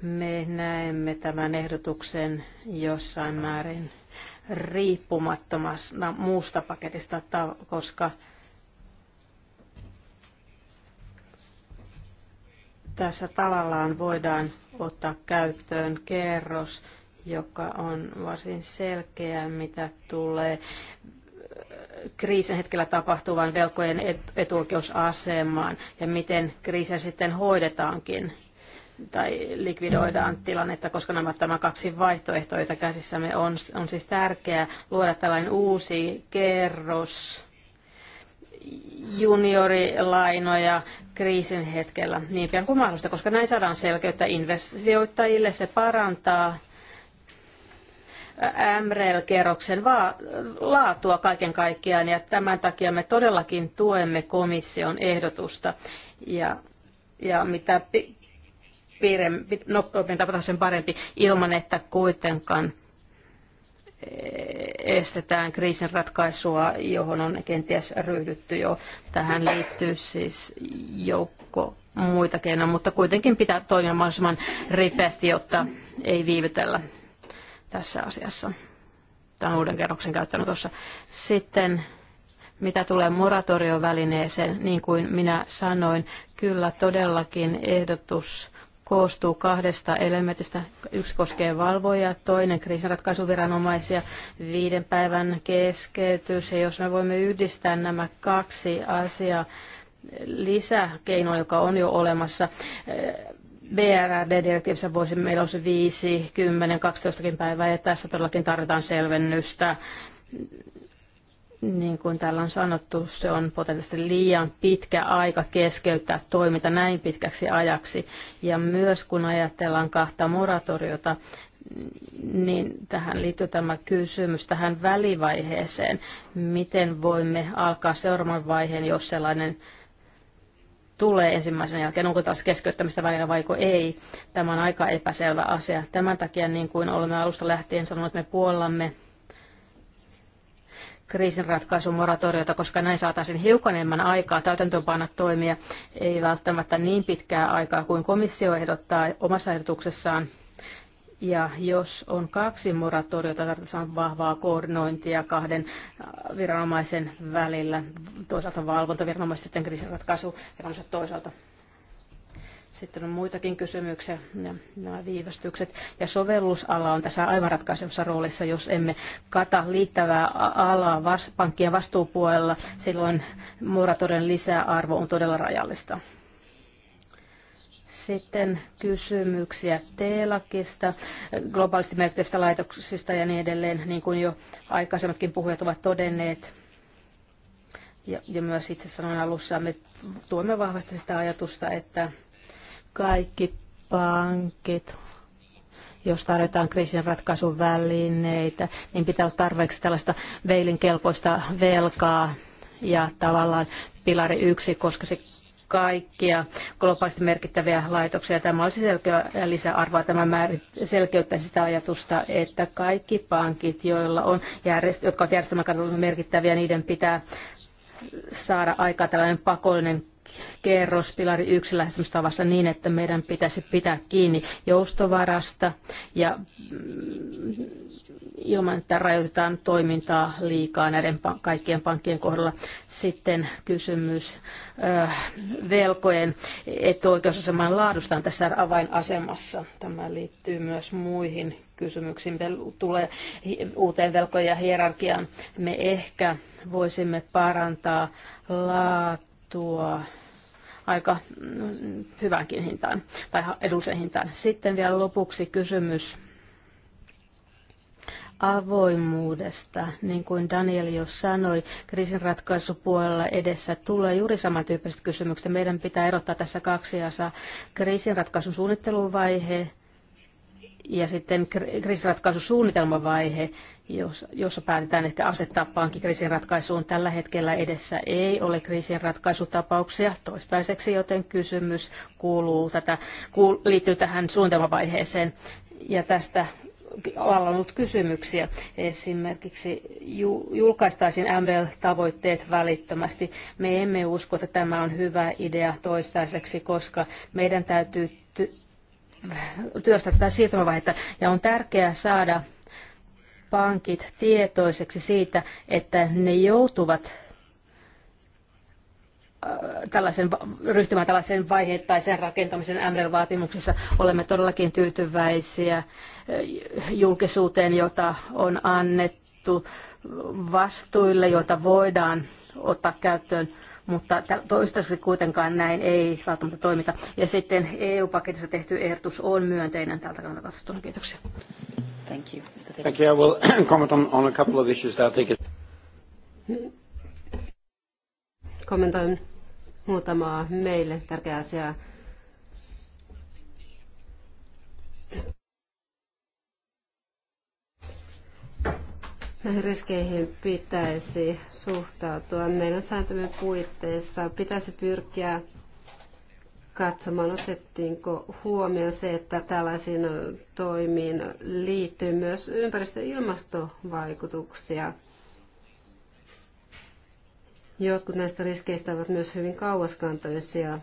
me näemme tämän ehdotuksen jossain määrin riippumattomasta muusta paketista, koska tässä tavallaan voidaan ottaa käyttöön kerros, joka on varsin selkeä, mitä tulee kriisin hetkellä tapahtuvan velkojen etuoikeusasemaan ja miten kriisiä sitten hoidetaankin tai likvidoidaan tilannetta, koska nämä tämä kaksi vaihtoehtoa, joita käsissämme on, on siis tärkeää luoda tällainen uusi kerros juniorilainoja kriisin hetkellä niin pian kuin mahdollista, koska näin saadaan selkeyttä investoijille, se parantaa MREL-kerroksen laatua kaiken kaikkiaan ja tämän takia me todellakin tuemme komission ehdotusta ja, ja mitä pi, piirempi, nopeammin tapahtuu sen parempi ilman, että kuitenkaan e- estetään kriisin ratkaisua, johon on kenties ryhdytty jo. Tähän liittyy siis joukko muita keinoja, mutta kuitenkin pitää toimia mahdollisimman ripeästi, jotta ei viivytellä tässä asiassa. Tämän uuden kerroksen tuossa. Sitten mitä tulee moratoriovälineeseen, niin kuin minä sanoin, kyllä todellakin ehdotus koostuu kahdesta elementistä. Yksi koskee valvoja, toinen kriisinratkaisuviranomaisia, viiden päivän keskeytys. Ja jos me voimme yhdistää nämä kaksi asiaa, lisäkeino, joka on jo olemassa BRD-direktiivissä voisi, meillä on se 5, 10, 12 päivää ja tässä todellakin tarvitaan selvennystä. Niin kuin täällä on sanottu, se on potentiaalisesti liian pitkä aika keskeyttää toiminta näin pitkäksi ajaksi. Ja myös kun ajatellaan kahta moratoriota, niin tähän liittyy tämä kysymys tähän välivaiheeseen. Miten voimme alkaa seuraavan vaiheen, jos sellainen tulee ensimmäisen jälkeen, onko taas keskeyttämistä välillä vai ei. Tämä on aika epäselvä asia. Tämän takia, niin kuin olemme alusta lähtien sanoneet, me puollamme kriisinratkaisun moratoriota, koska näin saataisiin hiukan enemmän aikaa täytäntöönpanna toimia, ei välttämättä niin pitkää aikaa kuin komissio ehdottaa omassa ehdotuksessaan ja jos on kaksi moratoriota, tarvitaan vahvaa koordinointia kahden äh, viranomaisen välillä. Toisaalta valvontaviranomaiset, sitten viranomaiset toisaalta. Sitten on muitakin kysymyksiä, ja nämä viivästykset. Ja sovellusala on tässä aivan ratkaisevassa roolissa. Jos emme kata liittävää alaa pankkien vastuupuolella, silloin moratorion lisäarvo on todella rajallista. Sitten kysymyksiä teelakista globaalisti merkittävistä laitoksista ja niin edelleen, niin kuin jo aikaisemmatkin puhujat ovat todenneet. Ja, ja myös itse sanoin alussa, me tuomme vahvasti sitä ajatusta, että kaikki pankit, jos tarvitaan ratkaisun välineitä, niin pitää olla tarpeeksi tällaista veilinkelpoista velkaa ja tavallaan pilari yksi, koska se kaikkia globaalisti merkittäviä laitoksia. Tämä olisi selkeä lisäarvoa. Tämä selkeyttäisi sitä ajatusta, että kaikki pankit, joilla on järjest- jotka ovat järjestelmän kannalta merkittäviä, niiden pitää saada aikaa tällainen pakollinen kerros pilari yksi lähestymistavassa niin, että meidän pitäisi pitää kiinni joustovarasta ja mm, ilman, että rajoitetaan toimintaa liikaa näiden kaikkien pankkien kohdalla. Sitten kysymys äh, velkojen etuoikeusaseman laadusta on tässä avainasemassa. Tämä liittyy myös muihin kysymyksiin, mitä tulee uuteen velkojen ja hierarkiaan. Me ehkä voisimme parantaa laatua aika mm, hyvänkin hintaan tai edullisen hintaan. Sitten vielä lopuksi kysymys avoimuudesta. Niin kuin Daniel jo sanoi, kriisinratkaisupuolella edessä tulee juuri samantyyppiset kysymykset. Meidän pitää erottaa tässä kaksi asiaa. Kriisinratkaisun suunnitteluvaihe ja sitten kriisinratkaisusuunnitelmavaihe, jossa päätetään ehkä asettaa pankki kriisinratkaisuun. Tällä hetkellä edessä ei ole kriisinratkaisutapauksia toistaiseksi, joten kysymys kuuluu tätä, liittyy tähän suunnitelmavaiheeseen. Ja tästä alalla kysymyksiä. Esimerkiksi julkaistaisiin MBL-tavoitteet välittömästi. Me emme usko, että tämä on hyvä idea toistaiseksi, koska meidän täytyy työstää tätä siirtymävaihetta. Ja on tärkeää saada pankit tietoiseksi siitä, että ne joutuvat Äh, tällaisen, ryhtymään tällaiseen vaiheittaisen rakentamisen MREL-vaatimuksissa. Olemme todellakin tyytyväisiä äh, julkisuuteen, jota on annettu vastuille, joita voidaan ottaa käyttöön, mutta toistaiseksi kuitenkaan näin ei välttämättä toimita. Ja sitten EU-paketissa tehty ehdotus on myönteinen tältä kannalta katsottuna. Kiitoksia. Thank you. Thank you. I will comment on, on a couple of issues that I think is... Kommentoin muutamaa meille tärkeä asia. Näihin riskeihin pitäisi suhtautua. Meidän sääntömme puitteissa pitäisi pyrkiä katsomaan, otettiinko huomioon se, että tällaisiin toimiin liittyy myös ympäristö- ja ilmastovaikutuksia. Jotkut näistä riskeistä ovat myös hyvin kauaskantoisia.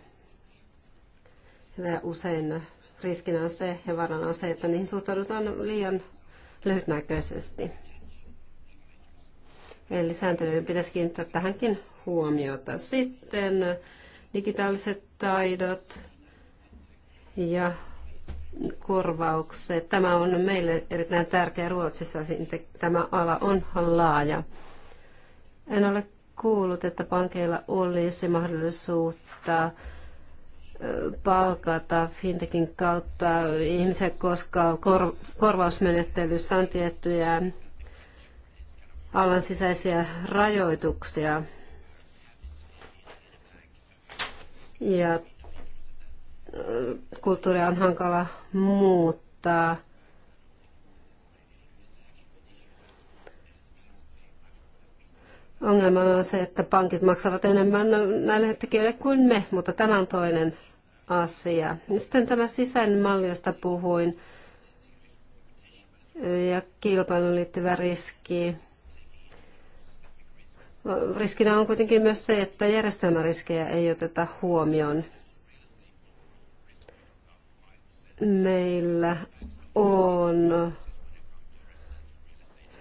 Ja usein riskinä on se ja varana on se, että niihin suhtaudutaan liian lyhytnäköisesti. Eli sääntelyyn pitäisi kiinnittää tähänkin huomiota. Sitten digitaaliset taidot ja korvaukset. Tämä on meille erittäin tärkeä Ruotsissa. Tämä ala on laaja. En ole kuullut, että pankeilla olisi mahdollisuutta palkata fintekin kautta ihmisiä, koska kor- korvausmenettelyssä on tiettyjä alan sisäisiä rajoituksia. Ja kulttuuria on hankala muuttaa. Ongelma on se, että pankit maksavat enemmän näille tekijöille kuin me, mutta tämä on toinen asia. Sitten tämä sisäinen malli, josta puhuin, ja kilpailuun liittyvä riski. Riskinä on kuitenkin myös se, että järjestelmäriskejä ei oteta huomioon. Meillä on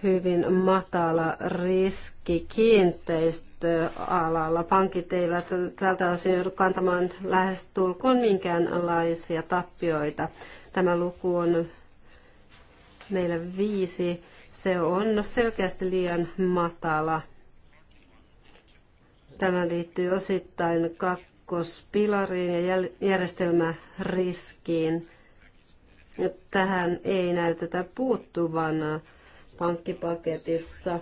hyvin matala riski kiinteistöalalla. Pankit eivät tältä osin joudu kantamaan tulkoon minkäänlaisia tappioita. Tämä luku on meillä viisi. Se on selkeästi liian matala. Tämä liittyy osittain kakkospilariin ja järjestelmäriskiin. Tähän ei näytetä puuttuvan pankkipaketissa.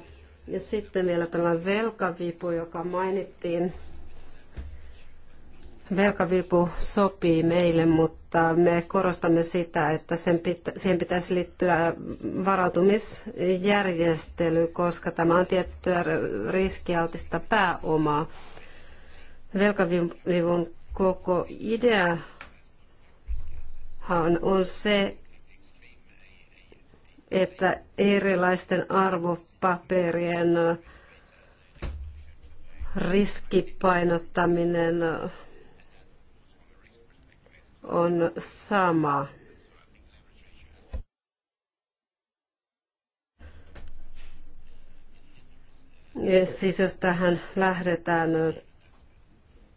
Ja sitten vielä tämä velkavipu, joka mainittiin. Velkavipu sopii meille, mutta me korostamme sitä, että sen pitä, siihen pitäisi liittyä varautumisjärjestely, koska tämä on tiettyä riskialtista pääomaa. Velkavivun koko idea on, on se, että erilaisten arvopaperien riskipainottaminen on sama. Ja siis jos tähän lähdetään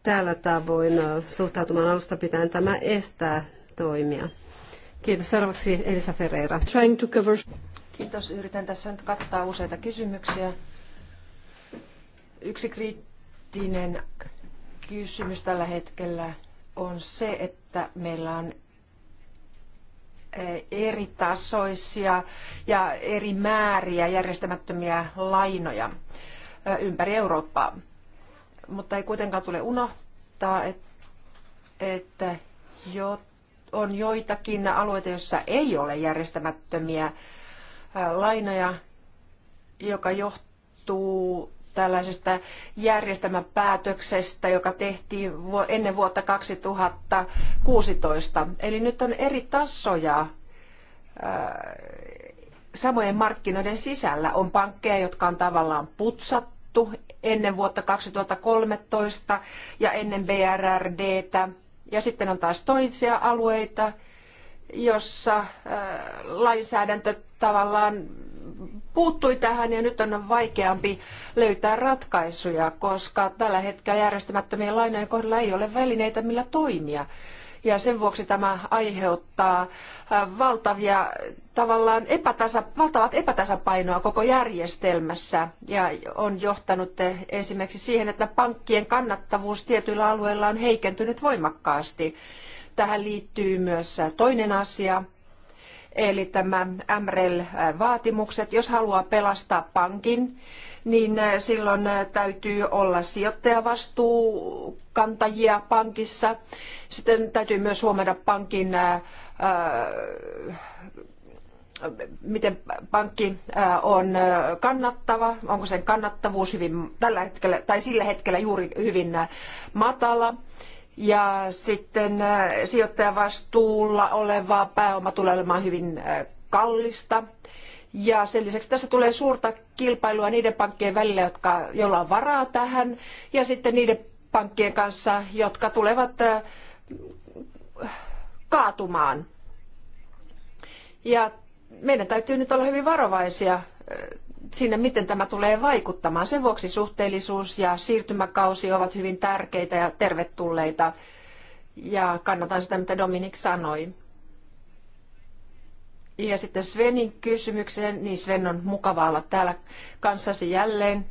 tällä tavoin suhtautumaan alusta pitäen, tämä estää toimia. Kiitos. Seuraavaksi Elisa Ferreira. Trying to cover... Kiitos. Yritän tässä nyt kattaa useita kysymyksiä. Yksi kriittinen kysymys tällä hetkellä on se, että meillä on e, eri tasoisia ja eri määriä järjestämättömiä lainoja e, ympäri Eurooppaa. Mutta ei kuitenkaan tule unohtaa, että jotta on joitakin alueita, joissa ei ole järjestämättömiä äh, lainoja, joka johtuu tällaisesta järjestelmäpäätöksestä, joka tehtiin ennen vuotta 2016. Eli nyt on eri tasoja äh, samojen markkinoiden sisällä. On pankkeja, jotka on tavallaan putsattu ennen vuotta 2013 ja ennen BRRDtä ja sitten on taas toisia alueita, jossa äh, lainsäädäntö tavallaan puuttui tähän ja nyt on vaikeampi löytää ratkaisuja, koska tällä hetkellä järjestämättömien lainojen kohdalla ei ole välineitä, millä toimia. Ja sen vuoksi tämä aiheuttaa äh, valtavia tavallaan epätasa, valtavat epätasapainoa koko järjestelmässä ja on johtanut eh, esimerkiksi siihen, että pankkien kannattavuus tietyillä alueilla on heikentynyt voimakkaasti. Tähän liittyy myös eh, toinen asia, eli tämä MREL-vaatimukset. Eh, Jos haluaa pelastaa pankin, niin eh, silloin eh, täytyy olla sijoittajavastuukantajia pankissa. Sitten täytyy myös huomioida pankin, eh, miten pankki on kannattava, onko sen kannattavuus hyvin tällä hetkellä tai sillä hetkellä juuri hyvin matala. Ja sitten sijoittajavastuulla oleva pääoma tulee olemaan hyvin kallista ja sen lisäksi tässä tulee suurta kilpailua niiden pankkien välillä, jotka, joilla on varaa tähän, ja sitten niiden pankkien kanssa, jotka tulevat kaatumaan. Ja meidän täytyy nyt olla hyvin varovaisia siinä, miten tämä tulee vaikuttamaan. Sen vuoksi suhteellisuus ja siirtymäkausi ovat hyvin tärkeitä ja tervetulleita. Ja kannatan sitä, mitä Dominik sanoi. Ja sitten Svenin kysymykseen, niin Sven on mukava olla täällä kanssasi jälleen.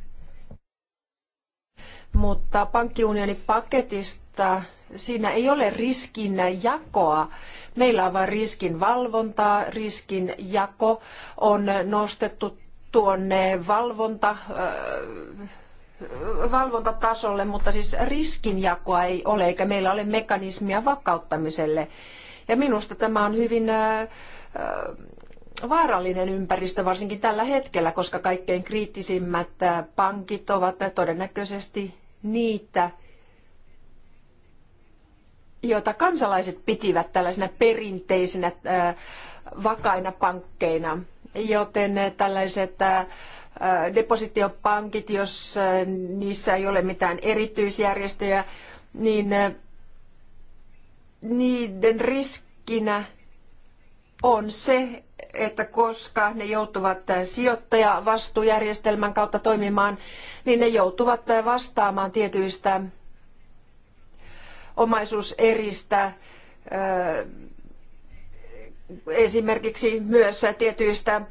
Mutta pankkiunionin paketista siinä ei ole riskin jakoa. Meillä on vain riskin valvontaa, riskin jako on nostettu tuonne valvonta, äh, valvontatasolle, mutta siis riskinjakoa ei ole, eikä meillä ole mekanismia vakauttamiselle. Ja minusta tämä on hyvin äh, vaarallinen ympäristö varsinkin tällä hetkellä, koska kaikkein kriittisimmät pankit ovat todennäköisesti niitä, joita kansalaiset pitivät tällaisina perinteisinä vakaina pankkeina. Joten tällaiset depositiopankit, jos niissä ei ole mitään erityisjärjestöjä, niin niiden riskinä on se, että koska ne joutuvat sijoittajavastuujärjestelmän kautta toimimaan, niin ne joutuvat vastaamaan tietyistä omaisuuseristä, äh, esimerkiksi myös tietyistä äh,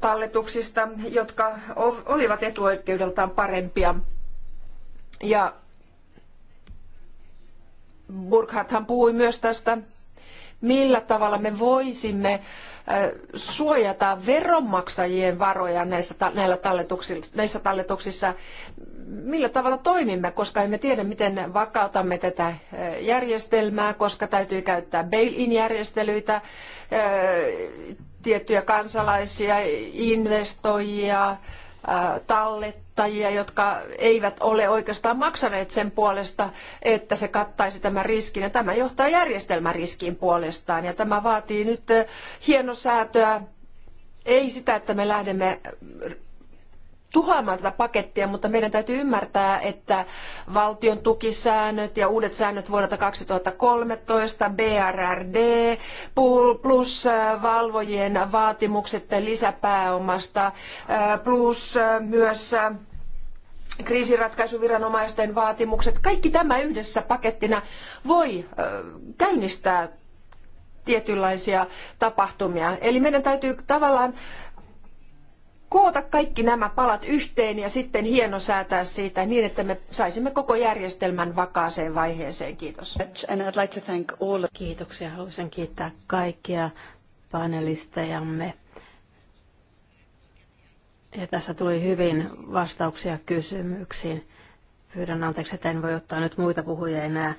talletuksista, jotka olivat etuoikeudeltaan parempia. Ja Burkhardthan puhui myös tästä millä tavalla me voisimme äh, suojata veronmaksajien varoja näissä, näillä talletuksissa, näissä talletuksissa, millä tavalla toimimme, koska emme tiedä, miten vakautamme tätä äh, järjestelmää, koska täytyy käyttää bail-in-järjestelyitä, äh, tiettyjä kansalaisia, investoijia, tallettajia, jotka eivät ole oikeastaan maksaneet sen puolesta, että se kattaisi tämän riskin. Ja tämä johtaa järjestelmäriskiin puolestaan. Ja tämä vaatii nyt hienosäätöä, ei sitä, että me lähdemme tuhoamaan tätä pakettia, mutta meidän täytyy ymmärtää, että valtion tukisäännöt ja uudet säännöt vuodelta 2013, BRRD plus äh, valvojien vaatimukset lisäpääomasta äh, plus äh, myös kriisiratkaisuviranomaisten vaatimukset, kaikki tämä yhdessä pakettina voi käynnistää tietynlaisia tapahtumia. Eli meidän täytyy tavallaan koota kaikki nämä palat yhteen ja sitten hienosäätää siitä niin, että me saisimme koko järjestelmän vakaaseen vaiheeseen. Kiitos. Kiitoksia. Haluaisin kiittää kaikkia panelistejamme. Ja tässä tuli hyvin vastauksia kysymyksiin. Pyydän anteeksi, että en voi ottaa nyt muita puhujia enää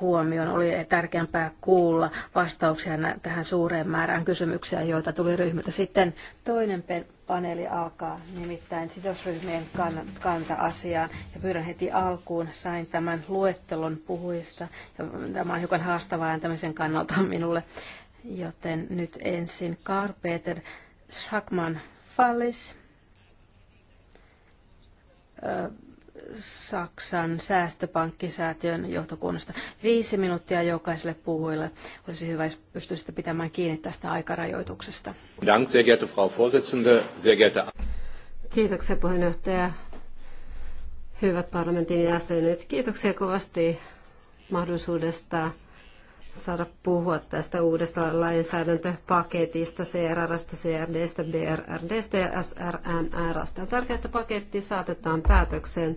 huomioon. Oli tärkeämpää kuulla vastauksia tähän suureen määrään kysymyksiä, joita tuli ryhmiltä. Sitten toinen paneeli alkaa, nimittäin sidosryhmien kanta-asiaan. Ja pyydän heti alkuun, sain tämän luettelon puhuista. Ja tämä on hiukan haastavaa ääntämisen kannalta minulle. Joten nyt ensin Karl-Peter Schackman Fallis. Öö, Saksan säästöpankkisäätiön johtokunnasta. Viisi minuuttia jokaiselle puhujalle. Olisi hyvä, jos pystyisitte pitämään kiinni tästä aikarajoituksesta. Dank, sehr geehrte Frau Vorsitzende, sehr geehrte... Kiitoksia puheenjohtaja. Hyvät parlamentin jäsenet, kiitoksia kovasti mahdollisuudesta saada puhua tästä uudesta lainsäädäntöpaketista, CRRstä, CRDstä, BRRDstä ja SRMRstä. On tärkeää, että paketti saatetaan päätökseen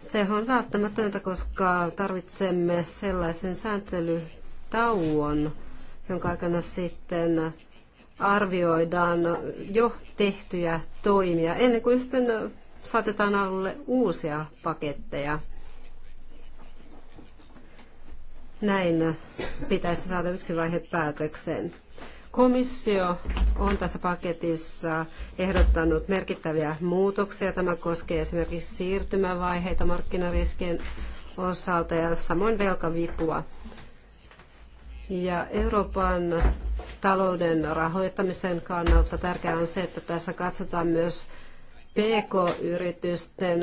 se on välttämätöntä, koska tarvitsemme sellaisen sääntelytauon, jonka aikana sitten arvioidaan jo tehtyjä toimia ennen kuin sitten saatetaan alulle uusia paketteja. Näin pitäisi saada yksi vaihe päätökseen. Komissio on tässä paketissa ehdottanut merkittäviä muutoksia. Tämä koskee esimerkiksi siirtymävaiheita markkinariskien osalta ja samoin velkavipua. Ja Euroopan talouden rahoittamisen kannalta tärkeää on se, että tässä katsotaan myös PK-yritysten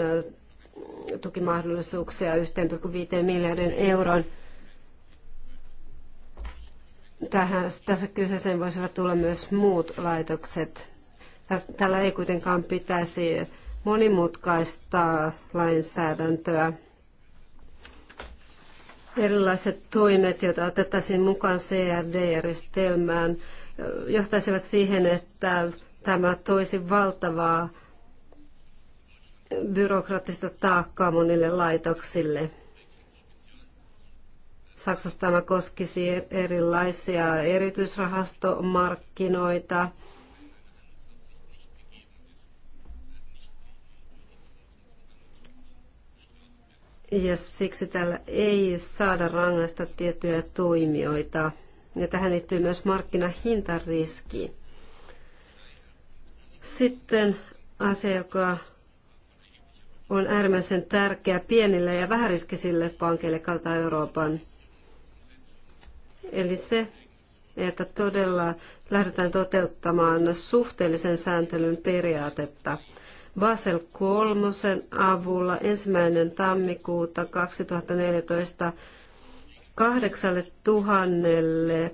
tukimahdollisuuksia 1,5 miljardin euron Tähän, tässä kyseeseen voisivat tulla myös muut laitokset. Tällä ei kuitenkaan pitäisi monimutkaistaa lainsäädäntöä. Erilaiset toimet, joita otettaisiin mukaan CRD-järjestelmään, johtaisivat siihen, että tämä toisi valtavaa byrokraattista taakkaa monille laitoksille. Saksassa tämä koskisi erilaisia erityisrahastomarkkinoita. Ja siksi tällä ei saada rangaista tiettyjä toimijoita. Ja tähän liittyy myös markkinahintariski. Sitten asia, joka on äärimmäisen tärkeä pienille ja vähäriskisille pankeille kautta Euroopan – Eli se, että todella lähdetään toteuttamaan suhteellisen sääntelyn periaatetta. Basel kolmosen avulla ensimmäinen tammikuuta 2014 kahdeksalle tuhannelle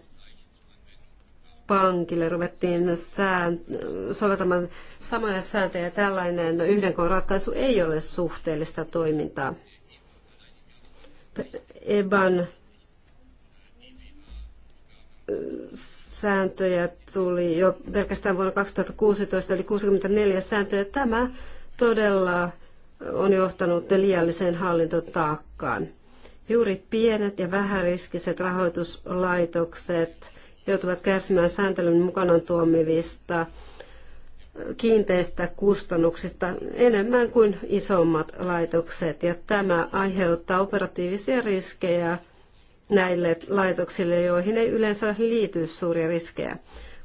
pankille ruvettiin sään, soveltamaan samoja sääntöjä. Tällainen yhden koon ratkaisu ei ole suhteellista toimintaa. EBAN sääntöjä tuli jo pelkästään vuonna 2016, eli 64 sääntöjä. Tämä todella on johtanut liialliseen hallintotaakkaan. Juuri pienet ja vähäriskiset rahoituslaitokset joutuvat kärsimään sääntelyn mukanaan tuomivista kiinteistä kustannuksista enemmän kuin isommat laitokset, ja tämä aiheuttaa operatiivisia riskejä näille laitoksille, joihin ei yleensä liity suuria riskejä.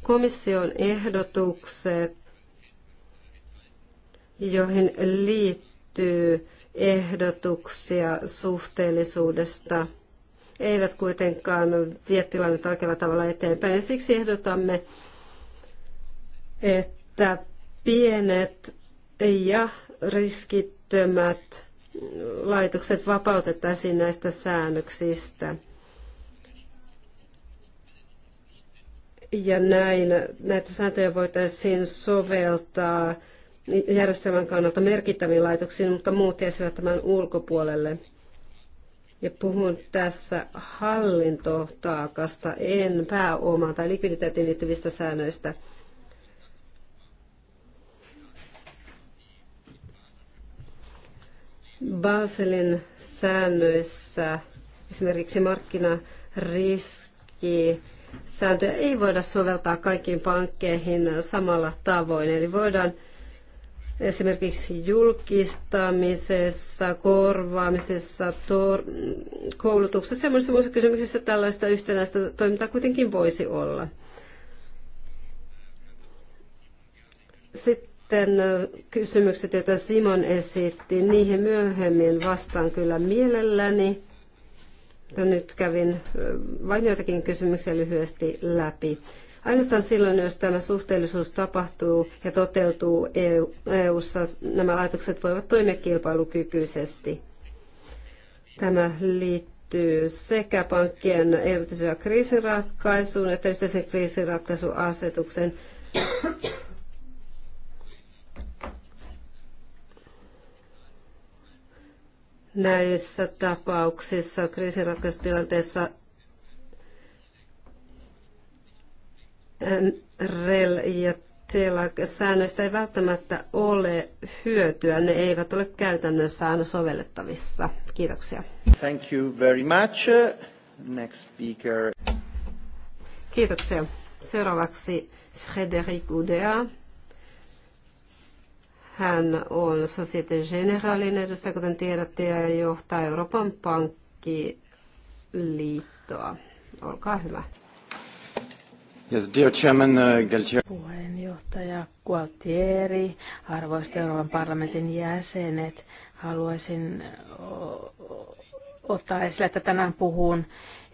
Komission ehdotukset, joihin liittyy ehdotuksia suhteellisuudesta, eivät kuitenkaan vie tilannetta oikealla tavalla eteenpäin. Ja siksi ehdotamme, että pienet ja riskittömät laitokset vapautettaisiin näistä säännöksistä. Ja näin näitä sääntöjä voitaisiin soveltaa järjestelmän kannalta merkittäviin laitoksiin, mutta muut jäisivät tämän ulkopuolelle. Ja puhun tässä hallintotaakasta, en pääomaan tai likviditeettiin liittyvistä säännöistä. Baselin säännöissä esimerkiksi markkinariski sääntöjä ei voida soveltaa kaikkiin pankkeihin samalla tavoin. Eli voidaan esimerkiksi julkistamisessa, korvaamisessa, tor- koulutuksessa ja monissa muissa kysymyksissä tällaista yhtenäistä toimintaa kuitenkin voisi olla. Sitten kysymykset, joita Simon esitti, niihin myöhemmin vastaan kyllä mielelläni. No nyt kävin vain joitakin kysymyksiä lyhyesti läpi. Ainoastaan silloin, jos tämä suhteellisuus tapahtuu ja toteutuu EU, EU-ssa, nämä laitokset voivat toimia kilpailukykyisesti. Tämä liittyy sekä pankkien elvytys- ja kriisiratkaisuun että yhteisen kriisiratkaisuasetuksen näissä tapauksissa, kriisinratkaisutilanteessa REL ja TELAC-säännöistä ei välttämättä ole hyötyä. Ne eivät ole käytännössä aina sovellettavissa. Kiitoksia. Thank you very much. Next speaker. Kiitoksia. Seuraavaksi Frédéric Udea hän on Societe Generalin edustaja, kuten tiedätte, ja johtaa Euroopan pankkiliittoa. Olkaa hyvä. Yes, dear chairman, uh, Puheenjohtaja Gualtieri, arvoisat Euroopan parlamentin jäsenet, haluaisin uh, ottaa esille, että tänään puhun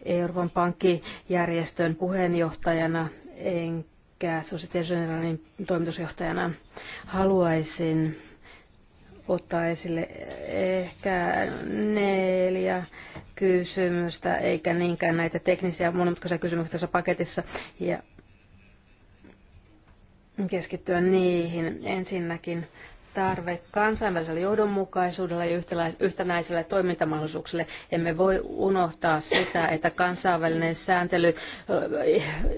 Euroopan pankkijärjestön puheenjohtajana, en pitkää Societe Generalin toimitusjohtajana. Haluaisin ottaa esille ehkä neljä kysymystä, eikä niinkään näitä teknisiä monimutkaisia kysymyksiä tässä paketissa. Ja keskittyä niihin. Ensinnäkin tarve kansainväliselle johdonmukaisuudelle ja yhtenäisille toimintamahdollisuuksille. Emme voi unohtaa sitä, että kansainvälinen sääntely,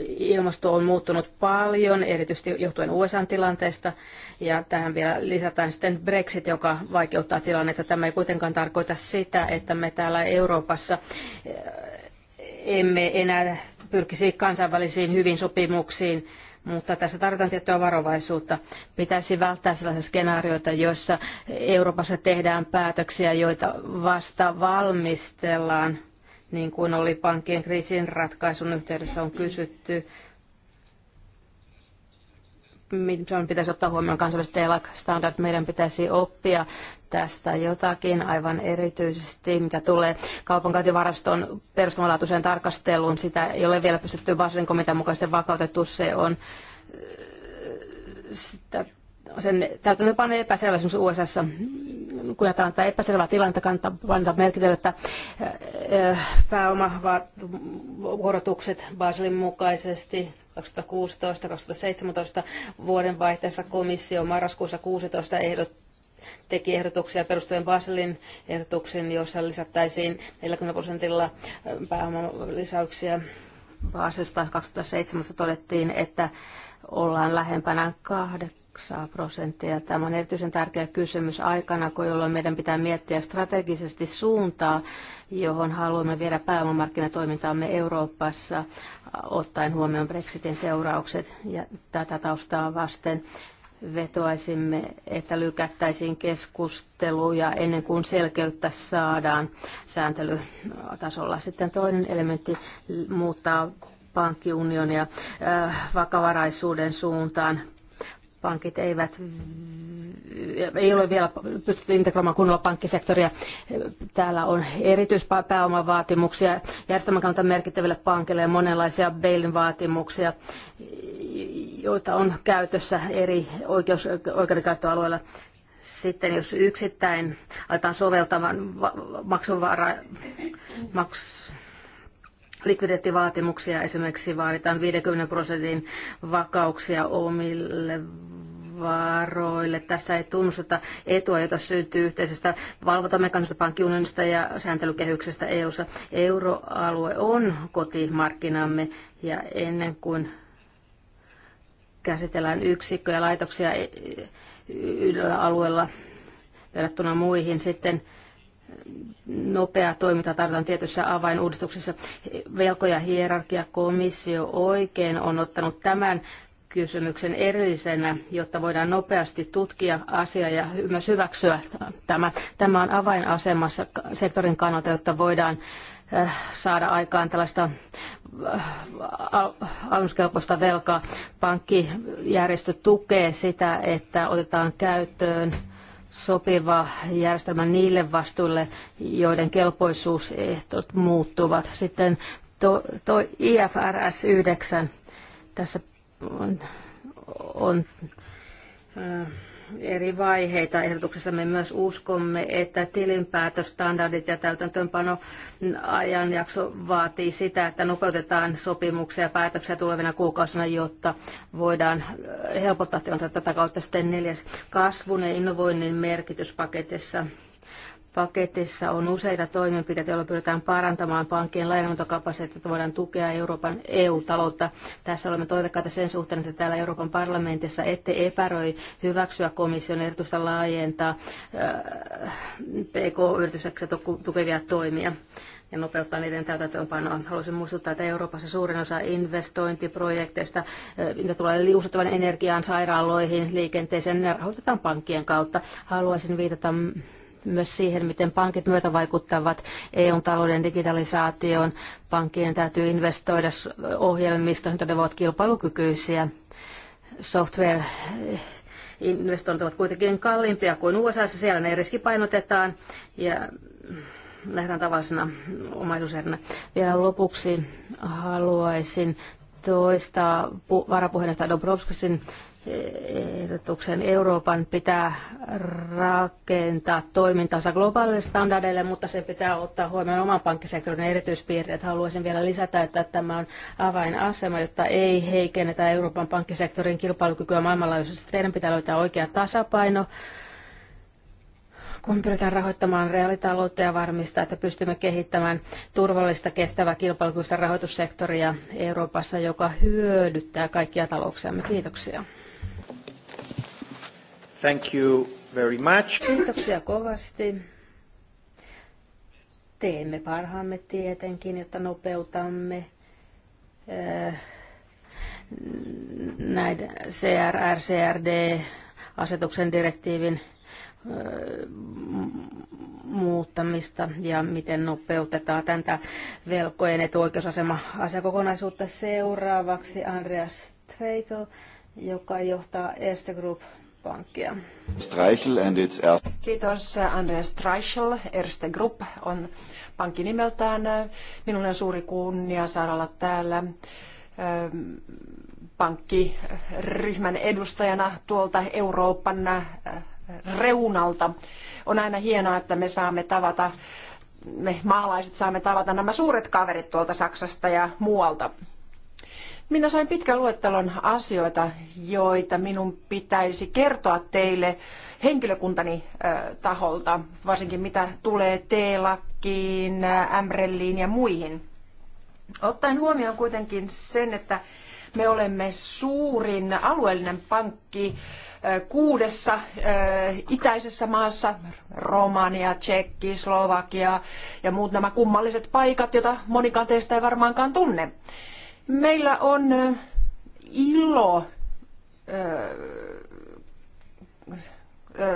ilmasto on muuttunut paljon, erityisesti johtuen USA-tilanteesta, ja tähän vielä lisätään sitten Brexit, joka vaikeuttaa tilannetta. Tämä ei kuitenkaan tarkoita sitä, että me täällä Euroopassa emme enää pyrkisi kansainvälisiin hyvin sopimuksiin mutta tässä tarvitaan tiettyä varovaisuutta. Pitäisi välttää sellaisia skenaarioita, joissa Euroopassa tehdään päätöksiä, joita vasta valmistellaan, niin kuin oli pankkien kriisin ratkaisun yhteydessä on kysytty mitä pitäisi ottaa huomioon kansalliset ELAC-standard. Meidän pitäisi oppia tästä jotakin aivan erityisesti, mitä tulee kaupankäyntivaraston perustamalaatuiseen tarkasteluun. Sitä ei ole vielä pystytty varsin komitean mukaisesti vakautettu. Se on äh, sitä sen täytäntöönpano epäselvä esimerkiksi USA, kun jätetään tämä epäselvä tilannetta, kannattaa merkitellä, että äh, äh, pääomavuorotukset Baselin mukaisesti 2016-2017 vuoden vaihteessa komissio marraskuussa 16 ehdot, teki ehdotuksia perustuen Baselin ehdotuksiin, jossa lisättäisiin 40 prosentilla pääomalisäyksiä. Baselista 2017 todettiin, että ollaan lähempänä kahden maksaa prosentteja. Tämä on erityisen tärkeä kysymys aikana, kun jolloin meidän pitää miettiä strategisesti suuntaa, johon haluamme viedä pääomamarkkinatoimintaamme Euroopassa, ottaen huomioon Brexitin seuraukset ja tätä taustaa vasten vetoaisimme, että lykättäisiin keskusteluja ennen kuin selkeyttä saadaan sääntelytasolla. Sitten toinen elementti muuttaa pankkiunionia äh, vakavaraisuuden suuntaan pankit eivät ei ole vielä pystytty integroimaan kunnolla pankkisektoria. Täällä on erityispääomavaatimuksia järjestelmän kannalta merkittäville pankille ja monenlaisia bailin vaatimuksia, joita on käytössä eri oikeus, oikeudenkäyttöalueilla. Sitten jos yksittäin aletaan soveltamaan maksuvara, maks, likviditeettivaatimuksia esimerkiksi vaaditaan 50 prosentin vakauksia omille varoille. Tässä ei tunnusteta etua, jota syntyy yhteisestä valvontamekanismista, pankkiunionista ja sääntelykehyksestä EU-ssa. Euroalue on kotimarkkinamme ja ennen kuin käsitellään yksikköjä ja laitoksia yhdellä alueella verrattuna muihin sitten – nopea toiminta tarvitaan tietyissä avainuudistuksissa. Velko- ja komissio oikein on ottanut tämän kysymyksen erillisenä, jotta voidaan nopeasti tutkia asiaa ja myös hyväksyä tämä. Tämä on avainasemassa sektorin kannalta, jotta voidaan äh, saada aikaan tällaista äh, alennuskelpoista velkaa. Pankkijärjestö tukee sitä, että otetaan käyttöön sopiva järjestelmä niille vastuille, joiden kelpoisuusehtot muuttuvat. Sitten to, to IFRS 9, tässä on, on äh, eri vaiheita. Ehdotuksessa me myös uskomme, että tilinpäätöstandardit ja täytäntöönpano ajanjakso vaatii sitä, että nopeutetaan sopimuksia ja päätöksiä tulevina kuukausina, jotta voidaan helpottaa tilannetta tätä kautta sitten neljäs kasvun ja innovoinnin merkityspaketissa Paketissa on useita toimenpiteitä, joilla pyritään parantamaan pankkien lainanantokapasiteettia, että voidaan tukea Euroopan EU-taloutta. Tässä olemme toiveikkaita sen suhteen, että täällä Euroopan parlamentissa ette epäröi hyväksyä komission ehdotusta laajentaa äh, PK-yritykseksi tukevia toimia ja nopeuttaa niiden täytäntöönpanoa. Haluaisin muistuttaa, että Euroopassa suurin osa investointiprojekteista, äh, mitä tulee liusuttavan energiaan, sairaaloihin, liikenteeseen, ne rahoitetaan pankkien kautta. Haluaisin viitata myös siihen, miten pankit myötävaikuttavat EUn talouden digitalisaatioon. Pankkien täytyy investoida ohjelmistoihin, jotta ne ovat kilpailukykyisiä. Software eh, investoinnit ovat kuitenkin kalliimpia kuin USA, siellä ne riskipainotetaan ja nähdään tavallisena omaisuuserinä. Vielä lopuksi haluaisin toistaa varapuheenjohtaja Dobrovskisin ehdotuksen. Euroopan pitää rakentaa toimintansa globaalille standardeille, mutta se pitää ottaa huomioon oman pankkisektorin erityispiirteet. Haluaisin vielä lisätä, että tämä on avainasema, jotta ei heikennetä Euroopan pankkisektorin kilpailukykyä maailmanlaajuisesti. Teidän pitää löytää oikea tasapaino kun pyritään rahoittamaan reaalitaloutta ja varmistaa, että pystymme kehittämään turvallista, kestävää, kilpailukykyistä rahoitussektoria Euroopassa, joka hyödyttää kaikkia talouksiamme. Kiitoksia. Thank you very much. Kiitoksia kovasti. Teemme parhaamme tietenkin, jotta nopeutamme eh, näiden CRR, CRD asetuksen direktiivin eh, muuttamista ja miten nopeutetaan tätä velkojen etuoikeusasema-asiakokonaisuutta seuraavaksi. Andreas Treikel joka johtaa Erste Group pankkia. Streichel Kiitos Andreas Streichel. Erste Group on pankki nimeltään. Minulle on suuri kunnia saada olla täällä ähm, pankkiryhmän edustajana tuolta Euroopan äh, reunalta. On aina hienoa, että me saamme tavata, me maalaiset saamme tavata nämä suuret kaverit tuolta Saksasta ja muualta. Minä sain pitkän luettelon asioita, joita minun pitäisi kertoa teille henkilökuntani taholta, varsinkin mitä tulee T-lakkiin, Ämrelliin ja muihin. Ottaen huomioon kuitenkin sen, että me olemme suurin alueellinen pankki kuudessa itäisessä maassa, Romania, Tsekki, Slovakia ja muut nämä kummalliset paikat, joita monikaan teistä ei varmaankaan tunne Meillä on ilo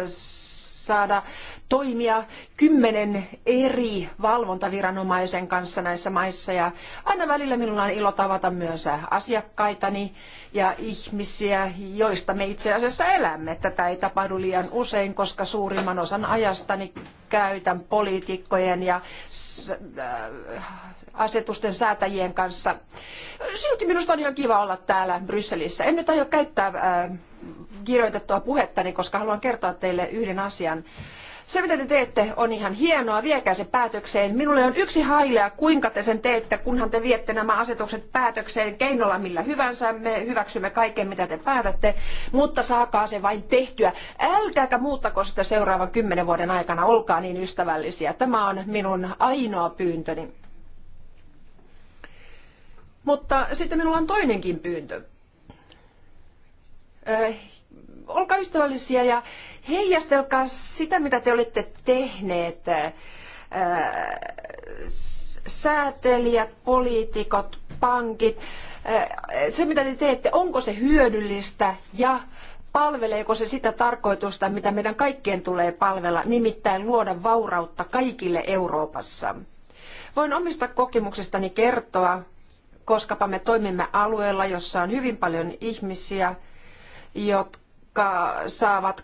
saada toimia kymmenen eri valvontaviranomaisen kanssa näissä maissa. Ja aina välillä minulla on ilo tavata myös asiakkaitani ja ihmisiä, joista me itse asiassa elämme. Tätä ei tapahdu liian usein, koska suurimman osan ajastani käytän poliitikkojen ja asetusten säätäjien kanssa. Silti minusta on ihan kiva olla täällä Brysselissä. En nyt aio käyttää äh, kirjoitettua puhettani, koska haluan kertoa teille yhden asian. Se, mitä te teette, on ihan hienoa. Viekää se päätökseen. Minulle on yksi hailea, kuinka te sen teette, kunhan te viette nämä asetukset päätökseen keinolla millä hyvänsä. Me hyväksymme kaiken, mitä te päätätte, mutta saakaa se vain tehtyä. Älkääkä muuttako sitä seuraavan kymmenen vuoden aikana. Olkaa niin ystävällisiä. Tämä on minun ainoa pyyntöni. Mutta sitten minulla on toinenkin pyyntö. Äh, olkaa ystävällisiä ja heijastelkaa sitä, mitä te olette tehneet. Äh, säätelijät, poliitikot, pankit, äh, se mitä te teette, onko se hyödyllistä ja palveleeko se sitä tarkoitusta, mitä meidän kaikkien tulee palvella, nimittäin luoda vaurautta kaikille Euroopassa. Voin omista kokemuksestani kertoa, koskapa me toimimme alueella, jossa on hyvin paljon ihmisiä, jotka saavat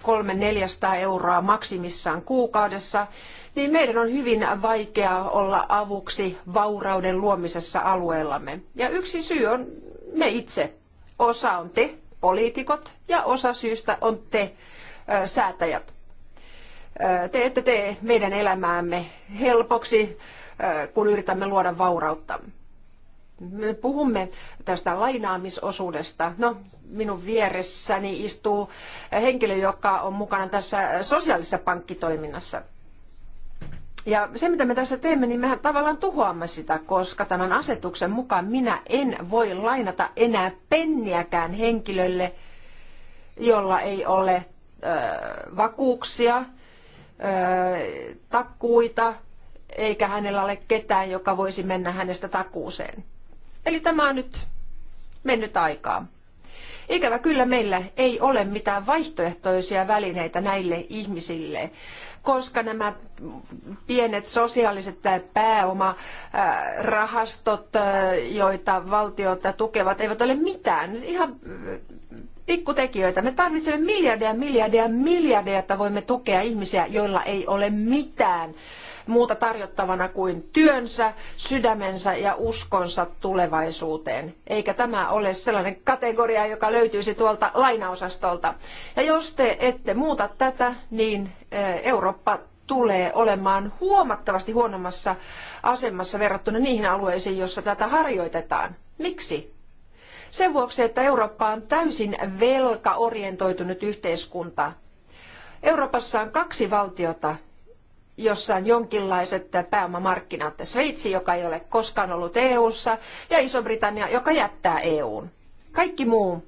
300-400 euroa maksimissaan kuukaudessa, niin meidän on hyvin vaikea olla avuksi vaurauden luomisessa alueellamme. Ja yksi syy on me itse. Osa on te, poliitikot, ja osa syystä on te, säätäjät. Te ette tee meidän elämäämme helpoksi, kun yritämme luoda vaurautta me puhumme tästä lainaamisosuudesta. No, minun vieressäni istuu henkilö, joka on mukana tässä sosiaalisessa pankkitoiminnassa. Ja se, mitä me tässä teemme, niin mehän tavallaan tuhoamme sitä, koska tämän asetuksen mukaan minä en voi lainata enää penniäkään henkilölle, jolla ei ole ö, vakuuksia, ö, takkuita, eikä hänellä ole ketään, joka voisi mennä hänestä takuuseen. Eli tämä on nyt mennyt aikaa. Ikävä kyllä meillä ei ole mitään vaihtoehtoisia välineitä näille ihmisille, koska nämä pienet sosiaaliset pääomarahastot, äh, joita valtiot tukevat, eivät ole mitään. Ihan äh, pikkutekijöitä. Me tarvitsemme miljardeja, miljardeja, miljardeja, että voimme tukea ihmisiä, joilla ei ole mitään muuta tarjottavana kuin työnsä, sydämensä ja uskonsa tulevaisuuteen. Eikä tämä ole sellainen kategoria, joka löytyisi tuolta lainaosastolta. Ja jos te ette muuta tätä, niin eh, Eurooppa tulee olemaan huomattavasti huonommassa asemassa verrattuna niihin alueisiin, joissa tätä harjoitetaan. Miksi? Sen vuoksi, että Eurooppa on täysin velkaorientoitunut yhteiskunta. Euroopassa on kaksi valtiota, jossa on jonkinlaiset pääomamarkkinat. Sveitsi, joka ei ole koskaan ollut EU:ssa, ja Iso-Britannia, joka jättää EUn. Kaikki muu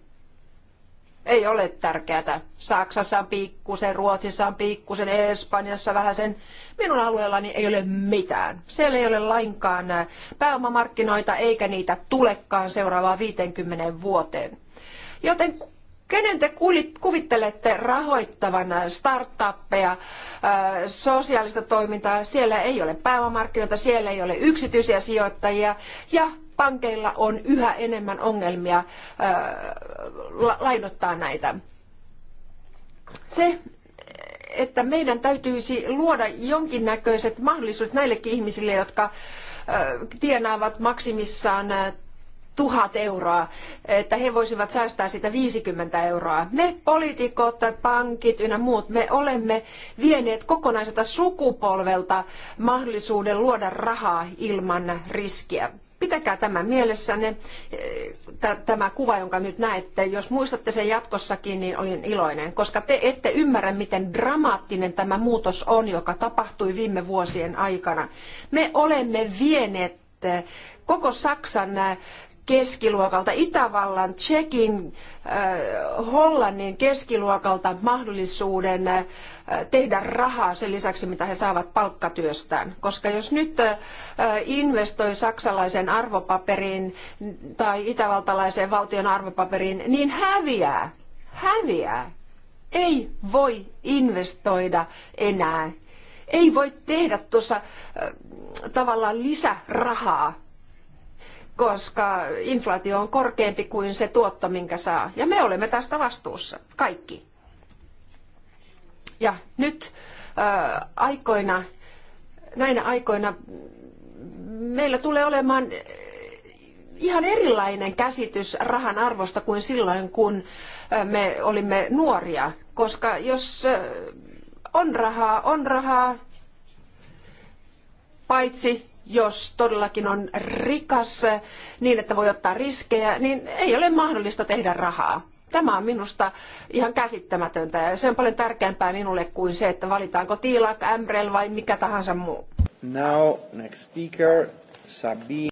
ei ole tärkeää. Saksassa on pikkusen, Ruotsissa on pikkusen, Espanjassa vähän sen. Minun alueellani ei ole mitään. Siellä ei ole lainkaan äh, pääomamarkkinoita eikä niitä tulekaan seuraavaa 50 vuoteen. Joten Kenen te kuvittelette rahoittavan äh, startuppeja, äh, sosiaalista toimintaa? Siellä ei ole pääomamarkkinoita, siellä ei ole yksityisiä sijoittajia ja pankeilla on yhä enemmän ongelmia äh, lainottaa näitä. Se, että meidän täytyisi luoda jonkinnäköiset mahdollisuudet näillekin ihmisille, jotka tienaavat maksimissaan tuhat euroa, että he voisivat säästää sitä 50 euroa. Me poliitikot, pankit ynnä muut, me olemme vieneet kokonaiselta sukupolvelta mahdollisuuden luoda rahaa ilman riskiä. Pitäkää tämä mielessänne, tämä kuva, jonka nyt näette. Jos muistatte sen jatkossakin, niin olin iloinen, koska te ette ymmärrä, miten dramaattinen tämä muutos on, joka tapahtui viime vuosien aikana. Me olemme vieneet koko Saksan keskiluokalta, Itävallan, Tsekin, Hollannin keskiluokalta mahdollisuuden tehdä rahaa sen lisäksi, mitä he saavat palkkatyöstään. Koska jos nyt investoi saksalaisen arvopaperiin tai itävaltalaiseen valtion arvopaperiin, niin häviää. Häviää. Ei voi investoida enää. Ei voi tehdä tuossa tavallaan lisärahaa koska inflaatio on korkeampi kuin se tuotto, minkä saa. Ja me olemme tästä vastuussa, kaikki. Ja nyt äh, aikoina, näinä aikoina meillä tulee olemaan ihan erilainen käsitys rahan arvosta kuin silloin, kun me olimme nuoria. Koska jos on rahaa, on rahaa, paitsi jos todellakin on rikas eh, niin, että voi ottaa riskejä, niin ei ole mahdollista tehdä rahaa. Tämä on minusta ihan käsittämätöntä ja se on paljon tärkeämpää minulle kuin se, että valitaanko Tiilak, Amrel vai mikä tahansa muu. Now, next speaker, Sabine.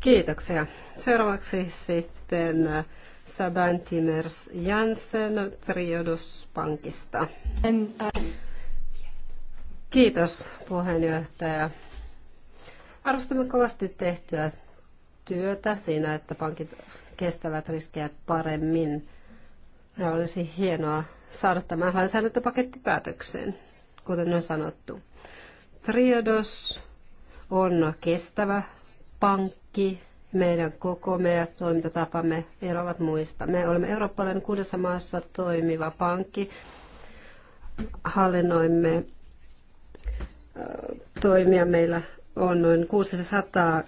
Kiitoksia. Seuraavaksi sitten eh, Saban Timers Jansen Triodos Pankista. Uh, Kiitos puheenjohtaja. Arvostamme kovasti tehtyä työtä siinä, että pankit kestävät riskejä paremmin. Ja olisi hienoa saada tämä lainsäädäntöpaketti päätökseen, kuten on sanottu. Triodos on kestävä pankki. Meidän koko ja toimintatapamme eroavat muista. Me olemme eurooppalainen kuudessa maassa toimiva pankki. Hallinnoimme toimia meillä on noin 600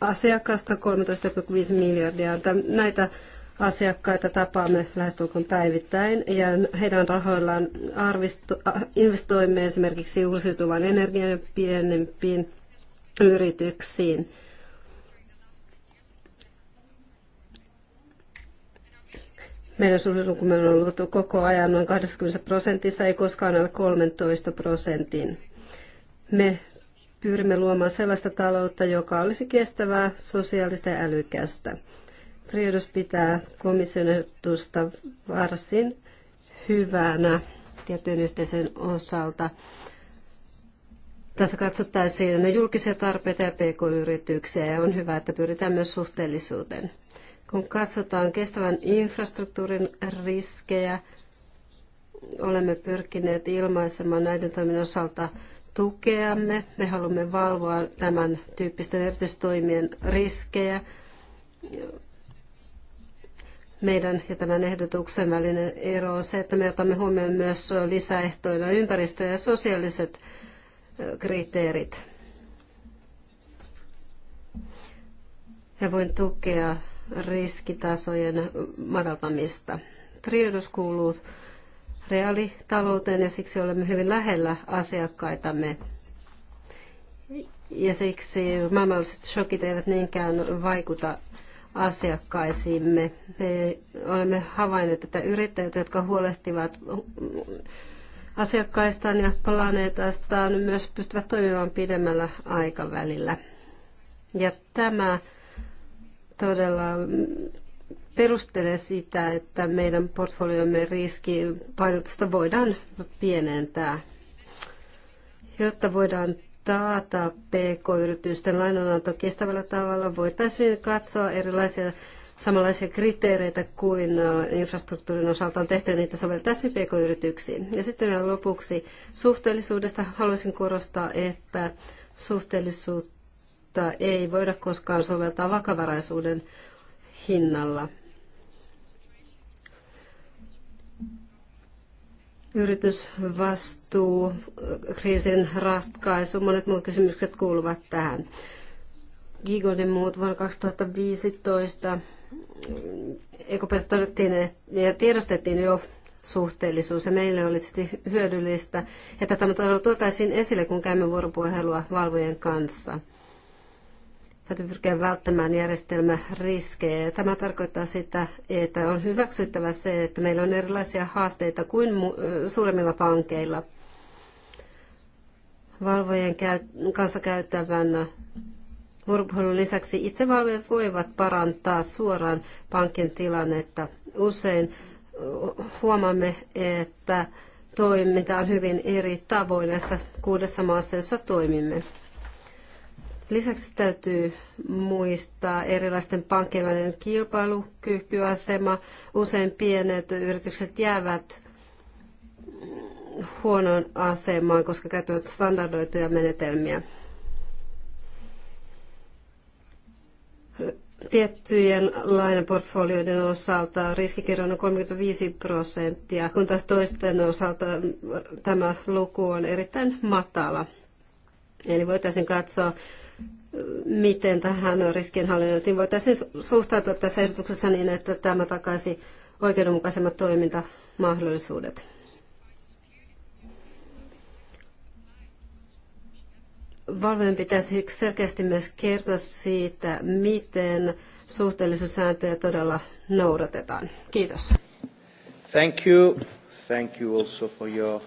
asiakasta, 13,5 miljardia. Näitä asiakkaita tapaamme lähestulkoon päivittäin ja heidän rahoillaan arvisto, investoimme esimerkiksi uusiutuvan energian ja pienempiin yrityksiin. Meidän suhdelukumme on ollut koko ajan noin 20 prosentissa, ei koskaan ole 13 prosentin. Me pyrimme luomaan sellaista taloutta, joka olisi kestävää, sosiaalista ja älykästä. Triodos pitää komission ehdotusta varsin hyvänä tiettyjen yhteisön osalta. Tässä katsottaisiin julkisia tarpeita ja pk-yrityksiä ja on hyvä, että pyritään myös suhteellisuuteen. Kun katsotaan kestävän infrastruktuurin riskejä, olemme pyrkineet ilmaisemaan näiden toiminnan osalta tukeamme. Me haluamme valvoa tämän tyyppisten erityistoimien riskejä. Meidän ja tämän ehdotuksen välinen ero on se, että me otamme huomioon myös lisäehtoina ympäristö- ja sosiaaliset kriteerit. Ja voin tukea riskitasojen madaltamista. Triodos kuuluu reaalitalouteen ja siksi olemme hyvin lähellä asiakkaitamme. Ja siksi maailmalliset shokit eivät niinkään vaikuta asiakkaisiimme. Me olemme havainneet, että yrittäjät, jotka huolehtivat asiakkaistaan ja planeetastaan, myös pystyvät toimimaan pidemmällä aikavälillä. Ja tämä todella perustelee sitä, että meidän portfoliomme riskipainotusta voidaan pienentää, jotta voidaan taata PK-yritysten lainananto kestävällä tavalla, voitaisiin katsoa erilaisia samanlaisia kriteereitä kuin infrastruktuurin osalta on tehty, niitä soveltaisiin PK-yrityksiin. Ja sitten vielä lopuksi suhteellisuudesta haluaisin korostaa, että suhteellisuutta ei voida koskaan soveltaa vakavaraisuuden hinnalla. yritysvastuu, kriisin ratkaisu, monet muut kysymykset kuuluvat tähän. Gigonin muut vuonna 2015 EKPssä todettiin ja tiedostettiin jo suhteellisuus ja meille olisi hyödyllistä, että tämä tuotaisiin esille, kun käymme vuoropuhelua valvojen kanssa. Täytyy pyrkiä välttämään järjestelmäriskejä. Tämä tarkoittaa sitä, että on hyväksyttävä se, että meillä on erilaisia haasteita kuin suuremmilla pankeilla. Valvojen kanssa käyttävän vuoropuhelun lisäksi itsevalvojat voivat parantaa suoraan pankin tilannetta. Usein huomaamme, että toiminta on hyvin eri tavoin näissä kuudessa maassa, jossa toimimme. Lisäksi täytyy muistaa erilaisten pankkien välinen kilpailukykyasema. Usein pienet yritykset jäävät huonoon asemaan, koska käyttävät standardoituja menetelmiä. Tiettyjen lainaportfolioiden osalta riskikerroin on 35 prosenttia, kun taas toisten osalta tämä luku on erittäin matala. Eli voitaisiin katsoa miten tähän riskinhallinnointiin voitaisiin suhtautua tässä ehdotuksessa niin, että tämä takaisi oikeudenmukaisemmat toimintamahdollisuudet. Valvojen pitäisi selkeästi myös kertoa siitä, miten suhteellisuussääntöjä todella noudatetaan. Kiitos. Thank you. Thank you also for your...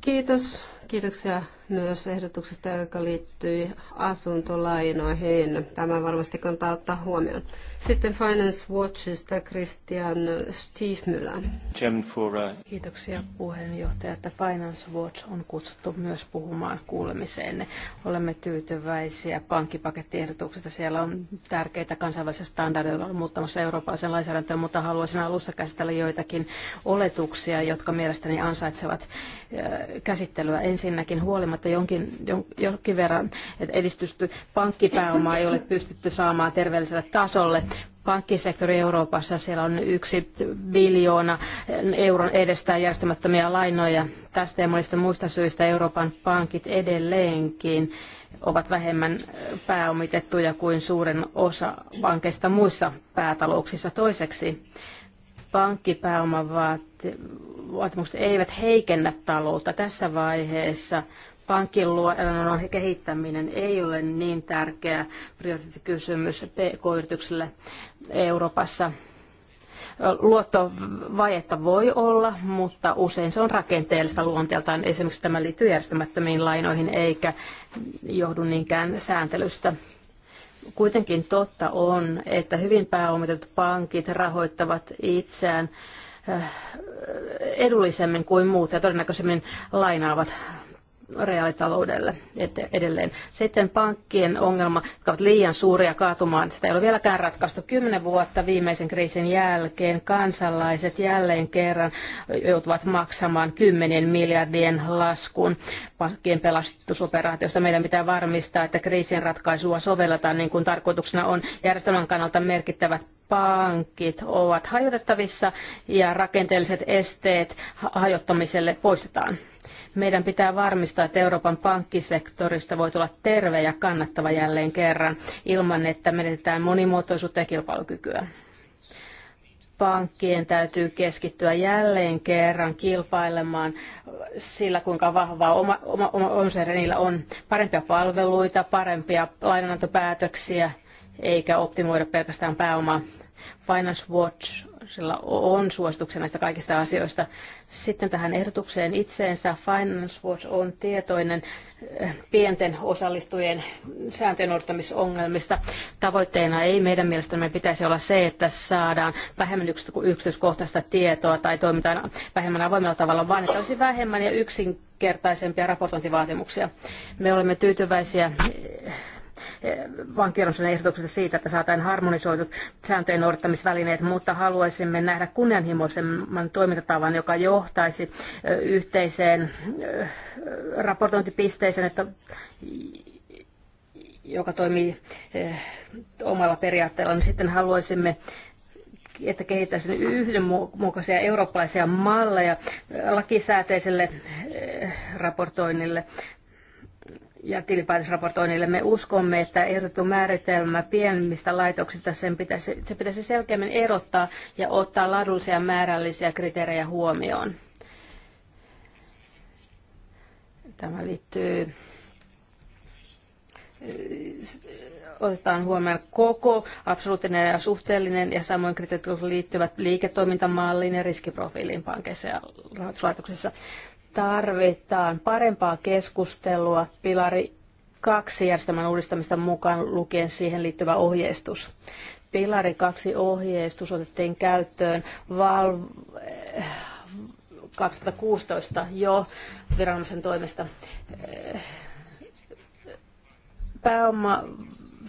Kiitos. Kiitoksia myös ehdotuksesta, joka liittyy asuntolainoihin. Tämä varmasti kannattaa ottaa huomioon. Sitten Finance Watchista Christian Stiefmüller. Uh, Kiitoksia puheenjohtaja, että Finance Watch on kutsuttu myös puhumaan kuulemiseen. Olemme tyytyväisiä pankkipakettiehdotuksesta. Siellä on tärkeitä kansainvälisiä standardeja muuttamassa eurooppalaisen lainsäädäntöön, mutta haluaisin alussa käsitellä joitakin oletuksia, jotka mielestäni ansaitsevat äh, käsittelyä. Ensinnäkin huolimatta että jonkin, jonkin verran että edistysty pankkipääomaa ei ole pystytty saamaan terveelliselle tasolle. Pankkisektori Euroopassa, siellä on yksi biljoona euron edestä järjestämättömiä lainoja. Tästä ja monista muista syistä Euroopan pankit edelleenkin ovat vähemmän pääomitettuja kuin suuren osa pankeista muissa päätalouksissa. Toiseksi pankkipääomavaatimukset eivät heikennä taloutta tässä vaiheessa pankin luonnon kehittäminen ei ole niin tärkeä prioriteettikysymys PK-yrityksille Euroopassa. Luottovajetta voi olla, mutta usein se on rakenteellista luonteeltaan. Esimerkiksi tämä liittyy järjestämättömiin lainoihin eikä johdu niinkään sääntelystä. Kuitenkin totta on, että hyvin pääomitetut pankit rahoittavat itseään eh, edullisemmin kuin muut ja todennäköisemmin lainaavat reaalitaloudelle edelleen. Sitten pankkien ongelma, jotka ovat liian suuria kaatumaan, sitä ei ole vieläkään ratkaistu. Kymmenen vuotta viimeisen kriisin jälkeen kansalaiset jälleen kerran joutuvat maksamaan kymmenien miljardien laskun pankkien pelastusoperaatiosta. Meidän pitää varmistaa, että kriisin ratkaisua sovelletaan niin kuin tarkoituksena on järjestelmän kannalta merkittävät pankit ovat hajotettavissa ja rakenteelliset esteet hajottamiselle poistetaan. Meidän pitää varmistaa, että Euroopan pankkisektorista voi tulla terve ja kannattava jälleen kerran ilman, että menetetään monimuotoisuutta ja kilpailukykyä pankkien täytyy keskittyä jälleen kerran kilpailemaan sillä, kuinka vahvaa oma, oma, oma, oma niillä on parempia palveluita, parempia lainanantopäätöksiä, eikä optimoida pelkästään pääomaa. Finance Watch sillä on suosituksia näistä kaikista asioista. Sitten tähän ehdotukseen itseensä Finance Watch on tietoinen eh, pienten osallistujien sääntöjen Tavoitteena ei meidän mielestämme pitäisi olla se, että saadaan vähemmän yksityiskohtaista tietoa tai toimitaan vähemmän avoimella tavalla, vaan että olisi vähemmän ja yksinkertaisempia raportointivaatimuksia. Me olemme tyytyväisiä eh, Eh, vankierroksen ehdotukset siitä, että saataisiin harmonisoidut sääntöjen noudattamisvälineet, mutta haluaisimme nähdä kunnianhimoisemman toimintatavan, joka johtaisi eh, yhteiseen eh, raportointipisteeseen, että joka toimii omalla periaatteella, niin sitten haluaisimme että kehittäisiin yhdenmukaisia eurooppalaisia malleja lakisääteiselle raportoinnille ja tilinpäätösraportoinnille. Me uskomme, että ehdotettu määritelmä pienemmistä laitoksista sen pitäisi, se pitäisi selkeämmin erottaa ja ottaa laadullisia ja määrällisiä kriteerejä huomioon. Tämä liittyy otetaan huomioon koko, absoluuttinen ja suhteellinen ja samoin kriteerit liittyvät liiketoimintamalliin ja riskiprofiiliin pankeissa ja rahoituslaitoksissa tarvitaan parempaa keskustelua pilari kaksi järjestelmän uudistamista mukaan lukien siihen liittyvä ohjeistus. Pilari kaksi ohjeistus otettiin käyttöön val- 2016 eh, jo viranomaisen toimesta eh, pääoma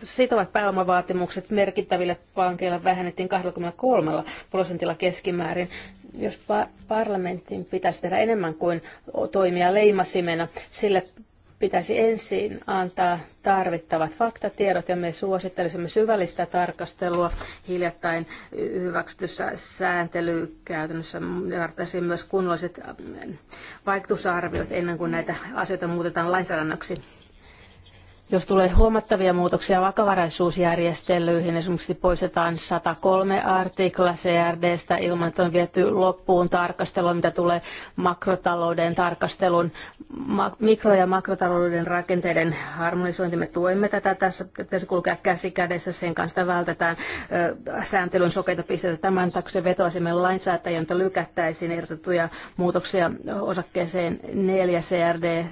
sitovat pääomavaatimukset merkittäville pankeille vähennettiin 23 prosentilla keskimäärin. Jos pa- parlamentin pitäisi tehdä enemmän kuin toimia leimasimena, sille pitäisi ensin antaa tarvittavat faktatiedot ja me suosittelisimme syvällistä tarkastelua hiljattain hyväksytyssä sääntelykäytännössä. Tarvittaisiin myös kunnolliset vaikutusarviot ennen kuin näitä asioita muutetaan lainsäädännöksi. Jos tulee huomattavia muutoksia vakavaraisuusjärjestelyihin, esimerkiksi poistetaan 103 artikla CRDstä ilman, että on viety loppuun tarkastelua, mitä tulee makrotalouden tarkastelun, mikro- ja makrotalouden rakenteiden harmonisointi. Me tuemme tätä. Tässä pitäisi kulkea käsi kädessä sen kanssa, vältetään sääntelyn sokeita pisteitä. Tämän takia vetoisimme lainsäätäjien, jotta lykättäisiin ehdotettuja muutoksia osakkeeseen 4 CRD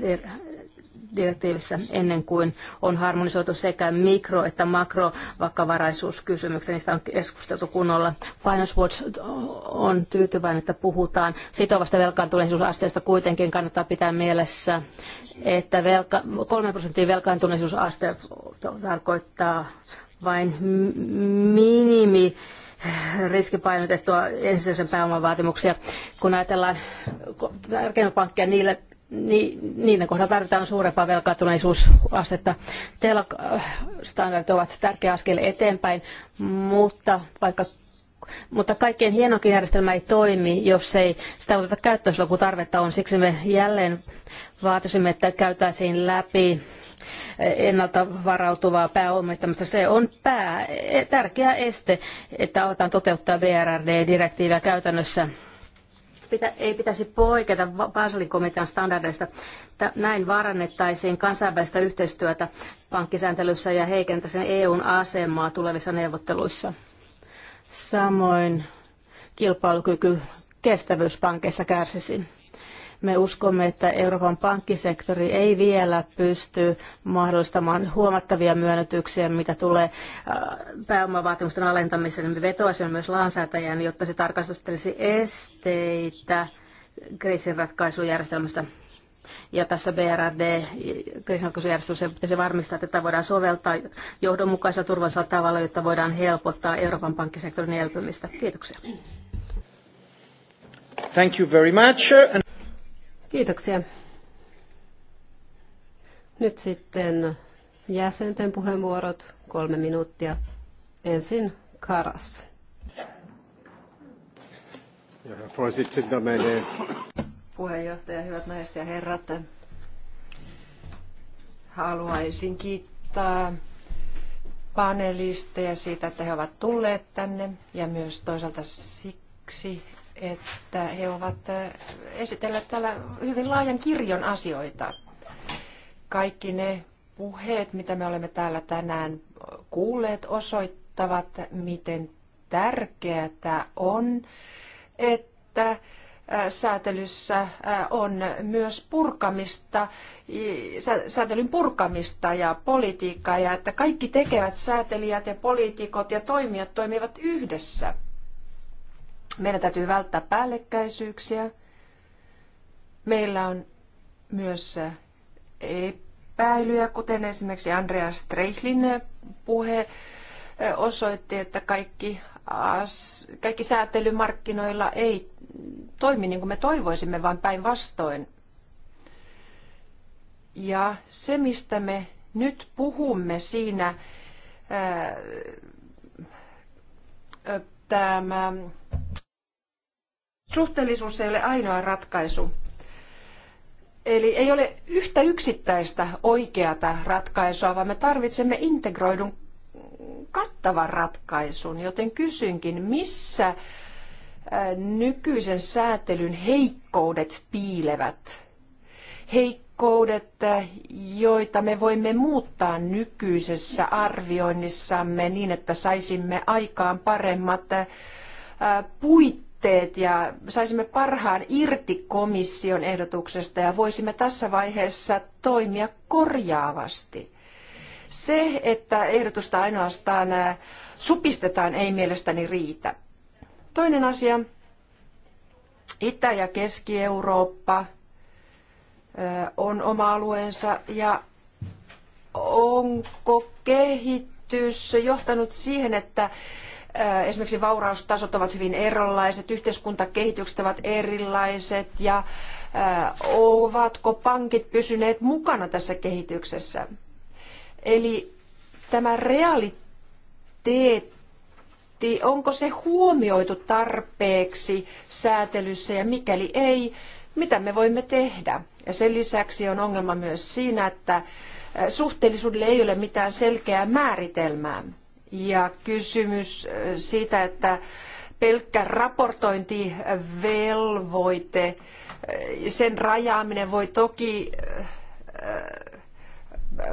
direktiivissä ennen kuin on harmonisoitu sekä mikro- että makrovakavaraisuuskysymykset. Niistä on keskusteltu kunnolla. Finance Watch on tyytyväinen, että puhutaan sitovasta velkaantuneisuusasteesta. Kuitenkin kannattaa pitää mielessä, että velka, 3 prosenttia velkaantuneisuusaste tarkoittaa vain minimi riskipainotettua ensisijaisen pääoman vaatimuksia. Kun ajatellaan tärkeimmän pankkia, niille niin, niiden kohdalla tarvitaan suurempaa velkaantuneisuusastetta. TELAK-standardit äh, ovat tärkeä askel eteenpäin, mutta vaikka mutta kaikkein hienokin järjestelmä ei toimi, jos ei sitä oteta käyttöön silloin, kun tarvetta on. Siksi me jälleen vaatisimme, että käytäisiin läpi ennalta varautuvaa pääomittamista. Se on pää, tärkeä este, että aletaan toteuttaa BRRD-direktiiviä käytännössä pitä, ei pitäisi poiketa Baselin komitean standardeista. Näin varannettaisiin kansainvälistä yhteistyötä pankkisääntelyssä ja heikentäisiin EUn asemaa tulevissa neuvotteluissa. Samoin kilpailukyky kestävyyspankeissa kärsisi me uskomme, että Euroopan pankkisektori ei vielä pysty mahdollistamaan huomattavia myönnytyksiä, mitä tulee äh, pääomavaatimusten alentamiseen. Me vetoaisimme myös lainsäätäjään, jotta se tarkastelisi esteitä kriisinratkaisujärjestelmässä ja tässä BRD, kriisinratkaisujärjestelmässä pitäisi varmistaa, että tätä voidaan soveltaa johdonmukaisella turvallisella tavalla, jotta voidaan helpottaa Euroopan pankkisektorin elpymistä. Kiitoksia. Thank you very much. And... Kiitoksia. Nyt sitten jäsenten puheenvuorot, kolme minuuttia. Ensin Karas. Puheenjohtaja, hyvät naiset ja herrat. Haluaisin kiittää panelisteja siitä, että he ovat tulleet tänne ja myös toisaalta siksi, että he ovat äh, esitelleet täällä hyvin laajan kirjon asioita. Kaikki ne puheet, mitä me olemme täällä tänään kuulleet, osoittavat, miten tärkeää on, että äh, säätelyssä äh, on myös purkamista, säätelyn purkamista ja politiikkaa ja että kaikki tekevät säätelijät ja poliitikot ja toimijat toimivat yhdessä – meidän täytyy välttää päällekkäisyyksiä. Meillä on myös epäilyjä, kuten esimerkiksi Andreas Streichlin puhe osoitti, että kaikki, kaikki säätelymarkkinoilla ei toimi niin kuin me toivoisimme, vaan päinvastoin. Ja se, mistä me nyt puhumme siinä, ää, tämä Suhteellisuus ei ole ainoa ratkaisu. Eli ei ole yhtä yksittäistä oikeata ratkaisua, vaan me tarvitsemme integroidun kattavan ratkaisun, joten kysynkin, missä äh, nykyisen säätelyn heikkoudet piilevät? Heikkoudet, äh, joita me voimme muuttaa nykyisessä arvioinnissamme niin, että saisimme aikaan paremmat äh, puitteet puutteet ja saisimme parhaan irti komission ehdotuksesta ja voisimme tässä vaiheessa toimia korjaavasti. Se, että ehdotusta ainoastaan supistetaan, ei mielestäni riitä. Toinen asia, Itä- ja Keski-Eurooppa on oma alueensa ja onko kehitys johtanut siihen, että Äh, esimerkiksi vauraustasot ovat hyvin erilaiset, yhteiskuntakehitykset ovat erilaiset ja äh, ovatko pankit pysyneet mukana tässä kehityksessä. Eli tämä realiteetti, onko se huomioitu tarpeeksi säätelyssä ja mikäli ei, mitä me voimme tehdä. Ja sen lisäksi on ongelma myös siinä, että äh, suhteellisuudelle ei ole mitään selkeää määritelmää. Ja kysymys siitä, että pelkkä raportointivelvoite, sen rajaaminen voi toki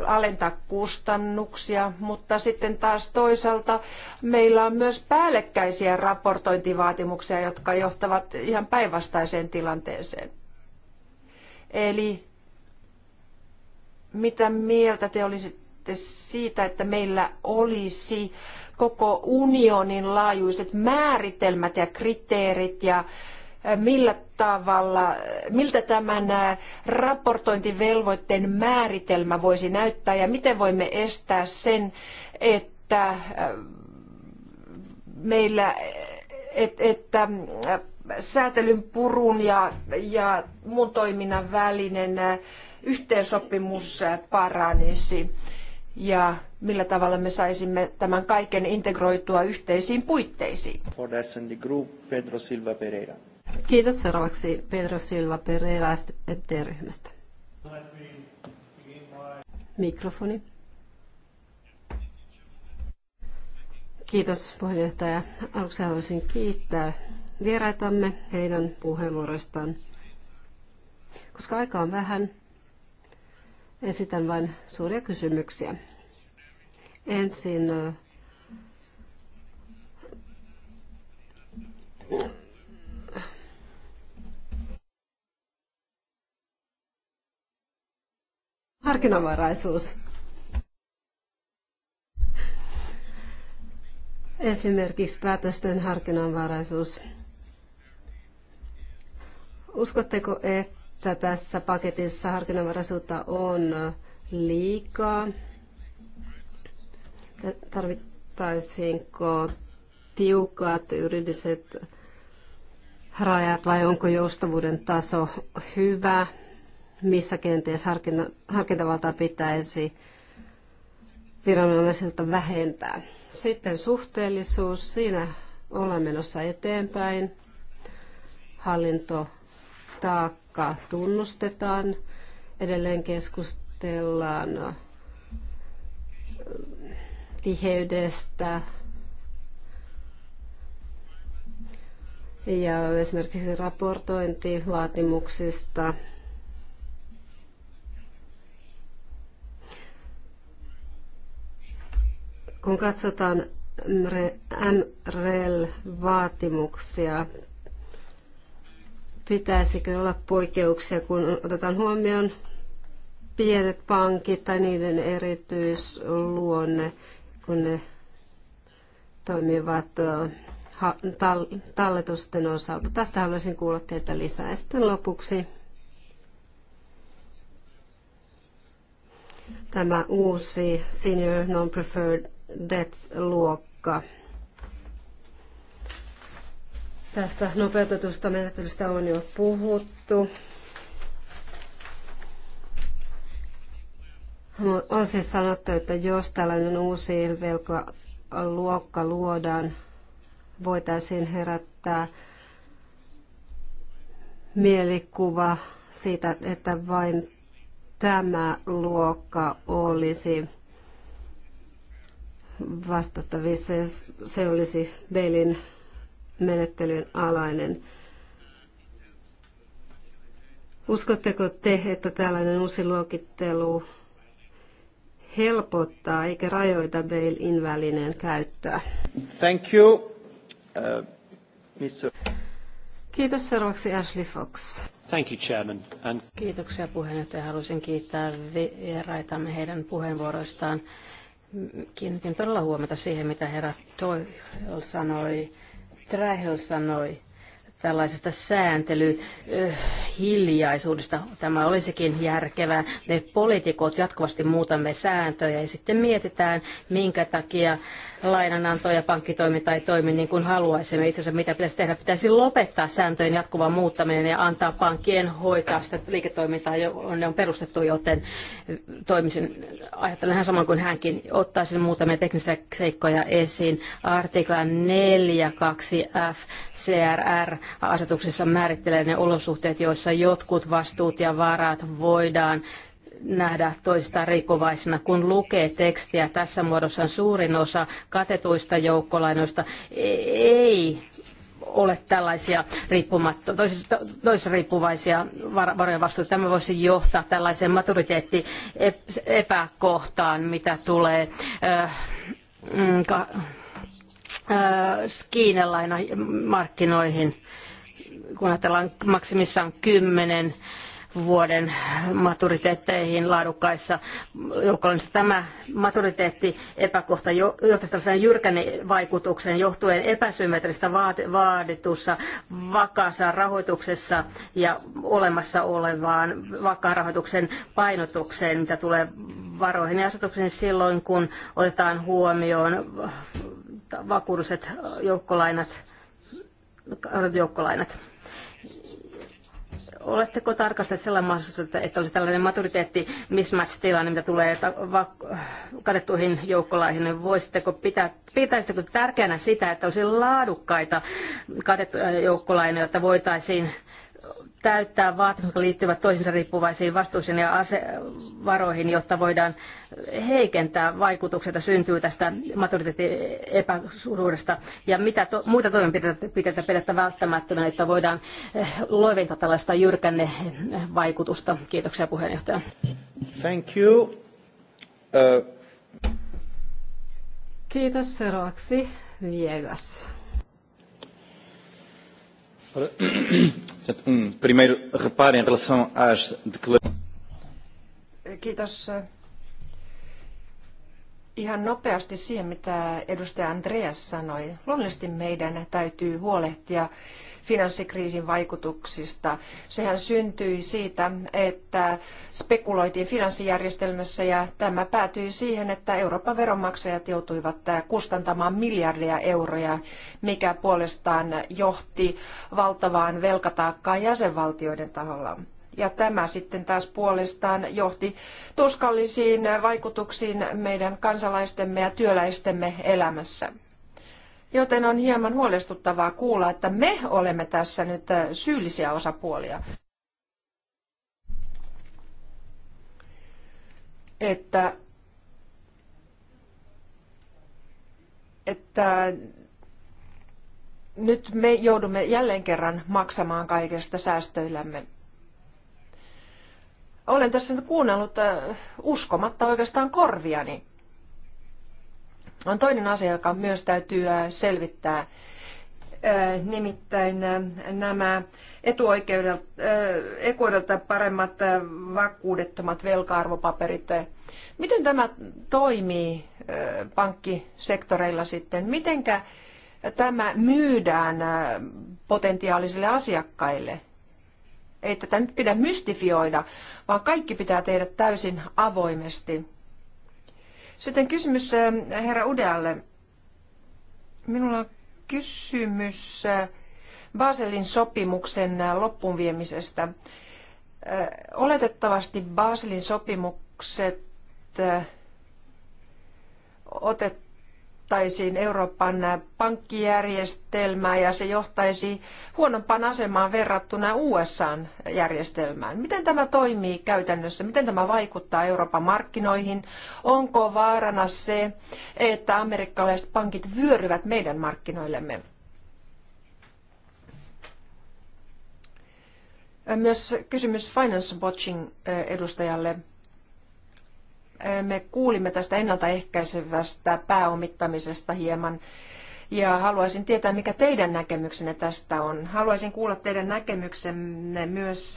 alentaa kustannuksia, mutta sitten taas toisaalta meillä on myös päällekkäisiä raportointivaatimuksia, jotka johtavat ihan päinvastaiseen tilanteeseen. Eli mitä mieltä te olisitte? puhuitte siitä, että meillä olisi koko unionin laajuiset määritelmät ja kriteerit ja millä tavalla, miltä tämän raportointivelvoitteen määritelmä voisi näyttää ja miten voimme estää sen, että meillä, et, että säätelyn purun ja, ja muun toiminnan välinen yhteensopimus paranisi ja millä tavalla me saisimme tämän kaiken integroitua yhteisiin puitteisiin. For Group, Pedro Silva Pereira. Kiitos seuraavaksi Pedro Silva Pereira ST-ryhmästä. Mikrofoni. Kiitos puheenjohtaja. Aluksi haluaisin kiittää vieraitamme heidän puheenvuoroistaan. Koska aika on vähän, Esitän vain suuria kysymyksiä. Ensin harkinnanvaraisuus. Esimerkiksi päätösten harkinnanvaraisuus. Uskotteko, että tässä paketissa harkinnanvaraisuutta on liikaa. Tarvittaisiinko tiukat juridiset rajat vai onko joustavuuden taso hyvä? Missä kenties harkintavaltaa pitäisi viranomaisilta vähentää? Sitten suhteellisuus. Siinä ollaan menossa eteenpäin. Hallinto taakka vaikka tunnustetaan, edelleen keskustellaan tiheydestä ja esimerkiksi raportointivaatimuksista. Kun katsotaan MREL-vaatimuksia, Pitäisikö olla poikkeuksia, kun otetaan huomioon pienet pankit tai niiden erityisluonne, kun ne toimivat talletusten osalta. Tästä haluaisin kuulla teitä lisää. sitten lopuksi tämä uusi Senior Non-Preferred Debts-luokka. Tästä nopeutetusta menettelystä on jo puhuttu. On siis sanottu, että jos tällainen uusi luokka luodaan, voitaisiin herättää mielikuva siitä, että vain tämä luokka olisi vastattavissa se olisi Belin menettelyn alainen. Uskotteko te, että tällainen uusi luokittelu helpottaa eikä rajoita bail-in välineen käyttöä? Thank you. Uh, Mr. Kiitos seuraavaksi Ashley Fox. Thank you, Chairman. And... Kiitoksia puheenjohtaja. Haluaisin kiittää vieraitamme heidän puheenvuoroistaan. Kiinnitin todella huomiota siihen, mitä herra Toi sanoi Trähel sanoi tällaisesta sääntelyhiljaisuudesta. Tämä olisikin järkevää. Me poliitikot jatkuvasti muutamme sääntöjä ja sitten mietitään, minkä takia lainananto ja pankkitoiminta ei toimi niin kuin haluaisimme. Itse asiassa mitä pitäisi tehdä? Pitäisi lopettaa sääntöjen jatkuva muuttaminen ja antaa pankkien hoitaa sitä liiketoimintaa, johon ne on perustettu, joten toimisin, ajattelen hän saman kuin hänkin, ottaisin muutamia teknisiä seikkoja esiin. Artikla 42F CRR-asetuksessa määrittelee ne olosuhteet, joissa jotkut vastuut ja varat voidaan nähdä toista riippuvaisina. Kun lukee tekstiä tässä muodossa suurin osa katetuista joukkolainoista e-, ei ole tällaisia riippumatto, toisista, riippuvaisia varojen Tämä voisi johtaa tällaiseen maturiteetti epäkohtaan, mitä tulee äh, mm, äh, markkinoihin kun ajatellaan maksimissaan kymmenen vuoden maturiteetteihin laadukkaissa joukkoissa. Tämä maturiteetti epäkohta johtaisi tällaiseen jyrkänevaikutukseen johtuen epäsymmetristä vaaditussa vakaassa rahoituksessa ja olemassa olevaan vakaan rahoituksen painotukseen, mitä tulee varoihin ja asetuksiin silloin, kun otetaan huomioon vakuudelliset joukkolainat, joukkolainat. Oletteko tarkastaneet sellainen mahdollisuus, että, että olisi tällainen maturiteetti mismatch-tilanne, mitä tulee katettuihin joukkolaihin? Niin voisitteko pitää, pitäisittekö tärkeänä sitä, että olisi laadukkaita katettuja joukkolainoja, jotta voitaisiin täyttää vaatimukset, jotka liittyvät toisiinsa riippuvaisiin vastuisiin ja varoihin, jotta voidaan heikentää vaikutuksia, joita syntyy tästä maturiteettiepäsuruudesta ja mitä to, muita toimenpiteitä pidettä välttämättömänä, että voidaan eh, loiventaa tällaista jyrkänne vaikutusta. Kiitoksia puheenjohtaja. Thank you. Uh... Kiitos seuraavaksi Viegas. Ora, um, primeiro, repare em relação ihan nopeasti siihen, mitä edustaja Andreas sanoi. Luonnollisesti meidän täytyy huolehtia finanssikriisin vaikutuksista. Sehän syntyi siitä, että spekuloitiin finanssijärjestelmässä ja tämä päätyi siihen, että Euroopan veronmaksajat joutuivat kustantamaan miljardia euroja, mikä puolestaan johti valtavaan velkataakkaan jäsenvaltioiden taholla. Ja tämä sitten taas puolestaan johti tuskallisiin vaikutuksiin meidän kansalaistemme ja työläistemme elämässä. Joten on hieman huolestuttavaa kuulla, että me olemme tässä nyt syyllisiä osapuolia. Että, että nyt me joudumme jälleen kerran maksamaan kaikesta säästöillämme olen tässä nyt kuunnellut äh, uskomatta oikeastaan korviani. On toinen asia, joka myös täytyy äh, selvittää. Äh, nimittäin nämä etuoikeudelta, etuoikeudelta paremmat vakuudettomat velka-arvopaperit. Miten tämä toimii pankkisektoreilla sitten? Mitenkä tämä myydään potentiaalisille asiakkaille? ei tätä nyt pidä mystifioida, vaan kaikki pitää tehdä täysin avoimesti. Sitten kysymys äh, herra Udealle. Minulla on kysymys äh, Baselin sopimuksen äh, loppuun Oletettavasti Baselin sopimukset otet muutettaisiin Euroopan pankkijärjestelmää ja se johtaisi huonompaan asemaan verrattuna USAn järjestelmään. Miten tämä toimii käytännössä? Miten tämä vaikuttaa Euroopan markkinoihin? Onko vaarana se, että amerikkalaiset pankit vyöryvät meidän markkinoillemme? Myös kysymys Finance Watching eh, edustajalle me kuulimme tästä ennaltaehkäisevästä pääomittamisesta hieman ja haluaisin tietää, mikä teidän näkemyksenne tästä on. Haluaisin kuulla teidän näkemyksenne myös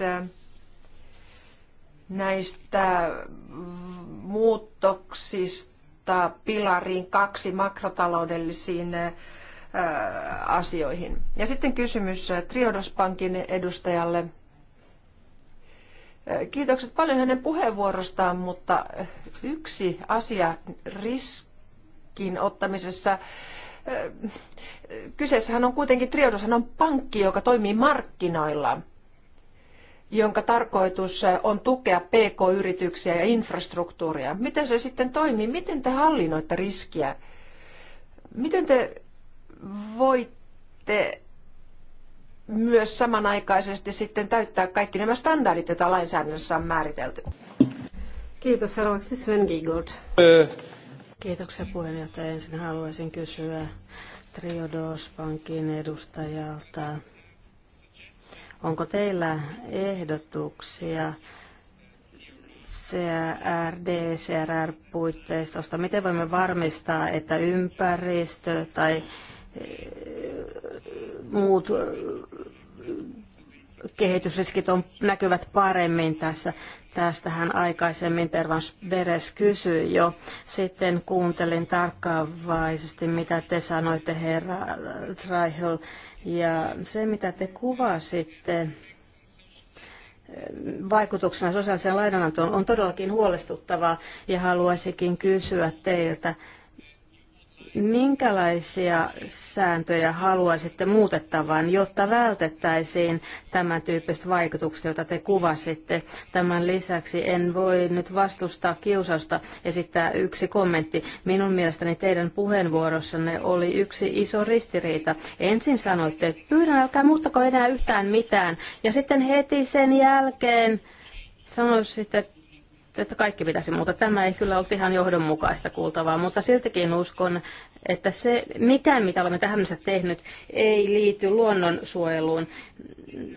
näistä muutoksista pilariin kaksi makrotaloudellisiin asioihin. Ja sitten kysymys triodospankin edustajalle. Kiitokset paljon hänen puheenvuorostaan, mutta yksi asia riskin ottamisessa. Kyseessähän on kuitenkin Triodoshan on pankki, joka toimii markkinoilla jonka tarkoitus on tukea PK-yrityksiä ja infrastruktuuria. Miten se sitten toimii? Miten te hallinnoitte riskiä? Miten te voitte myös samanaikaisesti sitten täyttää kaikki nämä standardit, joita lainsäädännössä on määritelty. Kiitos. Seuraavaksi Sven Giegold. Kiitoksia puheenjohtaja. Ensin haluaisin kysyä Triodos Pankin edustajalta. Onko teillä ehdotuksia CRD, CRR-puitteistosta? Miten voimme varmistaa, että ympäristö tai eh, muut kehitysriskit on, näkyvät paremmin tässä. Tästähän aikaisemmin Tervans Beres kysyi jo. Sitten kuuntelin tarkkaavaisesti, mitä te sanoitte, herra Traihel. Ja se, mitä te kuvasitte eh, vaikutuksena sosiaaliseen lainanantoon, on todellakin huolestuttavaa. Ja haluaisinkin kysyä teiltä, Minkälaisia sääntöjä haluaisitte muutettavan, jotta vältettäisiin tämän tyyppiset vaikutukset, joita te kuvasitte? Tämän lisäksi en voi nyt vastustaa kiusausta esittää yksi kommentti. Minun mielestäni teidän puheenvuorossanne oli yksi iso ristiriita. Ensin sanoitte, että pyydän älkää muuttako enää yhtään mitään. Ja sitten heti sen jälkeen sanoisitte, että että kaikki pitäisi muuta. Tämä ei kyllä ollut ihan johdonmukaista kuultavaa, mutta siltikin uskon, että se mikään, mitä olemme tähän mennessä tehnyt, ei liity luonnonsuojeluun.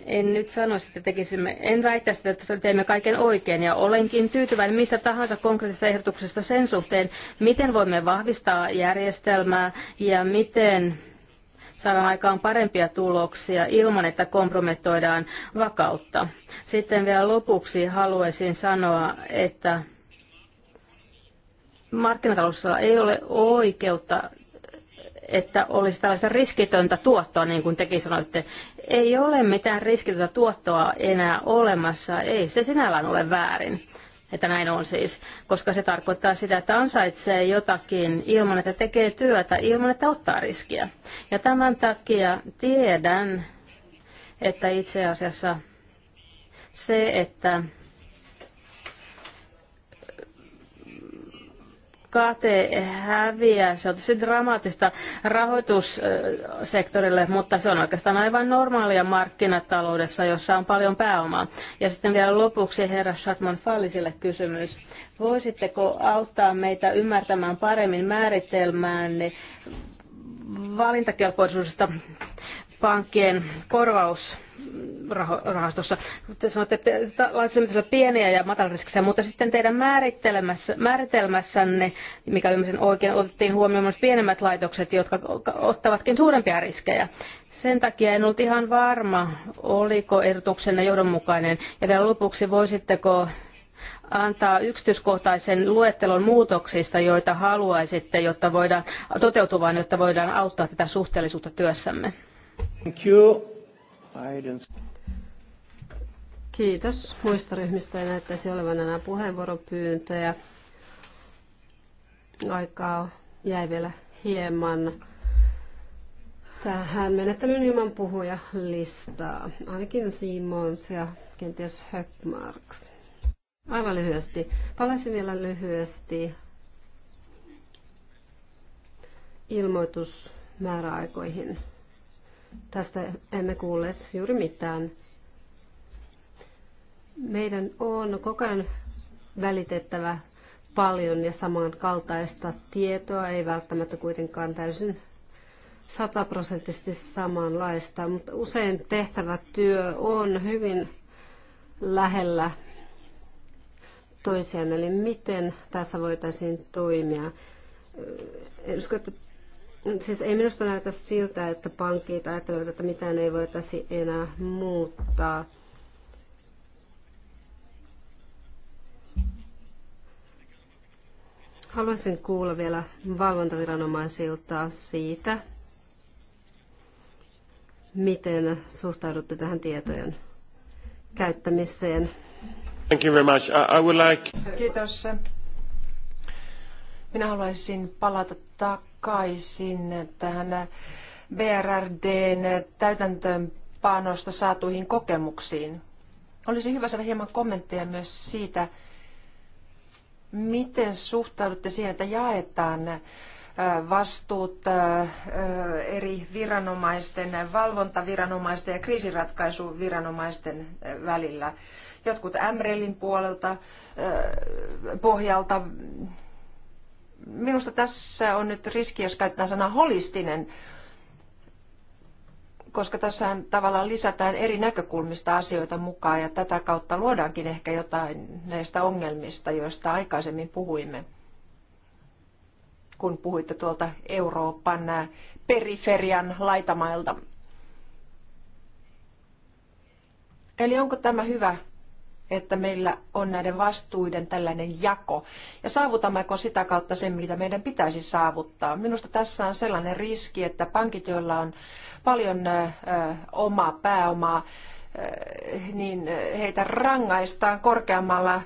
En nyt sanoisi, että tekisimme, en väittäisi, että teemme kaiken oikein ja olenkin tyytyväinen mistä tahansa konkreettisesta ehdotuksesta sen suhteen, miten voimme vahvistaa järjestelmää ja miten saadaan aikaan parempia tuloksia ilman, että kompromettoidaan vakautta. Sitten vielä lopuksi haluaisin sanoa, että markkinataloudessa ei ole oikeutta että olisi tällaista riskitöntä tuottoa, niin kuin tekin sanoitte. Ei ole mitään riskitöntä tuottoa enää olemassa, ei se sinällään ole väärin että näin on siis, koska se tarkoittaa sitä, että ansaitsee jotakin ilman, että tekee työtä, ilman, että ottaa riskiä. Ja tämän takia tiedän, että itse asiassa se, että kate häviää. Se on tosi dramaattista rahoitussektorille, mutta se on oikeastaan aivan normaalia markkinataloudessa, jossa on paljon pääomaa. Ja sitten vielä lopuksi herra Shatman Fallisille kysymys. Voisitteko auttaa meitä ymmärtämään paremmin määritelmäänne valintakelpoisuudesta pankkien korvaus rahastossa. Te sanotte, että laitosympäristöllä pieniä ja matalariskisiä, mutta sitten teidän määritelmässä, määritelmässänne, mikä ymmärsin oikein, otettiin huomioon myös pienemmät laitokset, jotka ottavatkin suurempia riskejä. Sen takia en ollut ihan varma, oliko ehdotuksenne johdonmukainen. Ja vielä lopuksi, voisitteko antaa yksityiskohtaisen luettelon muutoksista, joita haluaisitte, jotta voidaan, toteutuvaan, jotta voidaan auttaa tätä suhteellisuutta työssämme? Thank you. Kiitos. Muista ryhmistä ei näyttäisi olevan enää puheenvuoropyyntöjä. Aikaa jäi vielä hieman tähän menettelyyn ilman puhuja listaa. Ainakin Simons ja kenties Höckmarks. Aivan lyhyesti. Palaisin vielä lyhyesti ilmoitusmääräaikoihin. Tästä emme kuulleet juuri mitään. Meidän on koko ajan välitettävä paljon ja samankaltaista tietoa, ei välttämättä kuitenkaan täysin sataprosenttisesti samanlaista, mutta usein tehtävä työ on hyvin lähellä toisiaan, eli miten tässä voitaisiin toimia. En usko, että Siis ei minusta näytä siltä, että pankit ajattelevat, että mitään ei voitaisi enää muuttaa. Haluaisin kuulla vielä valvontaviranomaisilta siitä, miten suhtaudutte tähän tietojen käyttämiseen. Thank you very much. I would like... Kiitos. Minä haluaisin palata takaisin takaisin tähän BRDn täytäntöönpanosta saatuihin kokemuksiin. Olisi hyvä saada hieman kommentteja myös siitä, miten suhtaudutte siihen, että jaetaan vastuut eri viranomaisten, valvontaviranomaisten ja kriisiratkaisuviranomaisten välillä. Jotkut MRELin puolelta, pohjalta minusta tässä on nyt riski, jos käytetään sanaa holistinen, koska tässä tavallaan lisätään eri näkökulmista asioita mukaan ja tätä kautta luodaankin ehkä jotain näistä ongelmista, joista aikaisemmin puhuimme, kun puhuitte tuolta Euroopan äh, periferian laitamailta. Eli onko tämä hyvä että meillä on näiden vastuiden tällainen jako ja saavutammeko sitä kautta sen, mitä meidän pitäisi saavuttaa. Minusta tässä on sellainen riski, että pankit, joilla on paljon äh, omaa pääomaa, niin heitä rangaistaan korkeammalla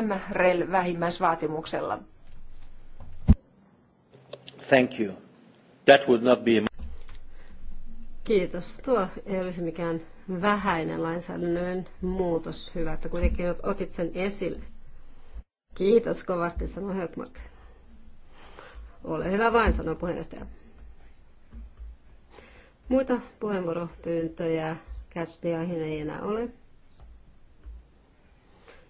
MREL-vähimmäisvaatimuksella. Thank you. That would not be... Kiitos. Tuo ei olisi mikään vähäinen lainsäädännön muutos. Hyvä, että kuitenkin otit sen esille. Kiitos kovasti, sanoi Högmark. Ole hyvä vain, sanoi puheenjohtaja. Muita puheenvuoropyyntöjä catch ei enää ole.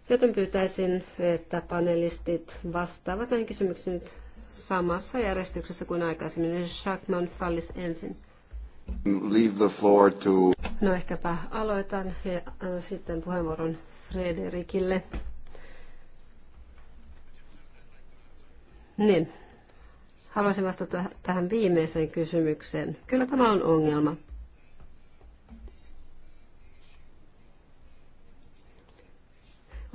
Joten pyytäisin, että panelistit vastaavat näihin kysymyksiin nyt samassa järjestyksessä kuin aikaisemmin. Shackman fallis ensin. Leave the floor to... No ehkäpä aloitan ja äh, sitten puheenvuoron Frederikille. Niin, haluaisin vastata tähän viimeiseen kysymykseen. Kyllä tämä on ongelma.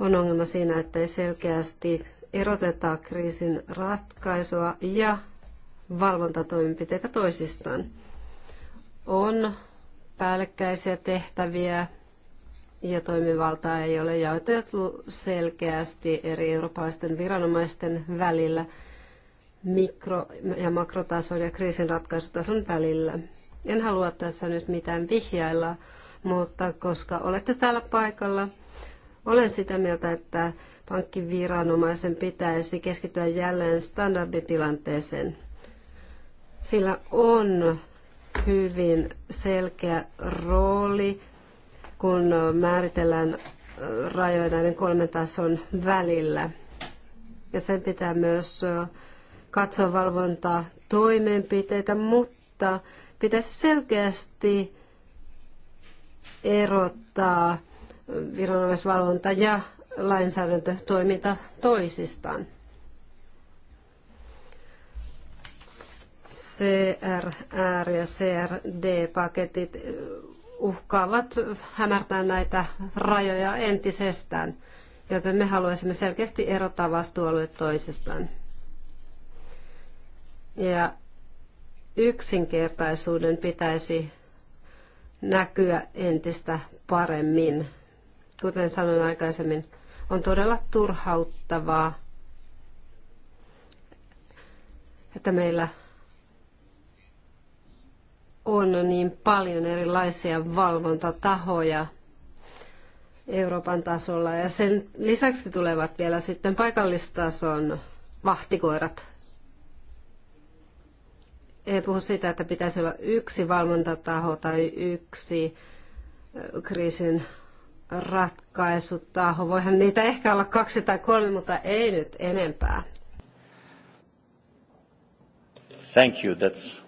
On ongelma siinä, että ei selkeästi eroteta kriisin ratkaisua ja valvontatoimenpiteitä toisistaan on päällekkäisiä tehtäviä ja toimivaltaa ei ole jaoteltu selkeästi eri eurooppalaisten viranomaisten välillä mikro- ja makrotason ja kriisinratkaisutason välillä. En halua tässä nyt mitään vihjailla, mutta koska olette täällä paikalla, olen sitä mieltä, että pankkiviranomaisen pitäisi keskittyä jälleen standarditilanteeseen. Sillä on hyvin selkeä rooli, kun määritellään äh, rajoja näiden kolmen tason välillä. Ja sen pitää myös äh, katsoa valvontaa toimenpiteitä, mutta pitäisi selkeästi erottaa äh, viranomaisvalvonta ja lainsäädäntötoiminta toisistaan. CRR ja CRD-paketit eh, uhkaavat hämärtää näitä rajoja entisestään, joten me haluaisimme selkeästi erottaa vastuualueet toisistaan. Ja yksinkertaisuuden pitäisi näkyä entistä paremmin. Kuten sanoin aikaisemmin, on todella turhauttavaa, että meillä on niin paljon erilaisia valvontatahoja Euroopan tasolla ja sen lisäksi tulevat vielä sitten paikallistason vahtikoirat. Ei puhu siitä, että pitäisi olla yksi valvontataho tai yksi kriisin ratkaisutaho. Voihan niitä ehkä olla kaksi tai kolme, mutta ei nyt enempää. Thank you. That's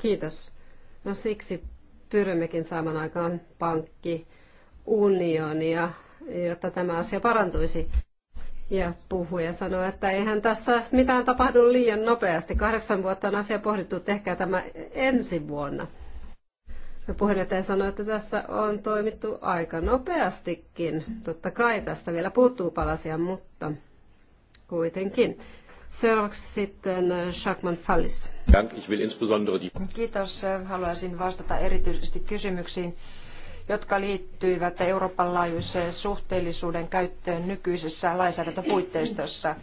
Kiitos. No siksi pyrimmekin saamaan aikaan unionia, jotta tämä asia parantuisi. Ja puhuja sanoi, että eihän tässä mitään tapahdu liian nopeasti. Kahdeksan vuotta on asia pohdittu, tehkää tämä ensi vuonna. Ja puheenjohtaja sanoi, että tässä on toimittu aika nopeastikin. Totta kai tästä vielä puuttuu palasia, mutta kuitenkin. Seuraavaksi sitten äh, Jacqueline Fallis. Kiitos. Haluaisin vastata erityisesti kysymyksiin, jotka liittyivät Euroopan laajuiseen suhteellisuuden käyttöön nykyisessä lainsäädäntöpuitteistossa.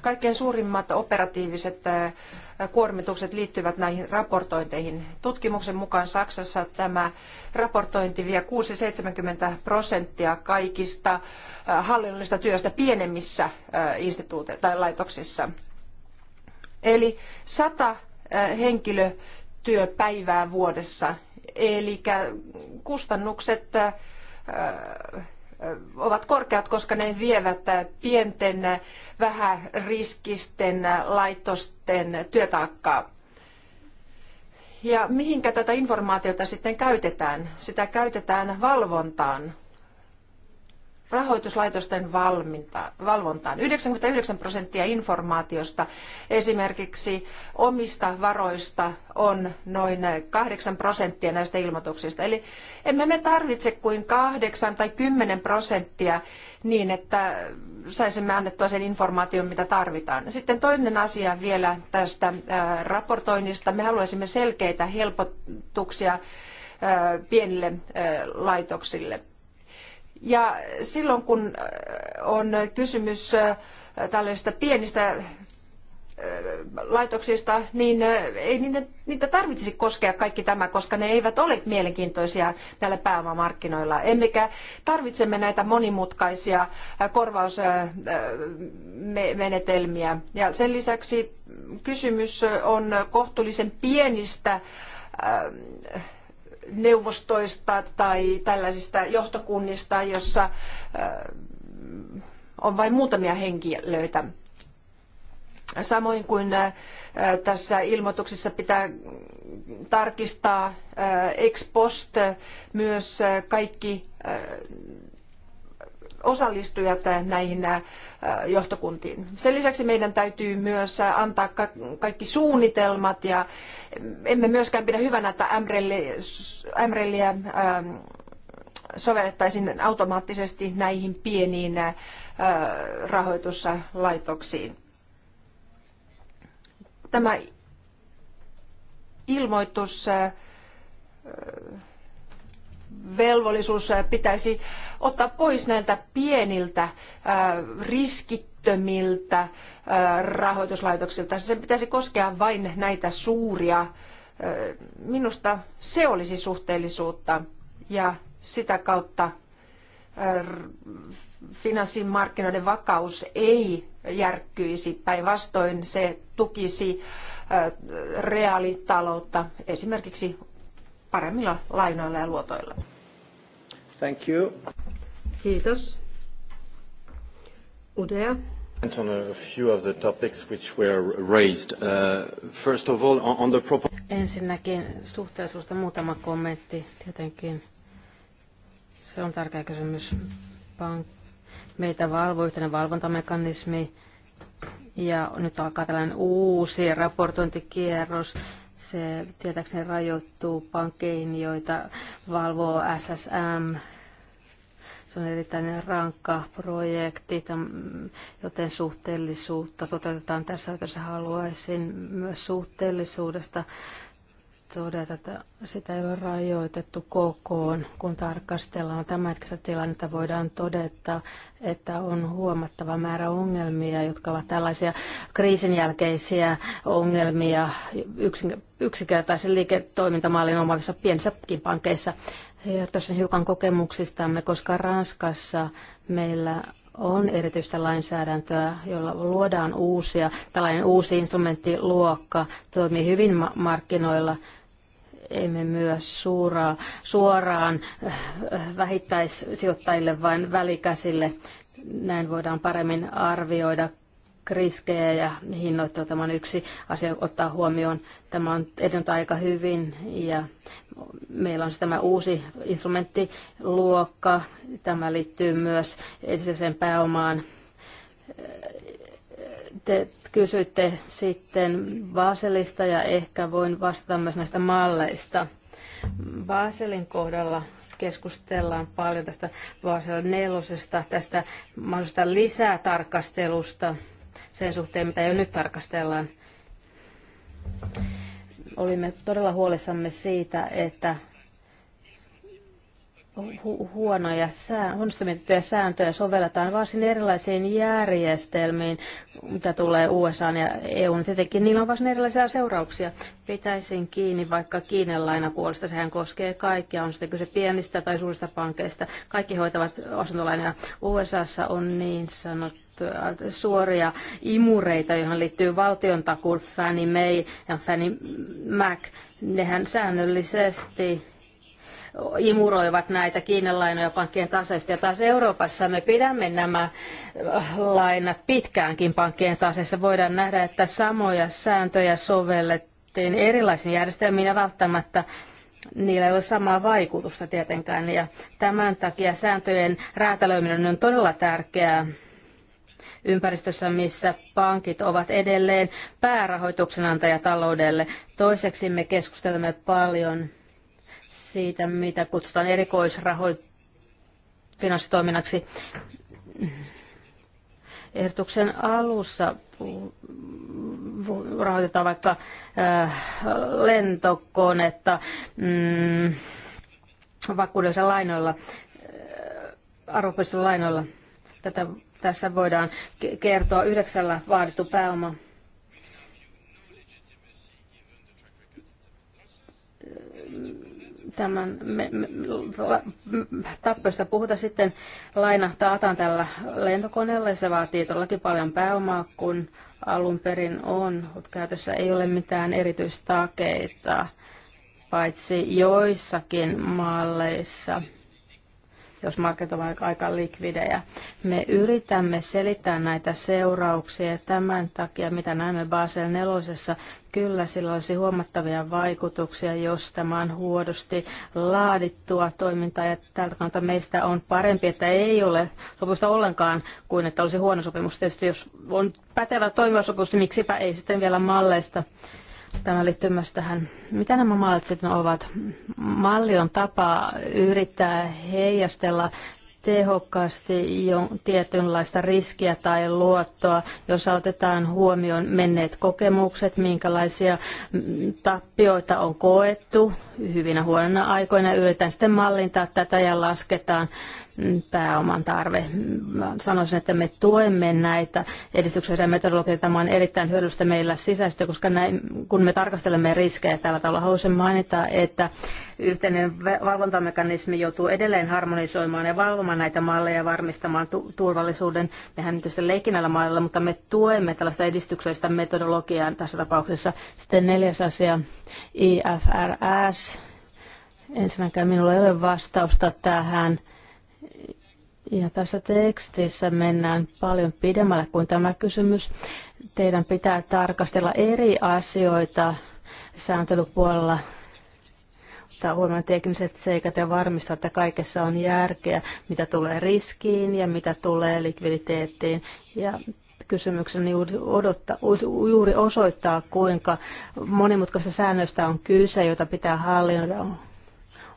Kaikkein suurimmat operatiiviset kuormitukset liittyvät näihin raportointeihin. Tutkimuksen mukaan Saksassa tämä raportointi vie 6-70 prosenttia kaikista hallinnollista työstä pienemmissä instituute- tai laitoksissa. Eli 100 henkilötyöpäivää vuodessa, eli kustannukset ovat korkeat, koska ne vievät pienten vähäriskisten laitosten työtaakkaa. Ja mihinkä tätä informaatiota sitten käytetään? Sitä käytetään valvontaan, rahoituslaitosten valminta, valvontaan. 99 prosenttia informaatiosta esimerkiksi omista varoista on noin 8 prosenttia näistä ilmoituksista. Eli emme me tarvitse kuin 8 tai 10 prosenttia niin, että saisimme annettua sen informaation, mitä tarvitaan. Sitten toinen asia vielä tästä äh, raportoinnista. Me haluaisimme selkeitä helpotuksia äh, pienille äh, laitoksille ja silloin kun äh, on kysymys äh, tällaisista pienistä äh, laitoksista, niin ei niitä tarvitsisi koskea kaikki tämä, koska ne eivät ole mielenkiintoisia näillä pääomamarkkinoilla. Emmekä tarvitsemme näitä monimutkaisia korvausmenetelmiä. Ja sen lisäksi kysymys on kohtuullisen pienistä neuvostoista tai tällaisista johtokunnista, jossa on vain muutamia henkilöitä. Samoin kuin tässä ilmoituksessa pitää tarkistaa ex post myös kaikki osallistujat näihin äh, johtokuntiin. Sen lisäksi meidän täytyy myös antaa kaikki suunnitelmat ja emme myöskään pidä hyvänä, että MRELiä ähm, sovellettaisiin automaattisesti näihin pieniin äh, rahoituslaitoksiin. Tämä ilmoitus äh, velvollisuus pitäisi ottaa pois näiltä pieniltä riskittömiltä rahoituslaitoksilta. Se pitäisi koskea vain näitä suuria. Minusta se olisi suhteellisuutta ja sitä kautta finanssimarkkinoiden vakaus ei järkkyisi. Päinvastoin se tukisi reaalitaloutta esimerkiksi paremmilla lainoilla ja luotoilla. Thank you. Kiitos. Udea. On a few of the topics which were raised. Uh, first of all, on the proposal. Ensinnäkin suhteellisuudesta muutama kommentti tietenkin. Se on tärkeä kysymys. Pank- Meitä valvoo yhteinen valvontamekanismi ja nyt alkaa tällainen uusi raportointikierros se tietääkseni rajoittuu pankkeihin, joita valvoo SSM. Se on erittäin rankka projekti, joten suhteellisuutta toteutetaan tässä, jos haluaisin myös suhteellisuudesta todeta, että sitä ei ole rajoitettu kokoon. Kun tarkastellaan tämänhetkistä tilannetta, voidaan todeta, että on huomattava määrä ongelmia, jotka ovat tällaisia kriisin jälkeisiä ongelmia yksinkertaisen liiketoimintamallin omavissa pienissäkin pankeissa. Hertoisen hiukan kokemuksistamme, koska Ranskassa meillä on erityistä lainsäädäntöä, jolla luodaan uusia. Tällainen uusi instrumenttiluokka toimii hyvin markkinoilla emme myös suoraan, suoraan äh, vähittäissijoittajille, vaan välikäsille. Näin voidaan paremmin arvioida riskejä ja hinnoittaa Tämä on yksi asia ottaa huomioon. Tämä on edennyt aika hyvin ja meillä on siis tämä uusi instrumenttiluokka. Tämä liittyy myös ensisijaiseen pääomaan. Kysyitte sitten Baselista ja ehkä voin vastata myös näistä malleista. Baselin kohdalla keskustellaan paljon tästä Basel nelosesta, tästä mahdollisesta lisätarkastelusta sen suhteen, mitä jo nyt tarkastellaan. Olimme todella huolissamme siitä, että hu- huonoja sää- huonosti mietittyjä sääntöjä sovelletaan varsin erilaisiin järjestelmiin, mitä tulee USA ja EU. Tietenkin niillä on varsin erilaisia seurauksia. Pitäisin kiinni vaikka Kiinan lainapuolesta, sehän koskee kaikkia, on sitten kyse pienistä tai suurista pankeista. Kaikki hoitavat osantolainoja. USAssa on niin sanottu äh, suoria imureita, johon liittyy valtion takuun Fannie Mae ja Fannie Mac. Nehän säännöllisesti imuroivat näitä kiinnelainoja pankkien taseista. Ja taas Euroopassa me pidämme nämä äh, lainat pitkäänkin pankkien taseissa. Voidaan nähdä, että samoja sääntöjä sovellettiin erilaisiin järjestelmiin ja välttämättä niillä ei ole samaa vaikutusta tietenkään. Ja tämän takia sääntöjen räätälöiminen on todella tärkeää ympäristössä, missä pankit ovat edelleen päärahoituksen antaja taloudelle. Toiseksi me keskustelemme paljon siitä, mitä kutsutaan erikoisrahoitusfinanssitoiminnaksi. Ehdotuksen alussa rahoitetaan vaikka äh, lentokonetta mm, vakuudellisen lainoilla, äh, arvopistolla lainoilla. Tätä, tässä voidaan kertoa yhdeksällä vaadittu pääoma. Tämän me, me, puhuta sitten laina taataan tällä lentokoneella ja se vaatii todellakin paljon pääomaa, kun alun perin on, mutta käytössä ei ole mitään erityistakeita, paitsi joissakin malleissa – jos markkinat ovat aika likvidejä. Me yritämme selittää näitä seurauksia tämän takia, mitä näemme Basel nelosessa, kyllä sillä olisi huomattavia vaikutuksia, jos tämä on huodosti laadittua toimintaa. Ja tältä kannalta meistä on parempi, että ei ole sopimusta ollenkaan kuin että olisi huono sopimus. Tietysti jos on pätevä toimiva sopimus, niin miksipä ei sitten vielä malleista Tämä liittyy myös tähän, mitä nämä mallit sitten ovat. Malli on tapa yrittää heijastella tehokkaasti jo tietynlaista riskiä tai luottoa, jos otetaan huomioon menneet kokemukset, minkälaisia tappioita on koettu hyvinä huonona aikoina. Yritetään sitten mallintaa tätä ja lasketaan pääoman tarve. Mä sanoisin, että me tuemme näitä edistyksellisiä metodologioita. Tämä on erittäin hyödyllistä meillä sisäisesti, koska näin, kun me tarkastelemme riskejä tällä tavalla, haluaisin mainita, että yhteinen valvontamekanismi joutuu edelleen harmonisoimaan ja valvomaan näitä malleja ja varmistamaan tu- turvallisuuden. Mehän nyt tässä leikin näillä mutta me tuemme tällaista edistyksellistä metodologiaa tässä tapauksessa. Sitten neljäs asia, IFRS. Ensinnäkään minulla ei ole vastausta tähän ja tässä tekstissä mennään paljon pidemmälle kuin tämä kysymys. Teidän pitää tarkastella eri asioita sääntelypuolella ottaa huomioon tekniset seikat ja varmistaa, että kaikessa on järkeä, mitä tulee riskiin ja mitä tulee likviditeettiin. Ja kysymyksen juuri, odottaa, juuri osoittaa, kuinka monimutkaista säännöstä on kyse, jota pitää hallinnoida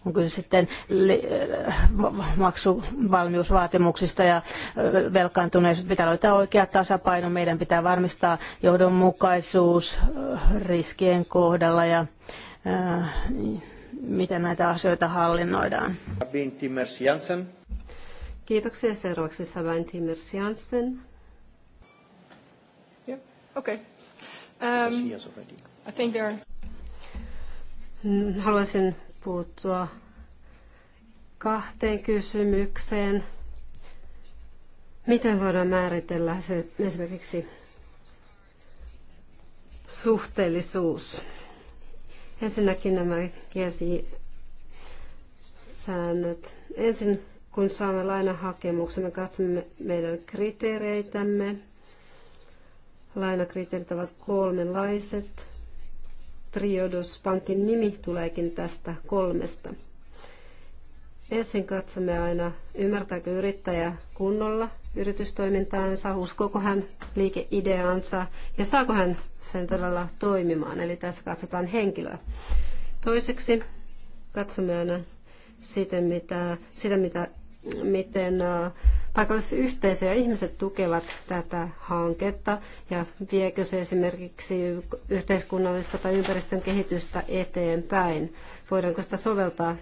on kyse sitten äh, maksuvalmiusvaatimuksista ja äh, velkaantuneisuus. Pitää löytää oikea tasapaino. Meidän pitää varmistaa johdonmukaisuus äh, riskien kohdalla ja miten näitä asioita hallinnoidaan. Kiitoksia. Seuraavaksi Sabain Timmers Janssen. Okei. Okay. Um, I think there are... Mm, haluaisin puuttua kahteen kysymykseen. Miten voidaan määritellä se esimerkiksi suhteellisuus? Ensinnäkin nämä GSI-säännöt. Ensin kun saamme lainahakemuksen, me katsomme meidän kriteereitämme. Lainakriteerit ovat kolmenlaiset. Triodos Pankin nimi tuleekin tästä kolmesta. Ensin katsomme aina, ymmärtääkö yrittäjä kunnolla yritystoimintaansa, uskoko hän liikeideansa ja saako hän sen todella toimimaan. Eli tässä katsotaan henkilöä. Toiseksi katsomme aina sitä, mitä, sitä mitä, miten äh, yhteisö ja ihmiset tukevat tätä hanketta ja viekö se esimerkiksi yhteiskunnallista tai ympäristön kehitystä eteenpäin. Voidaanko sitä soveltaa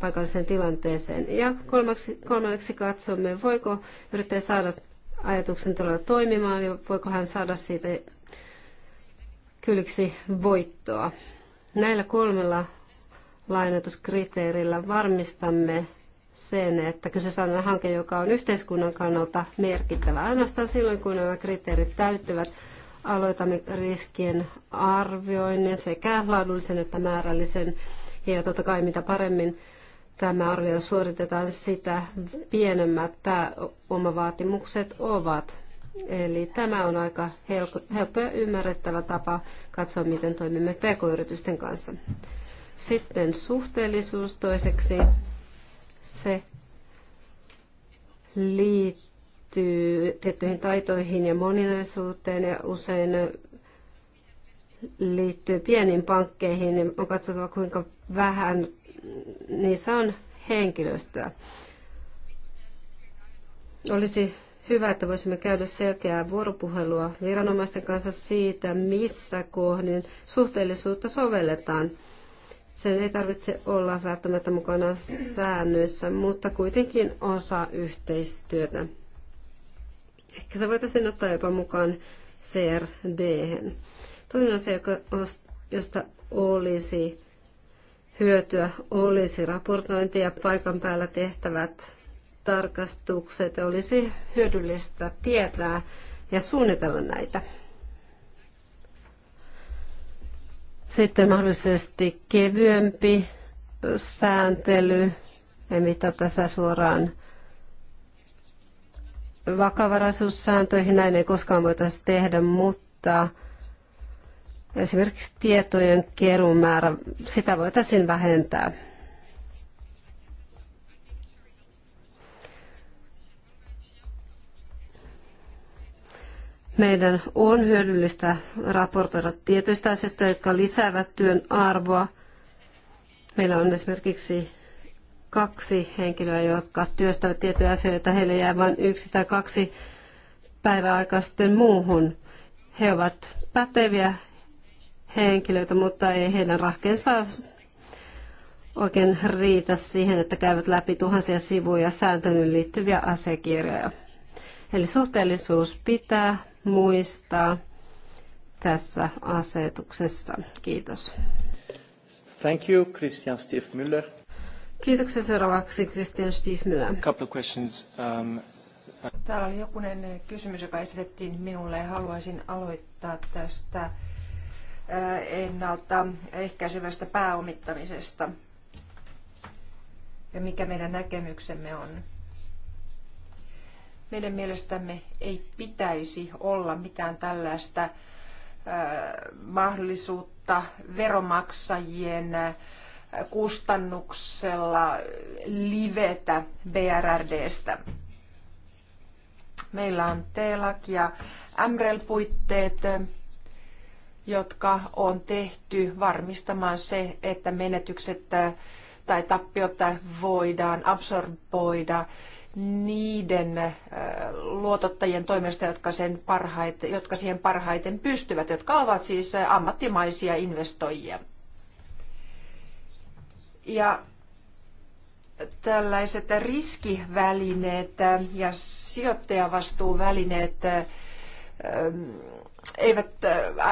paikalliseen tilanteeseen. Ja kolmaksi, kolmanneksi katsomme, voiko yrittäjä saada ajatuksen todella toimimaan ja voiko hän saada siitä kylliksi voittoa. Näillä kolmella lainatuskriteerillä varmistamme sen, että kyseessä on hanke, joka on yhteiskunnan kannalta merkittävä. Ainoastaan silloin, kun nämä kriteerit täyttyvät, aloitamme riskien arvioinnin sekä laadullisen että määrällisen. Ja totta kai mitä paremmin tämä arvio suoritetaan, sitä pienemmät pääomavaatimukset ovat. Eli tämä on aika helppo ja ymmärrettävä tapa katsoa, miten toimimme pk-yritysten kanssa. Sitten suhteellisuus toiseksi. Se liittyy tiettyihin taitoihin ja moninaisuuteen ja usein liittyy pieniin pankkeihin, niin on katsottava kuinka vähän niissä on henkilöstöä. Olisi hyvä, että voisimme käydä selkeää vuoropuhelua viranomaisten kanssa siitä, missä kohdin suhteellisuutta sovelletaan – sen ei tarvitse olla välttämättä mukana säännöissä, mutta kuitenkin osa yhteistyötä. Ehkä se voitaisiin ottaa jopa mukaan CRD. -hän. Toinen asia, josta olisi hyötyä, olisi raportointi ja paikan päällä tehtävät tarkastukset. Olisi hyödyllistä tietää ja suunnitella näitä. Sitten mahdollisesti kevyempi sääntely, en viittaa tässä suoraan vakavaraisuussääntöihin, näin ei koskaan voitaisiin tehdä, mutta esimerkiksi tietojen keruun määrä, sitä voitaisiin vähentää. Meidän on hyödyllistä raportoida tietyistä asioista, jotka lisäävät työn arvoa. Meillä on esimerkiksi kaksi henkilöä, jotka työstävät tiettyjä asioita. Heille jää vain yksi tai kaksi päivää sitten muuhun. He ovat päteviä henkilöitä, mutta ei heidän rahkeensa oikein riitä siihen, että käyvät läpi tuhansia sivuja sääntelyyn liittyviä asiakirjoja. Eli suhteellisuus pitää muistaa tässä asetuksessa. Kiitos. Thank you, Christian Stiefmüller. Kiitoksia seuraavaksi Christian Stiefmüller. Couple of questions. Um, Täällä oli jokunen kysymys, joka esitettiin minulle ja haluaisin aloittaa tästä äh, ennalta ehkäisevästä pääomittamisesta ja mikä meidän näkemyksemme on. Meidän mielestämme ei pitäisi olla mitään tällaista mahdollisuutta veromaksajien kustannuksella livetä BRRDstä. Meillä on TELAK ja MREL-puitteet, jotka on tehty varmistamaan se, että menetykset tai tappiot voidaan absorboida niiden äh, luotottajien toimesta, jotka, sen parhaiten, jotka siihen parhaiten pystyvät, jotka ovat siis äh, ammattimaisia investoijia. Ja tällaiset riskivälineet äh, ja sijoittajavastuuvälineet eivät,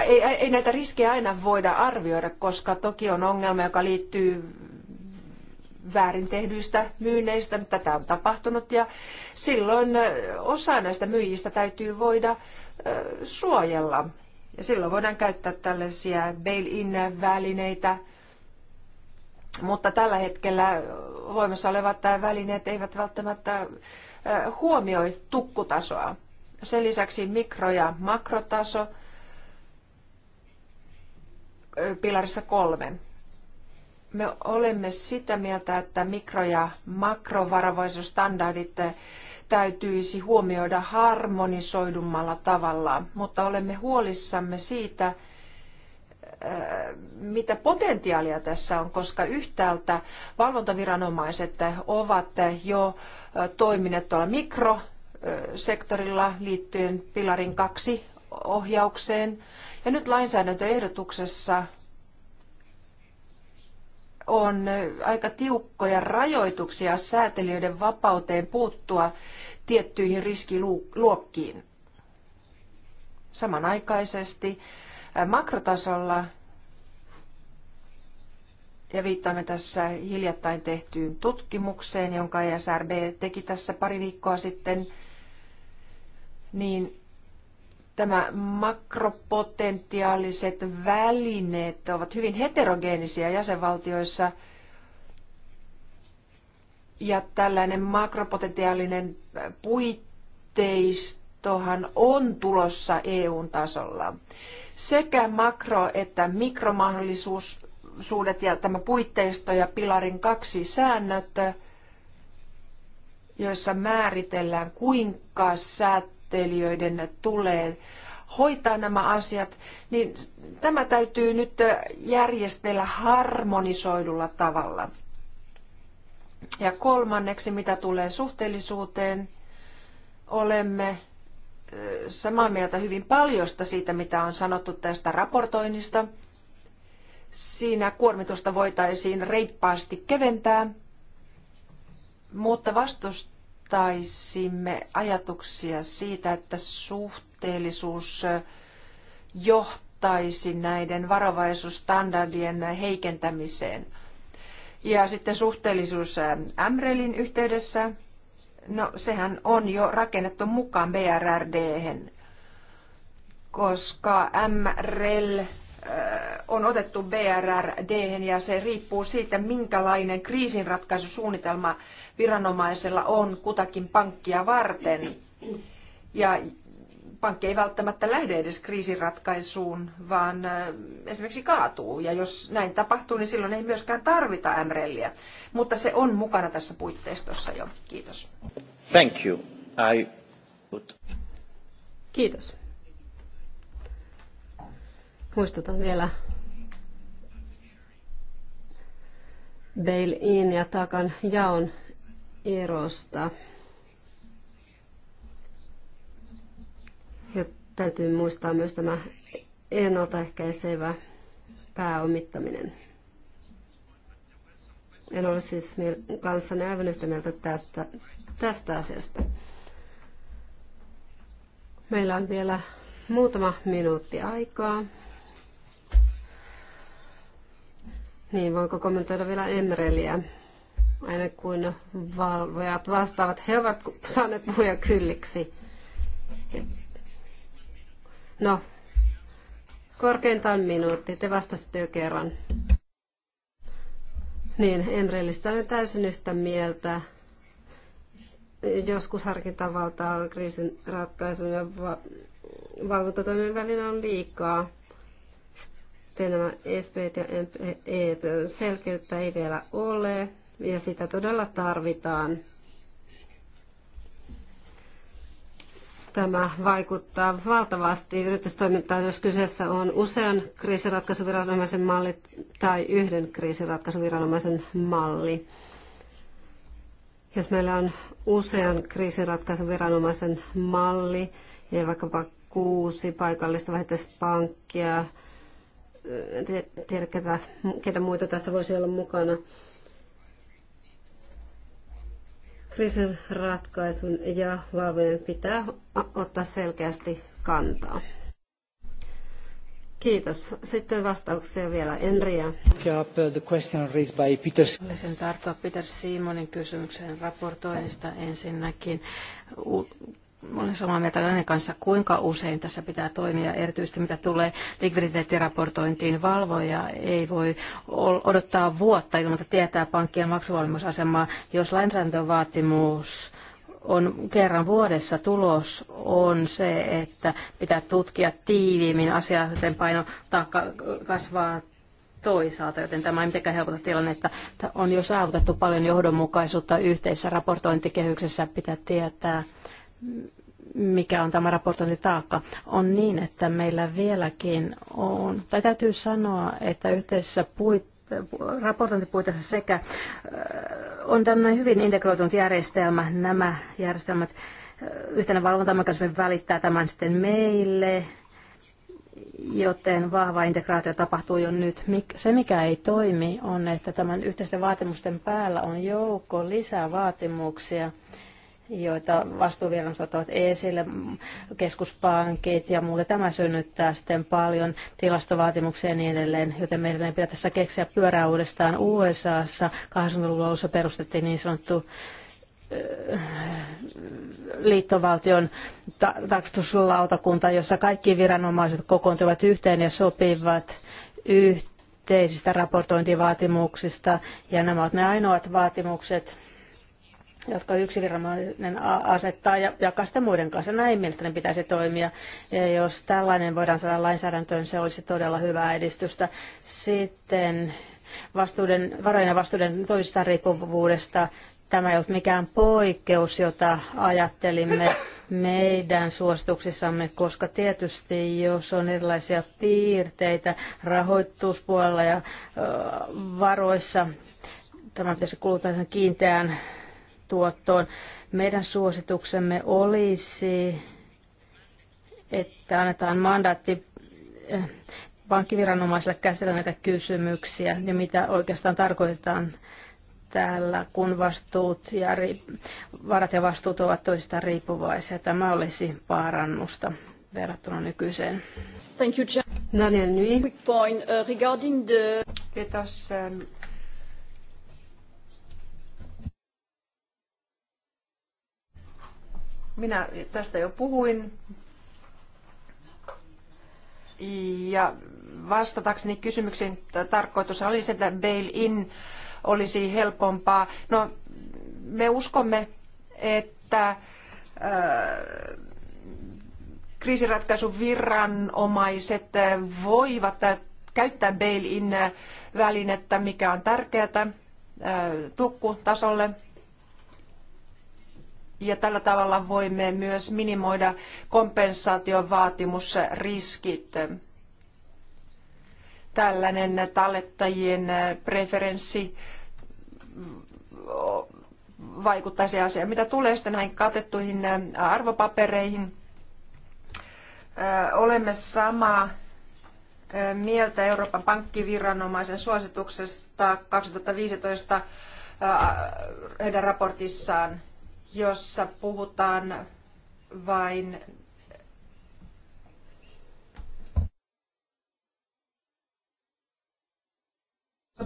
ei, ei näitä riskejä aina voida arvioida, koska toki on ongelma, joka liittyy väärin tehdyistä myyneistä, Tätä on tapahtunut ja silloin osa näistä myyjistä täytyy voida suojella. Ja silloin voidaan käyttää tällaisia bail-in-välineitä, mutta tällä hetkellä voimassa olevat välineet eivät välttämättä huomioi tukkutasoa. Sen lisäksi mikro- ja makrotaso pilarissa kolmen. Me olemme sitä mieltä, että mikro- ja makrovarovaisuusstandardit täytyisi huomioida harmonisoidummalla tavalla, mutta olemme huolissamme siitä, eh, mitä potentiaalia tässä on, koska yhtäältä valvontaviranomaiset ovat jo eh, toimineet tuolla mikrosektorilla liittyen pilarin kaksi ohjaukseen. Ja nyt lainsäädäntöehdotuksessa on aika tiukkoja rajoituksia säätelijöiden vapauteen puuttua tiettyihin riskiluokkiin. Samanaikaisesti makrotasolla, ja viittaamme tässä hiljattain tehtyyn tutkimukseen, jonka ESRB teki tässä pari viikkoa sitten, niin tämä makropotentiaaliset välineet ovat hyvin heterogeenisia jäsenvaltioissa. Ja tällainen makropotentiaalinen puitteistohan on tulossa EUn tasolla. Sekä makro- että mikromahdollisuudet ja tämä puitteisto ja pilarin kaksi säännöt, joissa määritellään kuinka säät sääntelijöiden tulee hoitaa nämä asiat, niin tämä täytyy nyt järjestellä harmonisoidulla tavalla. Ja kolmanneksi, mitä tulee suhteellisuuteen, olemme samaa mieltä hyvin paljosta siitä, mitä on sanottu tästä raportoinnista. Siinä kuormitusta voitaisiin reippaasti keventää, mutta vastustaa kannattaisimme ajatuksia siitä, että suhteellisuus johtaisi näiden varovaisuusstandardien heikentämiseen. Ja sitten suhteellisuus äh, MRELin yhteydessä, no sehän on jo rakennettu mukaan BRRD, koska MREL on otettu BRRD ja se riippuu siitä, minkälainen kriisinratkaisusuunnitelma viranomaisella on kutakin pankkia varten. Ja pankki ei välttämättä lähde edes kriisinratkaisuun, vaan esimerkiksi kaatuu. Ja jos näin tapahtuu, niin silloin ei myöskään tarvita MRLiä. Mutta se on mukana tässä puitteistossa jo. Kiitos. Thank you. I... Kiitos. Muistutan vielä bail-in ja takan jaon erosta. Ja täytyy muistaa myös tämä ennaltaehkäisevä pääomittaminen. En ole siis kanssanne aivan yhtä mieltä tästä, tästä asiasta. Meillä on vielä muutama minuutti aikaa. Niin, voinko kommentoida vielä Emreliä? Aina kuin valvojat vastaavat, he ovat saaneet puhuja kylliksi. No, korkeintaan minuutti. Te vastasitte jo kerran. Niin, Emrelistä olen täysin yhtä mieltä. Joskus harkintavaltaa kriisin ratkaisun ja va- valvontatoimien välillä on liikaa. Sitten nämä SPT ja e selkeyttä ei vielä ole ja sitä todella tarvitaan. Tämä vaikuttaa valtavasti yritystoimintaan, jos kyseessä on usean kriisiratkaisuviranomaisen malli tai yhden kriisiratkaisuviranomaisen malli. Jos meillä on usean kriisiratkaisuviranomaisen malli ja vaikkapa kuusi paikallista vähittäispankkia, pankkia, tiedä, ketä, ketä muita tässä voisi olla mukana. Kriisin ratkaisun ja valvojen pitää ottaa selkeästi kantaa. Kiitos. Sitten vastauksia vielä. Enria. Uh, Haluaisin tarttua Peter Simonin kysymykseen raportoinnista ensinnäkin olen samaa mieltä hänen kanssa, kuinka usein tässä pitää toimia, erityisesti mitä tulee likviditeettiraportointiin. Valvoja ei voi odottaa vuotta ilman, että tietää pankkien maksuvalmiusasemaa, jos lainsäädäntövaatimus on kerran vuodessa tulos on se, että pitää tutkia tiiviimmin asiaa, joten paino taakka kasvaa toisaalta, joten tämä ei mitenkään helpota tilannetta. On jo saavutettu paljon johdonmukaisuutta yhteisessä raportointikehyksessä, pitää tietää, mikä on tämä raportointi taakka? on niin, että meillä vieläkin on, tai täytyy sanoa, että yhteisessä puitteissa raportointipuitteissa sekä on tämmöinen hyvin integroitunut järjestelmä. Nämä järjestelmät yhtenä valvontamekanismin välittää tämän sitten meille, joten vahva integraatio tapahtuu jo nyt. Se, mikä ei toimi, on, että tämän yhteisten vaatimusten päällä on joukko lisää vaatimuksia, joita vastuuviranomaiset ovat esille, keskuspankit ja muuta. Tämä synnyttää sitten paljon tilastovaatimuksia ja niin edelleen, joten meidän pitää tässä keksiä pyörää uudestaan. USAssa 80-luvun alussa perustettiin niin sanottu äh, liittovaltion tarkastuslautakunta, jossa kaikki viranomaiset kokoontuvat yhteen ja sopivat yhteisistä raportointivaatimuksista. Ja nämä ovat ne ainoat vaatimukset, jotka yksi viranomainen asettaa ja jakaa sitä muiden kanssa. Näin mielestäni pitäisi toimia. Ja jos tällainen voidaan saada lainsäädäntöön, se olisi todella hyvää edistystä. Sitten vastuuden, varojen ja vastuuden toisista riippuvuudesta. Tämä ei ollut mikään poikkeus, jota ajattelimme meidän suosituksissamme, koska tietysti jos on erilaisia piirteitä rahoituspuolella ja varoissa, tämä pitäisi kuluttaa kiinteään tuottoon. Meidän suosituksemme olisi, että annetaan mandaatti eh, pankkiviranomaisille käsitellä näitä kysymyksiä ja mitä oikeastaan tarkoitetaan täällä, kun vastuut ja ri- varat ja vastuut ovat toisistaan riippuvaisia. Tämä olisi parannusta verrattuna nykyiseen. Thank you, Daniel Nui. Quick point uh, regarding the... Kiitos. Minä tästä jo puhuin. Ja vastatakseni kysymyksiin tarkoitus oli se, että bail-in olisi helpompaa. No, me uskomme, että äh, viranomaiset voivat käyttää bail-in välinettä, mikä on tärkeää äh, tukkutasolle ja tällä tavalla voimme myös minimoida kompensaation vaatimusriskit. Tällainen tallettajien preferenssi vaikuttaisi asiaan. Mitä tulee sitten näihin katettuihin arvopapereihin, olemme samaa mieltä Euroopan pankkiviranomaisen suosituksesta 2015 heidän raportissaan jossa puhutaan vain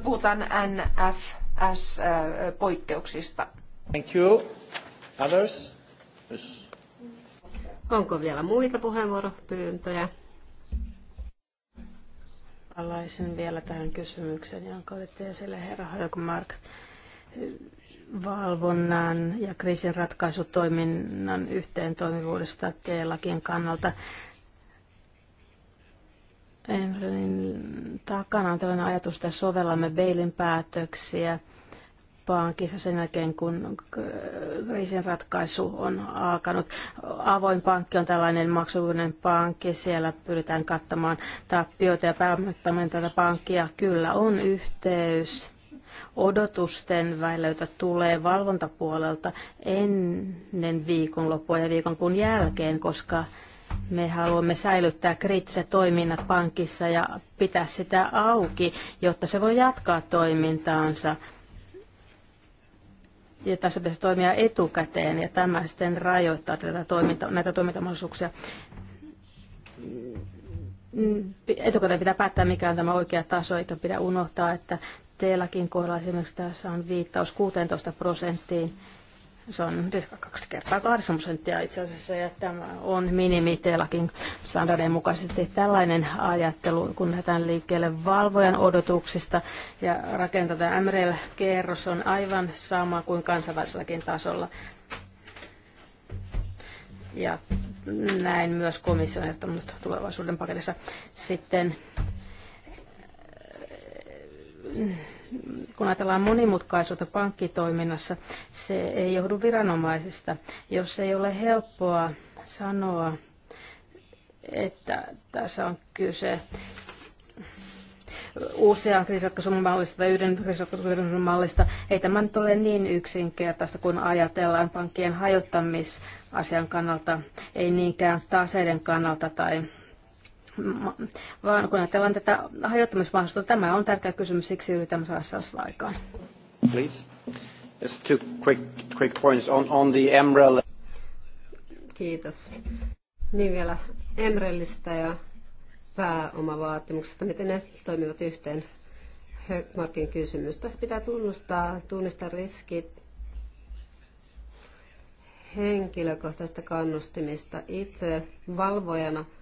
puhutaan NFS-poikkeuksista. Äh, Thank you. Others? Yes. Onko vielä muita puheenvuoropyyntöjä? Palaisin vielä tähän kysymykseen, jonka otitte esille herra Mark valvonnan ja kriisinratkaisutoiminnan yhteen toimivuudesta t lakien kannalta. Enrinin takana on tällainen ajatus, että sovellamme Beilin päätöksiä pankissa sen jälkeen, kun kriisinratkaisu on alkanut. Avoin pankki on tällainen maksullinen pankki, siellä pyritään kattamaan tappioita ja pääomittamaan tätä pankkia. Kyllä on yhteys odotusten väillä, joita tulee valvontapuolelta ennen viikonloppua ja viikonkuun jälkeen, koska me haluamme säilyttää kriittiset toiminnat pankissa ja pitää sitä auki, jotta se voi jatkaa toimintaansa. Ja tässä pitäisi toimia etukäteen ja tämä sitten rajoittaa tätä toiminta, näitä toimintamahdollisuuksia. Etukäteen pitää päättää, mikä on tämä oikea taso, eikä pidä unohtaa, että teelläkin kohdalla esimerkiksi tässä on viittaus 16 prosenttiin. Se on 2 kertaa 8 prosenttia itse asiassa, ja tämä on minimi teelläkin standardien mukaisesti. Tällainen ajattelu, kun lähdetään liikkeelle valvojan odotuksista ja rakentetaan mrl kerros on aivan sama kuin kansainväliselläkin tasolla. Ja näin myös on ehdottanut tulevaisuuden paketissa. Sitten kun ajatellaan monimutkaisuutta pankkitoiminnassa, se ei johdu viranomaisista. Jos ei ole helppoa sanoa, että tässä on kyse usean mallista tai yhden mallista, Ei tämä nyt ole niin yksinkertaista, kun ajatellaan pankkien hajottamisasian kannalta, ei niinkään taseiden kannalta tai vaan kun ajatellaan tätä hajottamismahdollisuutta, tämä on tärkeä kysymys, siksi yritämme saada sellaista aikaan. Please. Just two quick, quick points on, on the emerald. Kiitos. Niin vielä Emrellistä ja pääomavaatimuksesta, miten ne toimivat yhteen. Markin kysymys. Tässä pitää tunnustaa, tunnistaa riskit henkilökohtaista kannustimista. Itse valvojana –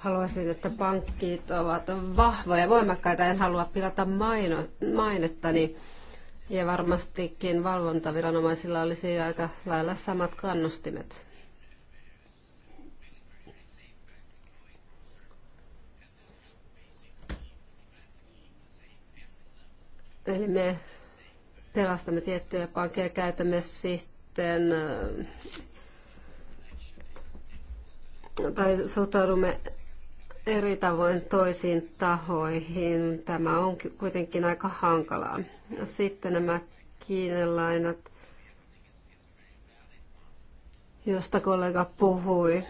Haluaisin, että pankkit ovat vahvoja ja voimakkaita. En halua pilata maino, mainettani. Ja varmastikin valvontaviranomaisilla olisi aika lailla samat kannustimet. Eli me pelastamme tiettyjä pankkeja, käytämme sitten äh, tai suhtaudumme eri tavoin toisiin tahoihin. Tämä on kuitenkin aika hankalaa. Sitten nämä kiinelainat, josta kollega puhui.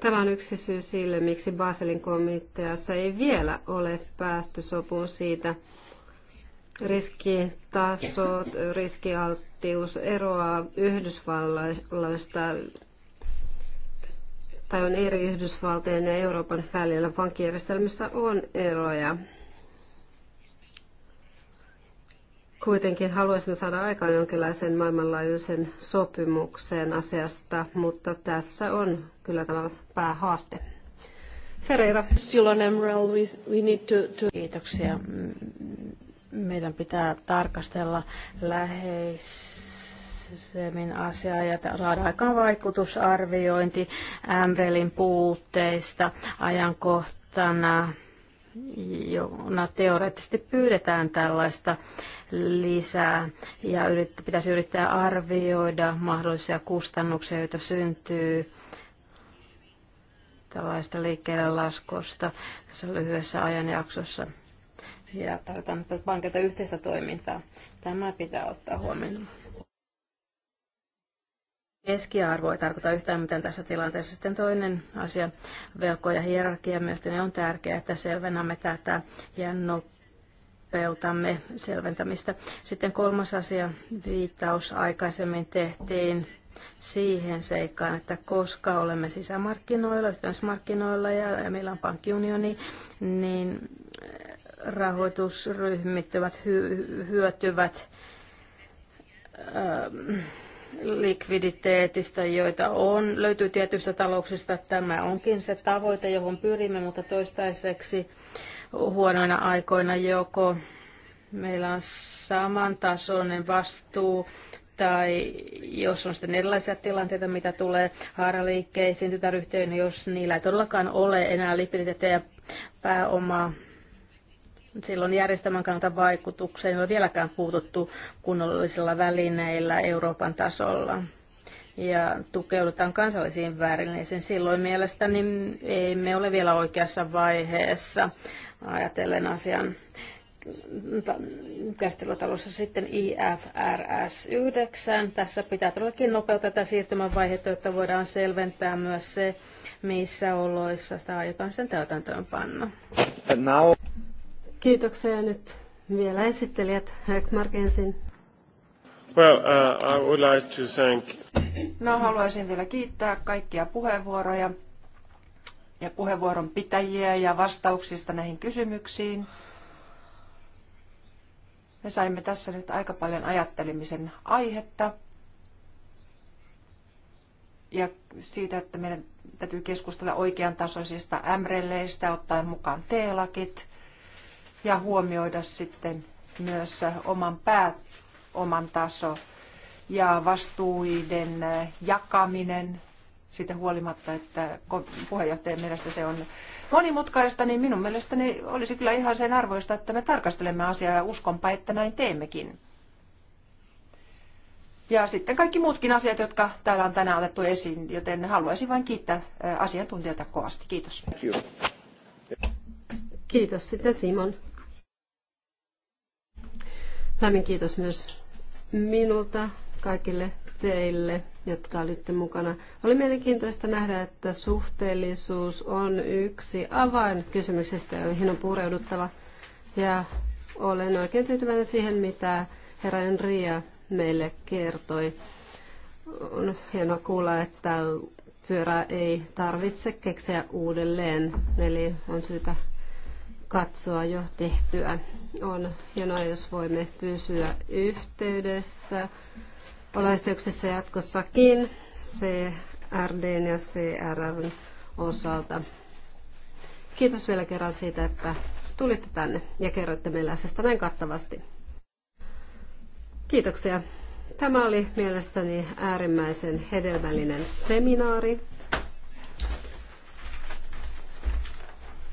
Tämä on yksi syy sille, miksi Baselin komiteassa ei vielä ole päästy sopuun siitä. Riskitasot, riskialttius eroaa Yhdysvalloista tai on eri Yhdysvaltojen ja Euroopan välillä. Pankkijärjestelmissä on eroja. Kuitenkin haluaisimme saada aikaan jonkinlaisen maailmanlaajuisen sopimuksen asiasta, mutta tässä on kyllä tämä päähaaste. Ferreira. Kiitoksia. Meidän pitää tarkastella läheis syvemmin asiaa ja saada vaikutusarviointi Ämrelin puutteista ajankohtana, jona teoreettisesti pyydetään tällaista lisää ja yrit, pitäisi yrittää arvioida mahdollisia kustannuksia, joita syntyy tällaista liikkeelle laskosta tässä lyhyessä ajanjaksossa. Ja tarvitaan pankilta yhteistä toimintaa. Tämä pitää ottaa huomioon keskiarvo ei tarkoita yhtään mitään tässä tilanteessa. Sitten toinen asia, velko ja hierarkia, mielestäni on tärkeää, että selvennämme tätä ja nopeutamme selventämistä. Sitten kolmas asia, viittaus aikaisemmin tehtiin siihen seikkaan, että koska olemme sisämarkkinoilla, yhteismarkkinoilla ja meillä on pankkiunioni, niin rahoitusryhmittyvät hy- hyötyvät öö, likviditeetistä, joita on, löytyy tietystä talouksista. Tämä onkin se tavoite, johon pyrimme, mutta toistaiseksi huonoina aikoina joko meillä on samantasoinen vastuu tai jos on sitten erilaisia tilanteita, mitä tulee haaraliikkeisiin, tytäryhtiöihin, jos niillä ei todellakaan ole enää likviditeettiä ja pääomaa, silloin järjestelmän kannalta vaikutukseen ei ole vieläkään puututtu kunnollisilla välineillä Euroopan tasolla ja tukeudutaan kansallisiin välineisiin. Silloin mielestäni me ole vielä oikeassa vaiheessa ajatellen asian käsittelytalossa sitten IFRS 9. Tässä pitää todellakin nopeuttaa tätä siirtymävaihetta, jotta voidaan selventää myös se, missä oloissa sitä aiotaan sen täytäntöön panna. Now. Kiitoksia nyt vielä esittelijät Högmark ensin. Well, uh, I would like to thank... No, haluaisin vielä kiittää kaikkia puheenvuoroja ja puheenvuoron pitäjiä ja vastauksista näihin kysymyksiin. Me saimme tässä nyt aika paljon ajattelemisen aihetta ja siitä, että meidän täytyy keskustella oikean tasoisista ämrelleistä, ottaen mukaan – ja huomioida sitten myös oman pääoman taso ja vastuiden jakaminen siitä huolimatta, että puheenjohtajan mielestä se on monimutkaista, niin minun mielestäni olisi kyllä ihan sen arvoista, että me tarkastelemme asiaa ja uskonpa, että näin teemmekin. Ja sitten kaikki muutkin asiat, jotka täällä on tänään otettu esiin, joten haluaisin vain kiittää asiantuntijoita kovasti. Kiitos. Kiitos. Sitten Simon. Lämmin kiitos myös minulta kaikille teille, jotka olitte mukana. Oli mielenkiintoista nähdä, että suhteellisuus on yksi avainkysymyksistä, joihin on pureuduttava. Ja olen oikein tyytyväinen siihen, mitä herra Enria meille kertoi. On hienoa kuulla, että pyörää ei tarvitse keksiä uudelleen, eli on syytä katsoa jo tehtyä. On hienoa, jos voimme pysyä yhteydessä. Olla yhteyksissä jatkossakin CRDn ja CRRn osalta. Kiitos vielä kerran siitä, että tulitte tänne ja kerroitte meille asiasta näin kattavasti. Kiitoksia. Tämä oli mielestäni äärimmäisen hedelmällinen seminaari.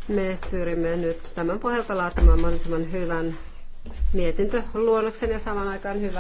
Me pyrimme nyt tämän pohjalta laatimaan mahdollisimman hyvän mietintöluonnoksen ja saman aikaan hyvän